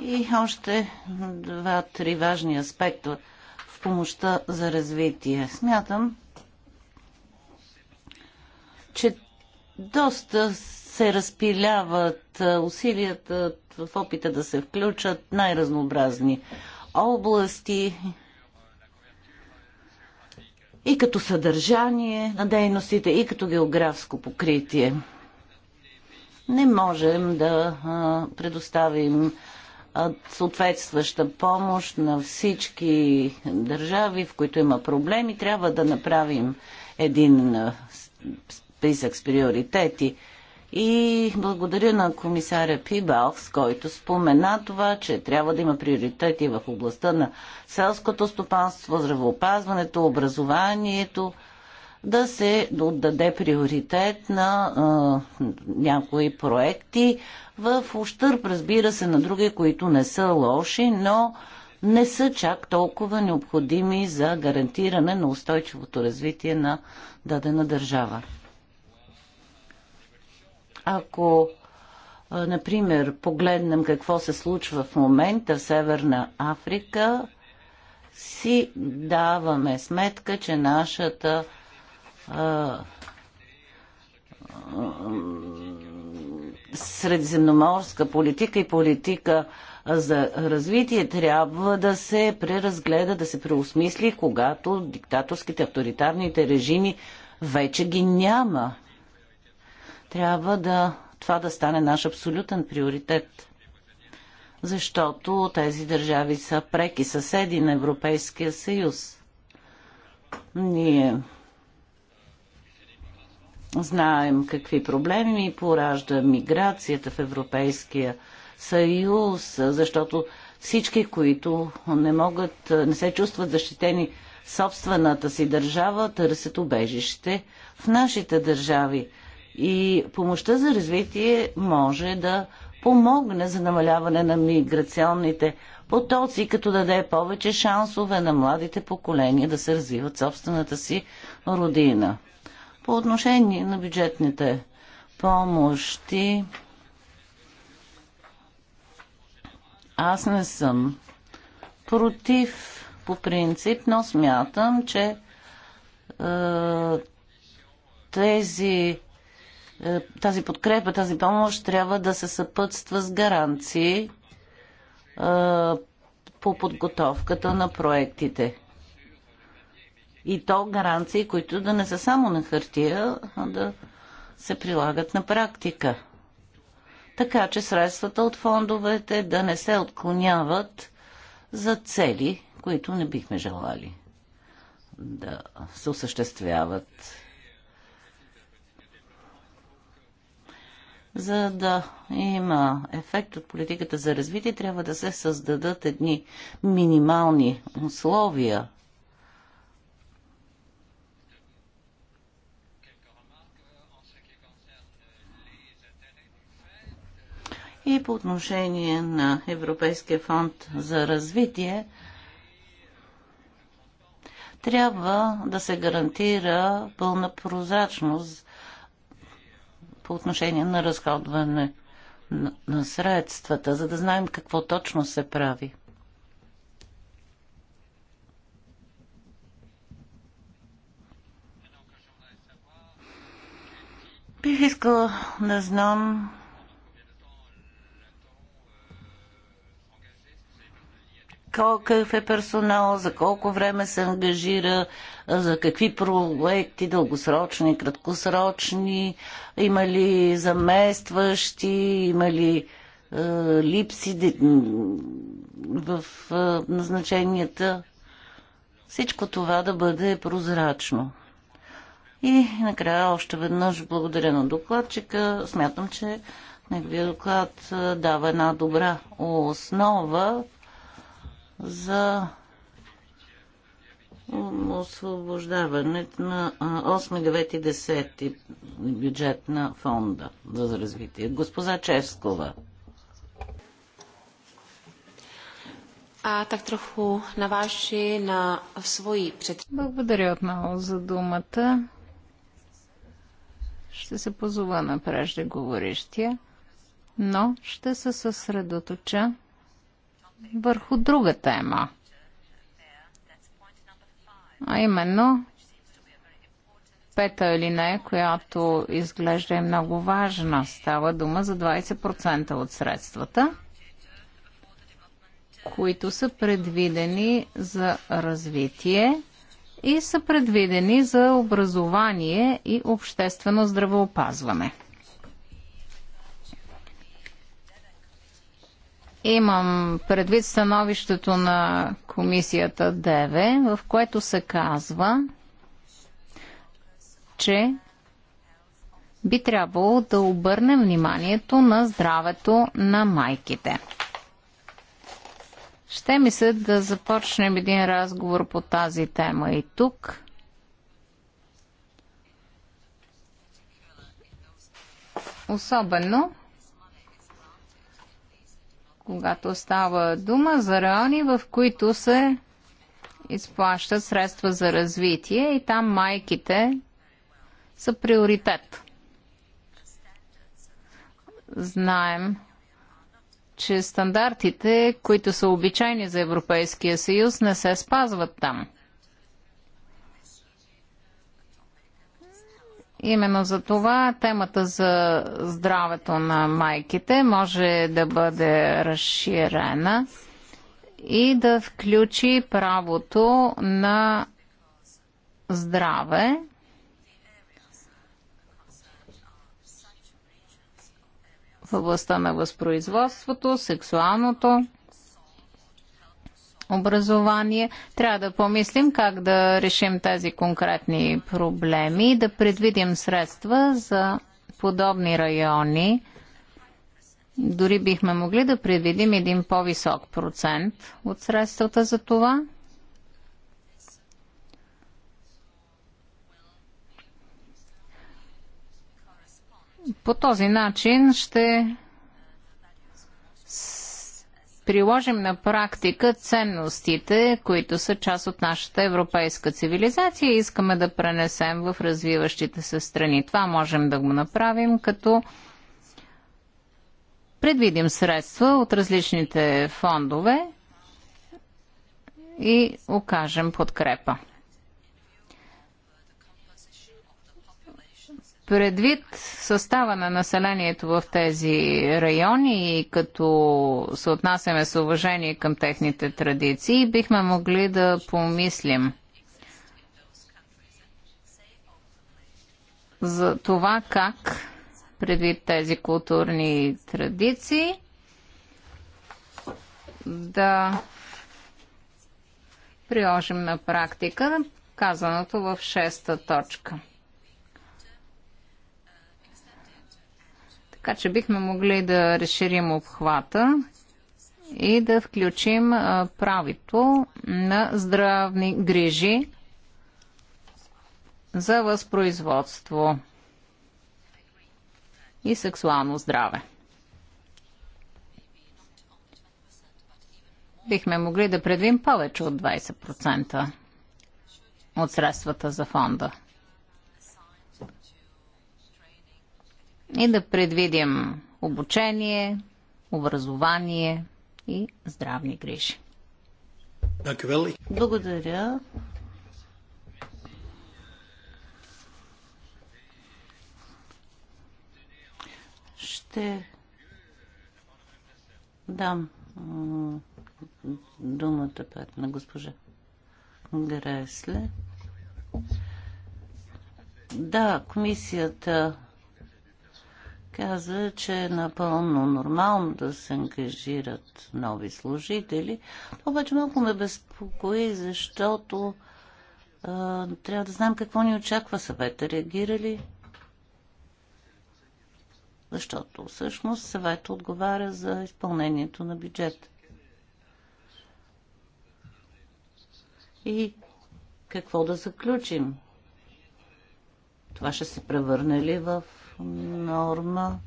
И още два-три важни аспекта в помощта за развитие. Смятам, че доста се разпиляват е, усилията в опита да се включат най-разнообразни области и като съдържание на дейностите, и като географско покритие. Не можем да предоставим съответстваща помощ на всички държави, в които има проблеми. Трябва да направим един списък с приоритети и благодаря на комисаря Пибалс, който спомена това, че трябва да има приоритети в областта на селското стопанство, здравеопазването, образованието, да се отдаде приоритет на а, някои проекти в ущърп, разбира се, на други, които не са лоши, но не са чак толкова необходими за гарантиране на устойчивото развитие на дадена държава. Ако, например, погледнем какво се случва в момента в Северна Африка, си даваме сметка, че нашата средиземноморска политика и политика за развитие трябва да се преразгледа, да се преосмисли, когато диктаторските авторитарните режими вече ги няма. Трябва да, това да стане наш абсолютен приоритет, защото тези държави са преки съседи на Европейския съюз. Ние знаем какви проблеми поражда миграцията в Европейския съюз, защото всички, които не могат, не се чувстват защитени собствената си държава, търсят убежище в нашите държави. И помощта за развитие може да помогне за намаляване на миграционните потоци, като даде повече шансове на младите поколения да се развиват собствената си родина. По отношение на бюджетните помощи, аз не съм против по принцип, но смятам, че е, тези е, тази подкрепа, тази помощ трябва да се съпътства с гаранции е, по подготовката на проектите. И то гаранции, които да не са само на хартия, а да се прилагат на практика. Така че средствата от фондовете да не се отклоняват за цели, които не бихме желали да се осъществяват. За да има ефект от политиката за развитие, трябва да се създадат едни минимални условия. И по отношение на Европейския фонд за развитие, трябва да се гарантира пълна прозрачност по отношение на разходване на средствата, за да знаем какво точно се прави. Бих искала да знам какъв е персонал, за колко време се ангажира, за какви проекти, дългосрочни, краткосрочни, има ли заместващи, има ли е, липси в е, назначенията. Всичко това да бъде прозрачно. И накрая още веднъж благодаря на докладчика. Смятам, че неговия доклад е, дава една добра основа за освобождаването на 8, 9 и 10 бюджет на фонда за развитие. Госпожа Чевскова. А так троху на ваши, на свои пред... Благодаря отново за думата. Ще се позова на преждеговорещия, но ще се съсредоточа върху друга тема. А именно пета или не, която изглежда е много важна. Става дума за 20% от средствата, които са предвидени за развитие и са предвидени за образование и обществено здравеопазване. Имам предвид становището на комисията ДВ, в което се казва, че би трябвало да обърнем вниманието на здравето на майките. Ще ми се да започнем един разговор по тази тема и тук. Особено когато става дума за райони, в които се изплащат средства за развитие и там майките са приоритет. Знаем, че стандартите, които са обичайни за Европейския съюз, не се спазват там. Именно за това темата за здравето на майките може да бъде разширена и да включи правото на здраве. в областта на възпроизводството, сексуалното образование. Трябва да помислим как да решим тези конкретни проблеми и да предвидим средства за подобни райони. Дори бихме могли да предвидим един по-висок процент от средствата за това. По този начин ще приложим на практика ценностите, които са част от нашата европейска цивилизация и искаме да пренесем в развиващите се страни. Това можем да го направим като предвидим средства от различните фондове и окажем подкрепа. Предвид състава на населението в тези райони и като се отнасяме с уважение към техните традиции, бихме могли да помислим за това как предвид тези културни традиции да приложим на практика казаното в шеста точка – Така че бихме могли да разширим обхвата и да включим правито на здравни грижи за възпроизводство и сексуално здраве. Бихме могли да предвидим повече от 20% от средствата за фонда. и да предвидим обучение, образование и здравни грижи. Благодаря. Ще дам думата пет на госпожа Гресле. Да, комисията каза, че е напълно нормално да се ангажират нови служители. Обаче малко ме безпокои, защото а, трябва да знаем какво ни очаква съвета. Реагира ли? Защото всъщност съвета отговаря за изпълнението на бюджет. И какво да заключим? Това ще се превърне ли в норма.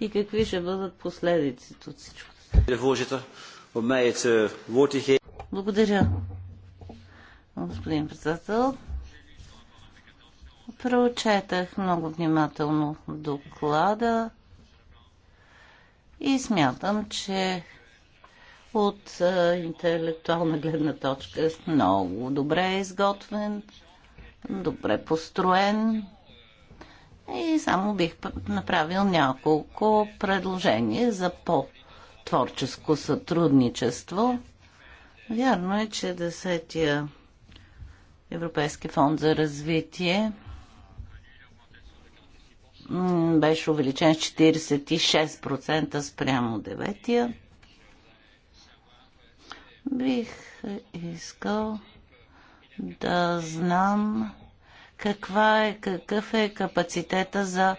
И какви ще бъдат последиците от всичко? Eh, Благодаря, господин председател. Прочетах много внимателно доклада и смятам, че от а, интелектуална гледна точка. Е много добре е изготвен, добре построен и само бих направил няколко предложения за по-творческо сътрудничество. Вярно е, че 10-я Европейски фонд за развитие беше увеличен с 46% спрямо 9-я. Бих искал да знам каква е, какъв е капацитета за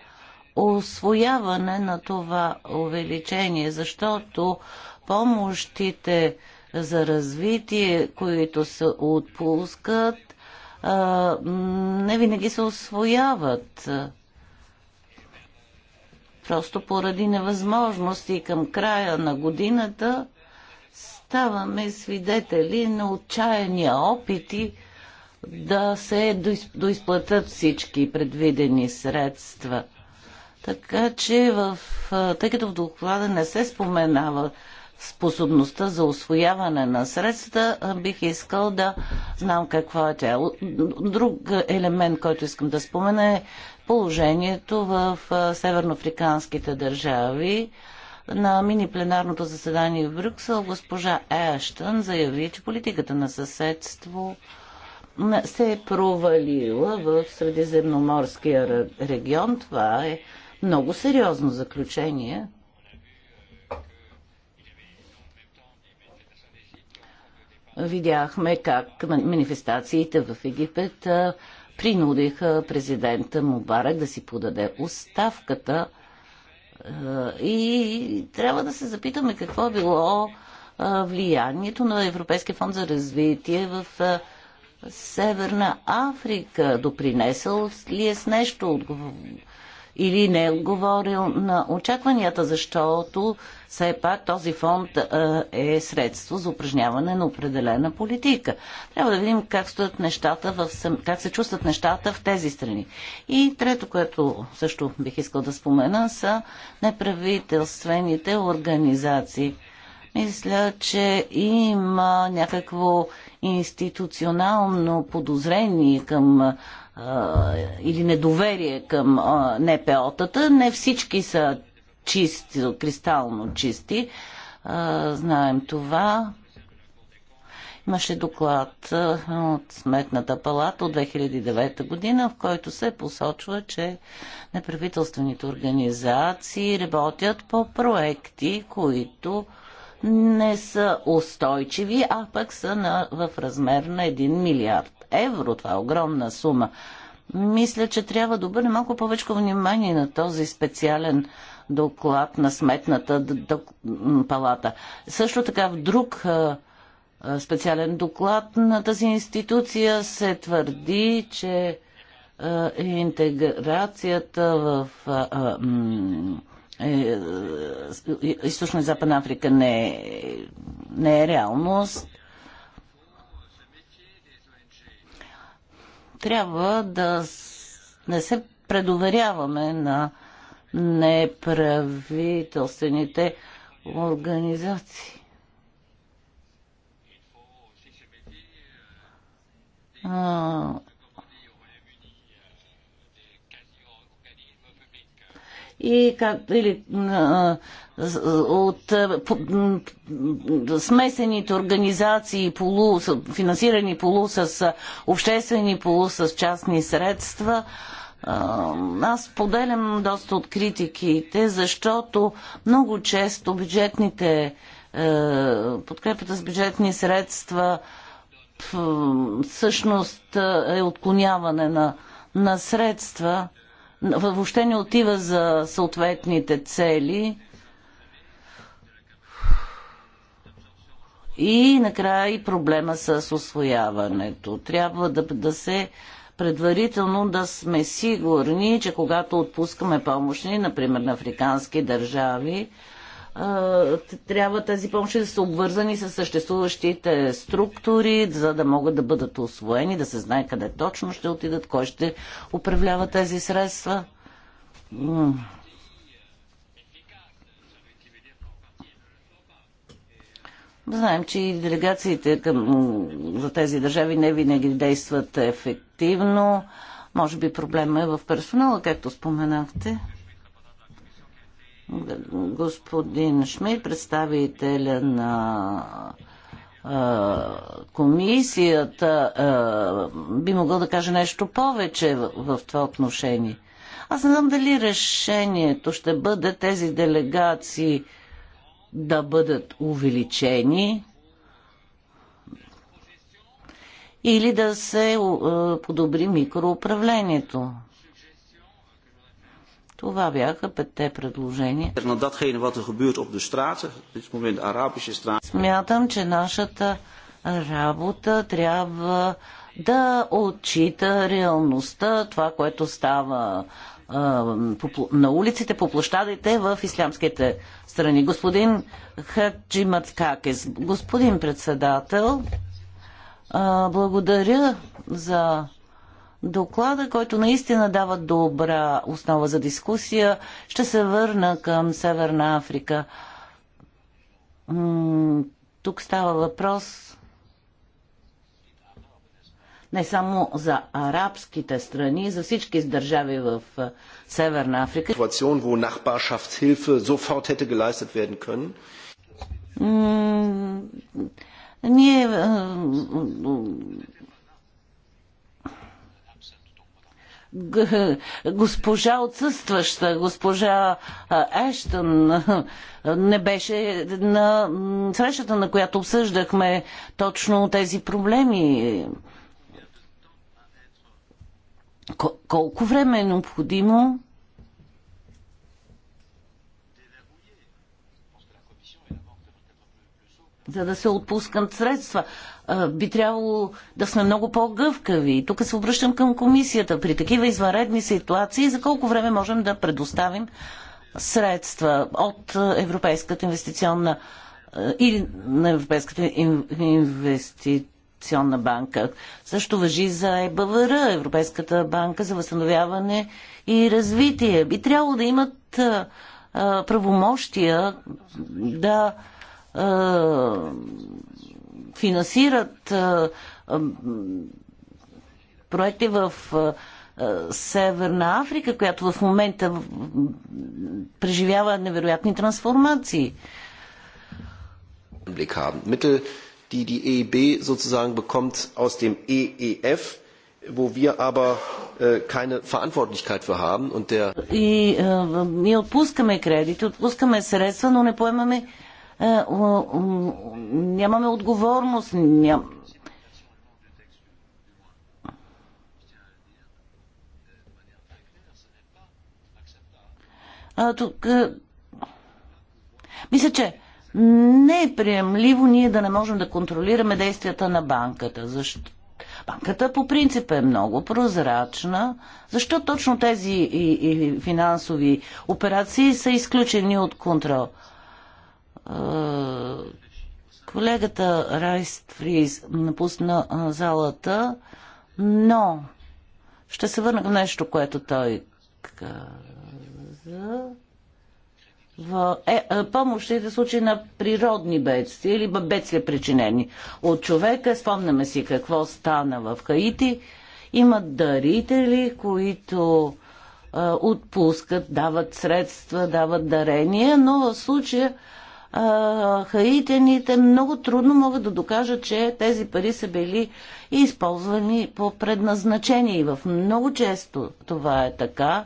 освояване на това увеличение, защото помощите за развитие, които се отпускат, не винаги се освояват. Просто поради невъзможности към края на годината ставаме свидетели на отчаяния опити да се доизплатят всички предвидени средства. Така че, в, тъй като в доклада не се споменава способността за освояване на средства, бих искал да знам какво е тя. Друг елемент, който искам да спомена е положението в северноафриканските държави. На мини пленарното заседание в Брюксел госпожа Ештън заяви, че политиката на съседство се е провалила в Средиземноморския регион. Това е много сериозно заключение. Видяхме как манифестациите в Египет принудиха президента Мубарак да си подаде оставката – е, и трябва да се запитаме какво е било влиянието на Европейския фонд за развитие в е, Северна Африка. Допринесъл ли е с нещо или не е отговорил на очакванията, защото все пак този фонд е средство за упражняване на определена политика. Трябва да видим как, стоят нещата в, как се чувстват нещата в тези страни. И трето, което също бих искал да спомена, са неправителствените организации. Мисля, че има някакво институционално подозрение към или недоверие към НПО-тата. Не всички са чисти, кристално чисти. Знаем това. Имаше доклад от Сметната палата от 2009 година, в който се посочва, че неправителствените организации работят по проекти, които не са устойчиви, а пък са на, в размер на 1 милиард евро. Това е огромна сума. Мисля, че трябва да бъде малко повече внимание на този специален доклад на сметната палата. Също така в друг специален доклад на тази институция се твърди, че интеграцията в е, Източна Западна Африка не е, не е реалност. трябва да не се предоверяваме на неправителствените организации. А, и как, или а, от по, смесените организации, полу, финансирани полу с обществени, полу с частни средства. А, аз поделям доста от критиките, защото много често бюджетните е, подкрепата с бюджетни средства всъщност е отклоняване на, на средства въобще не отива за съответните цели. И накрая и проблема с освояването. Трябва да, да се предварително да сме сигурни, че когато отпускаме помощни, например на африкански държави, трябва тези помощи да са обвързани с съществуващите структури, за да могат да бъдат освоени, да се знае къде точно ще отидат, кой ще управлява тези средства. Знаем, че и делегациите към, за тези държави не винаги действат ефективно. Може би проблема е в персонала, както споменахте господин Шмид, представителя на комисията би могъл да каже нещо повече в, в това отношение. Аз не знам дали решението ще бъде тези делегации да бъдат увеличени или да се подобри микроуправлението. Това бяха петте предложения. Er Смятам, че нашата работа трябва да отчита реалността, това, което става на улиците, по площадите в ислямските страни. Господин Хаджи Мацкакес, господин председател, благодаря за доклада, който наистина дава добра основа за дискусия. Ще се върна към Северна Африка. тук става въпрос не само за арабските страни, за всички държави в Северна Африка. Ситуация, wo Nachbarschaftshilfe sofort hätte geleistet werden können. Ние госпожа отсъстваща, госпожа Ештън не беше на срещата, на която обсъждахме точно тези проблеми. Колко време е необходимо? за да се отпускат средства. Би трябвало да сме много по-гъвкави. тук се обръщам към комисията. При такива извънредни ситуации за колко време можем да предоставим средства от Европейската инвестиционна или на Европейската инвестиционна банка. Също въжи за ЕБВР, Европейската банка за възстановяване и развитие. Би трябвало да имат правомощия да а, финансират а, а, проекти в а, Северна Африка, която в момента преживява невероятни трансформации. Blick die die EIB e sozusagen bekommt aus dem EEF, wo wir aber äh, keine Verantwortlichkeit für haben und der. И, äh, ние отпускаме кредити, отпускаме средства, но не поемаме äh, е, нямаме отговорност. Ням... А, тук... Е, мисля, че не е приемливо ние да не можем да контролираме действията на банката. Защо? Банката по принцип е много прозрачна. Защо точно тези и, и финансови операции са изключени от контрол? Колегата Райс Фриз напусна залата, но ще се върна към нещо, което той каза. В е, е, помощите в случаи на природни бедствия или бедствия причинени от човека, спомняме си какво стана в Хаити, има дарители, които е, отпускат, дават средства, дават дарения, но в случая Хаитените много трудно могат да докажат, че тези пари са били използвани по предназначение. И в много често това е така.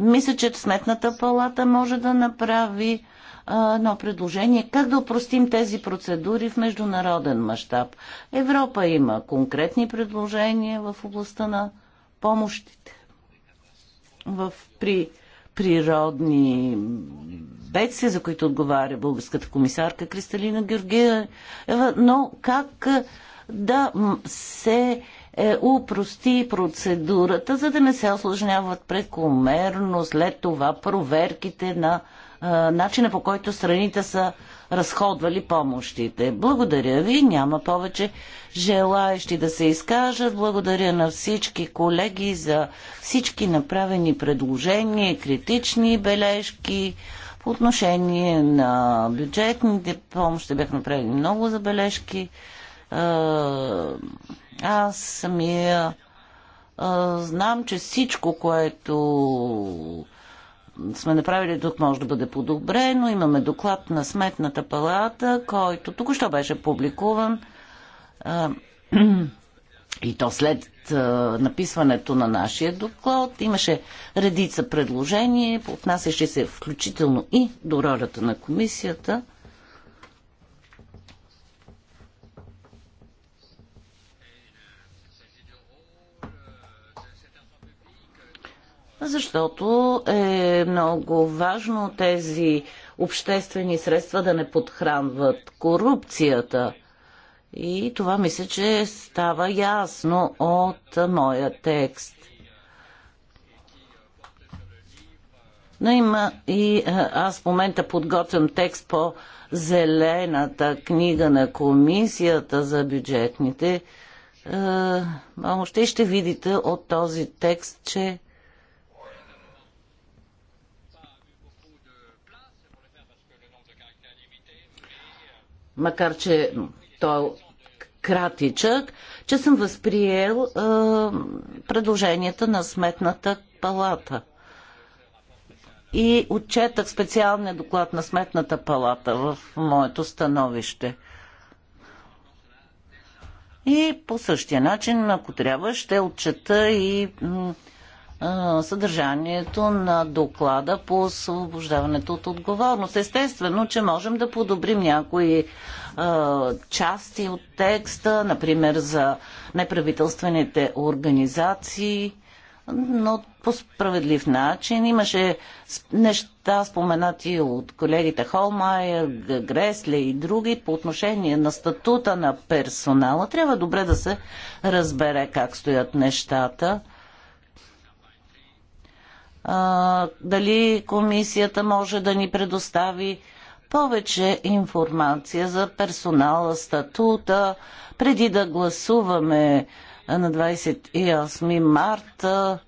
Мисля, че Сметната палата може да направи едно предложение как да упростим тези процедури в международен мащаб. Европа има конкретни предложения в областта на помощите в, при природни бедствия, за които отговаря българската комисарка Кристалина Георгиева, но как да се е, упрости процедурата, за да не се осложняват прекомерно след това проверките на е, начина по който страните са разходвали помощите. Благодаря ви, няма повече желаещи да се изкажат. Благодаря на всички колеги за всички направени предложения, критични бележки. По отношение на бюджетните помощи бях направили много забележки. Е, аз самия е, знам, че всичко, което сме направили тук може да бъде подобрено. Имаме доклад на Сметната палата, който тук що беше публикуван. Е, и то след написването на нашия доклад имаше редица предложения, отнасящи се включително и до ролята на комисията. Защото е много важно тези обществени средства да не подхранват корупцията. И това мисля, че става ясно от моя текст. Но има и е, аз в момента подготвям текст по зелената книга на комисията за бюджетните е, още Ще видите от този текст, че макар че той кратичък, че съм възприел е, предложенията на Сметната палата. И отчетах специалния доклад на Сметната палата в моето становище. И по същия начин, ако трябва, ще отчета и съдържанието на доклада по освобождаването от отговорност. Естествено, че можем да подобрим някои части от текста, например за неправителствените организации, но по справедлив начин. Имаше неща споменати от колегите Холмайер, Гресле и други по отношение на статута на персонала. Трябва добре да се разбере как стоят нещата дали комисията може да ни предостави повече информация за персонала, статута, преди да гласуваме на 28 марта.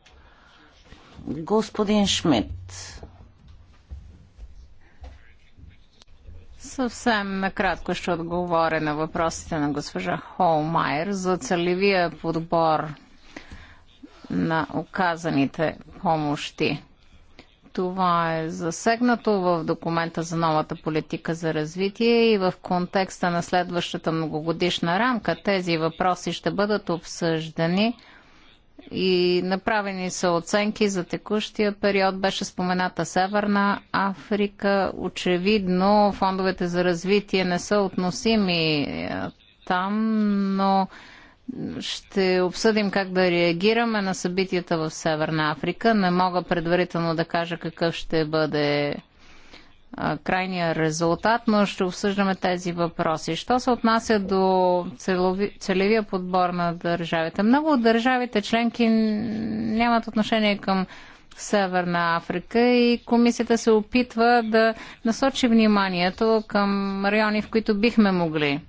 Господин Шмидт. Съвсем накратко ще отговоря на въпросите на госпожа Холмайер за целевия подбор на оказаните помощи. Това е засегнато в документа за новата политика за развитие и в контекста на следващата многогодишна рамка. Тези въпроси ще бъдат обсъждани и направени са оценки за текущия период. Беше спомената Северна Африка. Очевидно фондовете за развитие не са относими там, но ще обсъдим как да реагираме на събитията в Северна Африка. Не мога предварително да кажа какъв ще бъде крайния резултат, но ще обсъждаме тези въпроси. Що се отнася до целови, целевия подбор на държавите? Много от държавите членки нямат отношение към Северна Африка и комисията се опитва да насочи вниманието към райони, в които бихме могли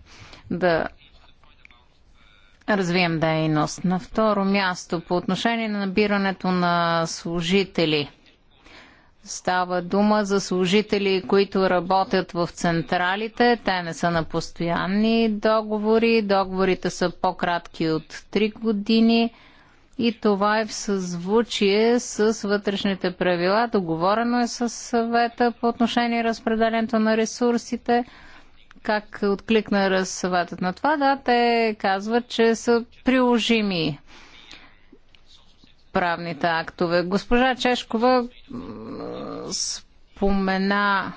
да развием дейност. На второ място, по отношение на набирането на служители. Става дума за служители, които работят в централите. Те не са на постоянни договори. Договорите са по-кратки от 3 години. И това е в съзвучие с вътрешните правила. Договорено е с съвета по отношение разпределението на ресурсите как откликна разсъветът на това? Да, те казват, че са приложими правните актове. Госпожа Чешкова спомена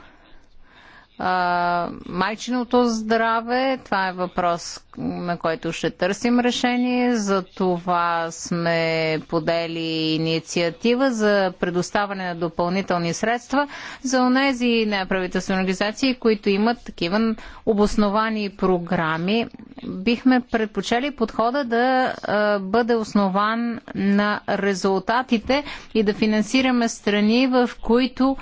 майчиното здраве. Това е въпрос, на който ще търсим решение. За това сме подели инициатива за предоставане на допълнителни средства за онези неправителствени организации, които имат такива обосновани програми. Бихме предпочели подхода да а, бъде основан на резултатите и да финансираме страни, в които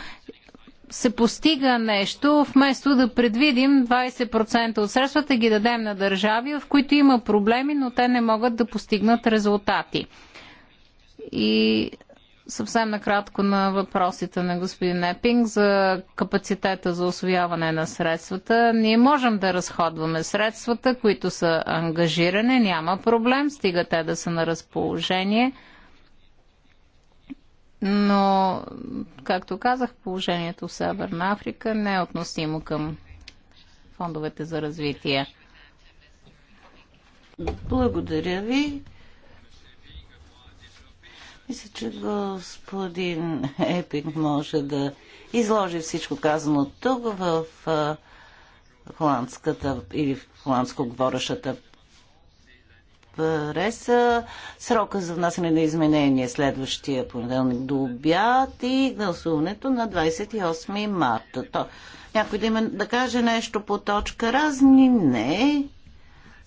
се постига нещо, вместо да предвидим 20% от средствата ги дадем на държави, в които има проблеми, но те не могат да постигнат резултати. И съвсем накратко на въпросите на господин Епинг за капацитета за освояване на средствата. Ние можем да разходваме средствата, които са ангажирани, няма проблем, стига те да са на разположение – но, както казах, положението в Северна Африка не е относимо към фондовете за развитие. Благодаря ви. Мисля, че господин Епинг може да изложи всичко казано тук в холандската или в холандско говорещата преса. Срока за внасяне на изменения е следващия понеделник до обяд и гласуването на 28 марта. То, някой да, има, да каже нещо по точка разни? Не.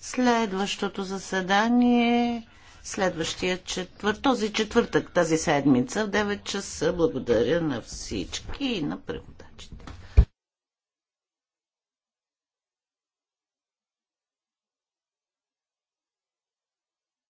Следващото заседание следващия четвър... този четвъртък, тази седмица в 9 часа. Благодаря на всички и на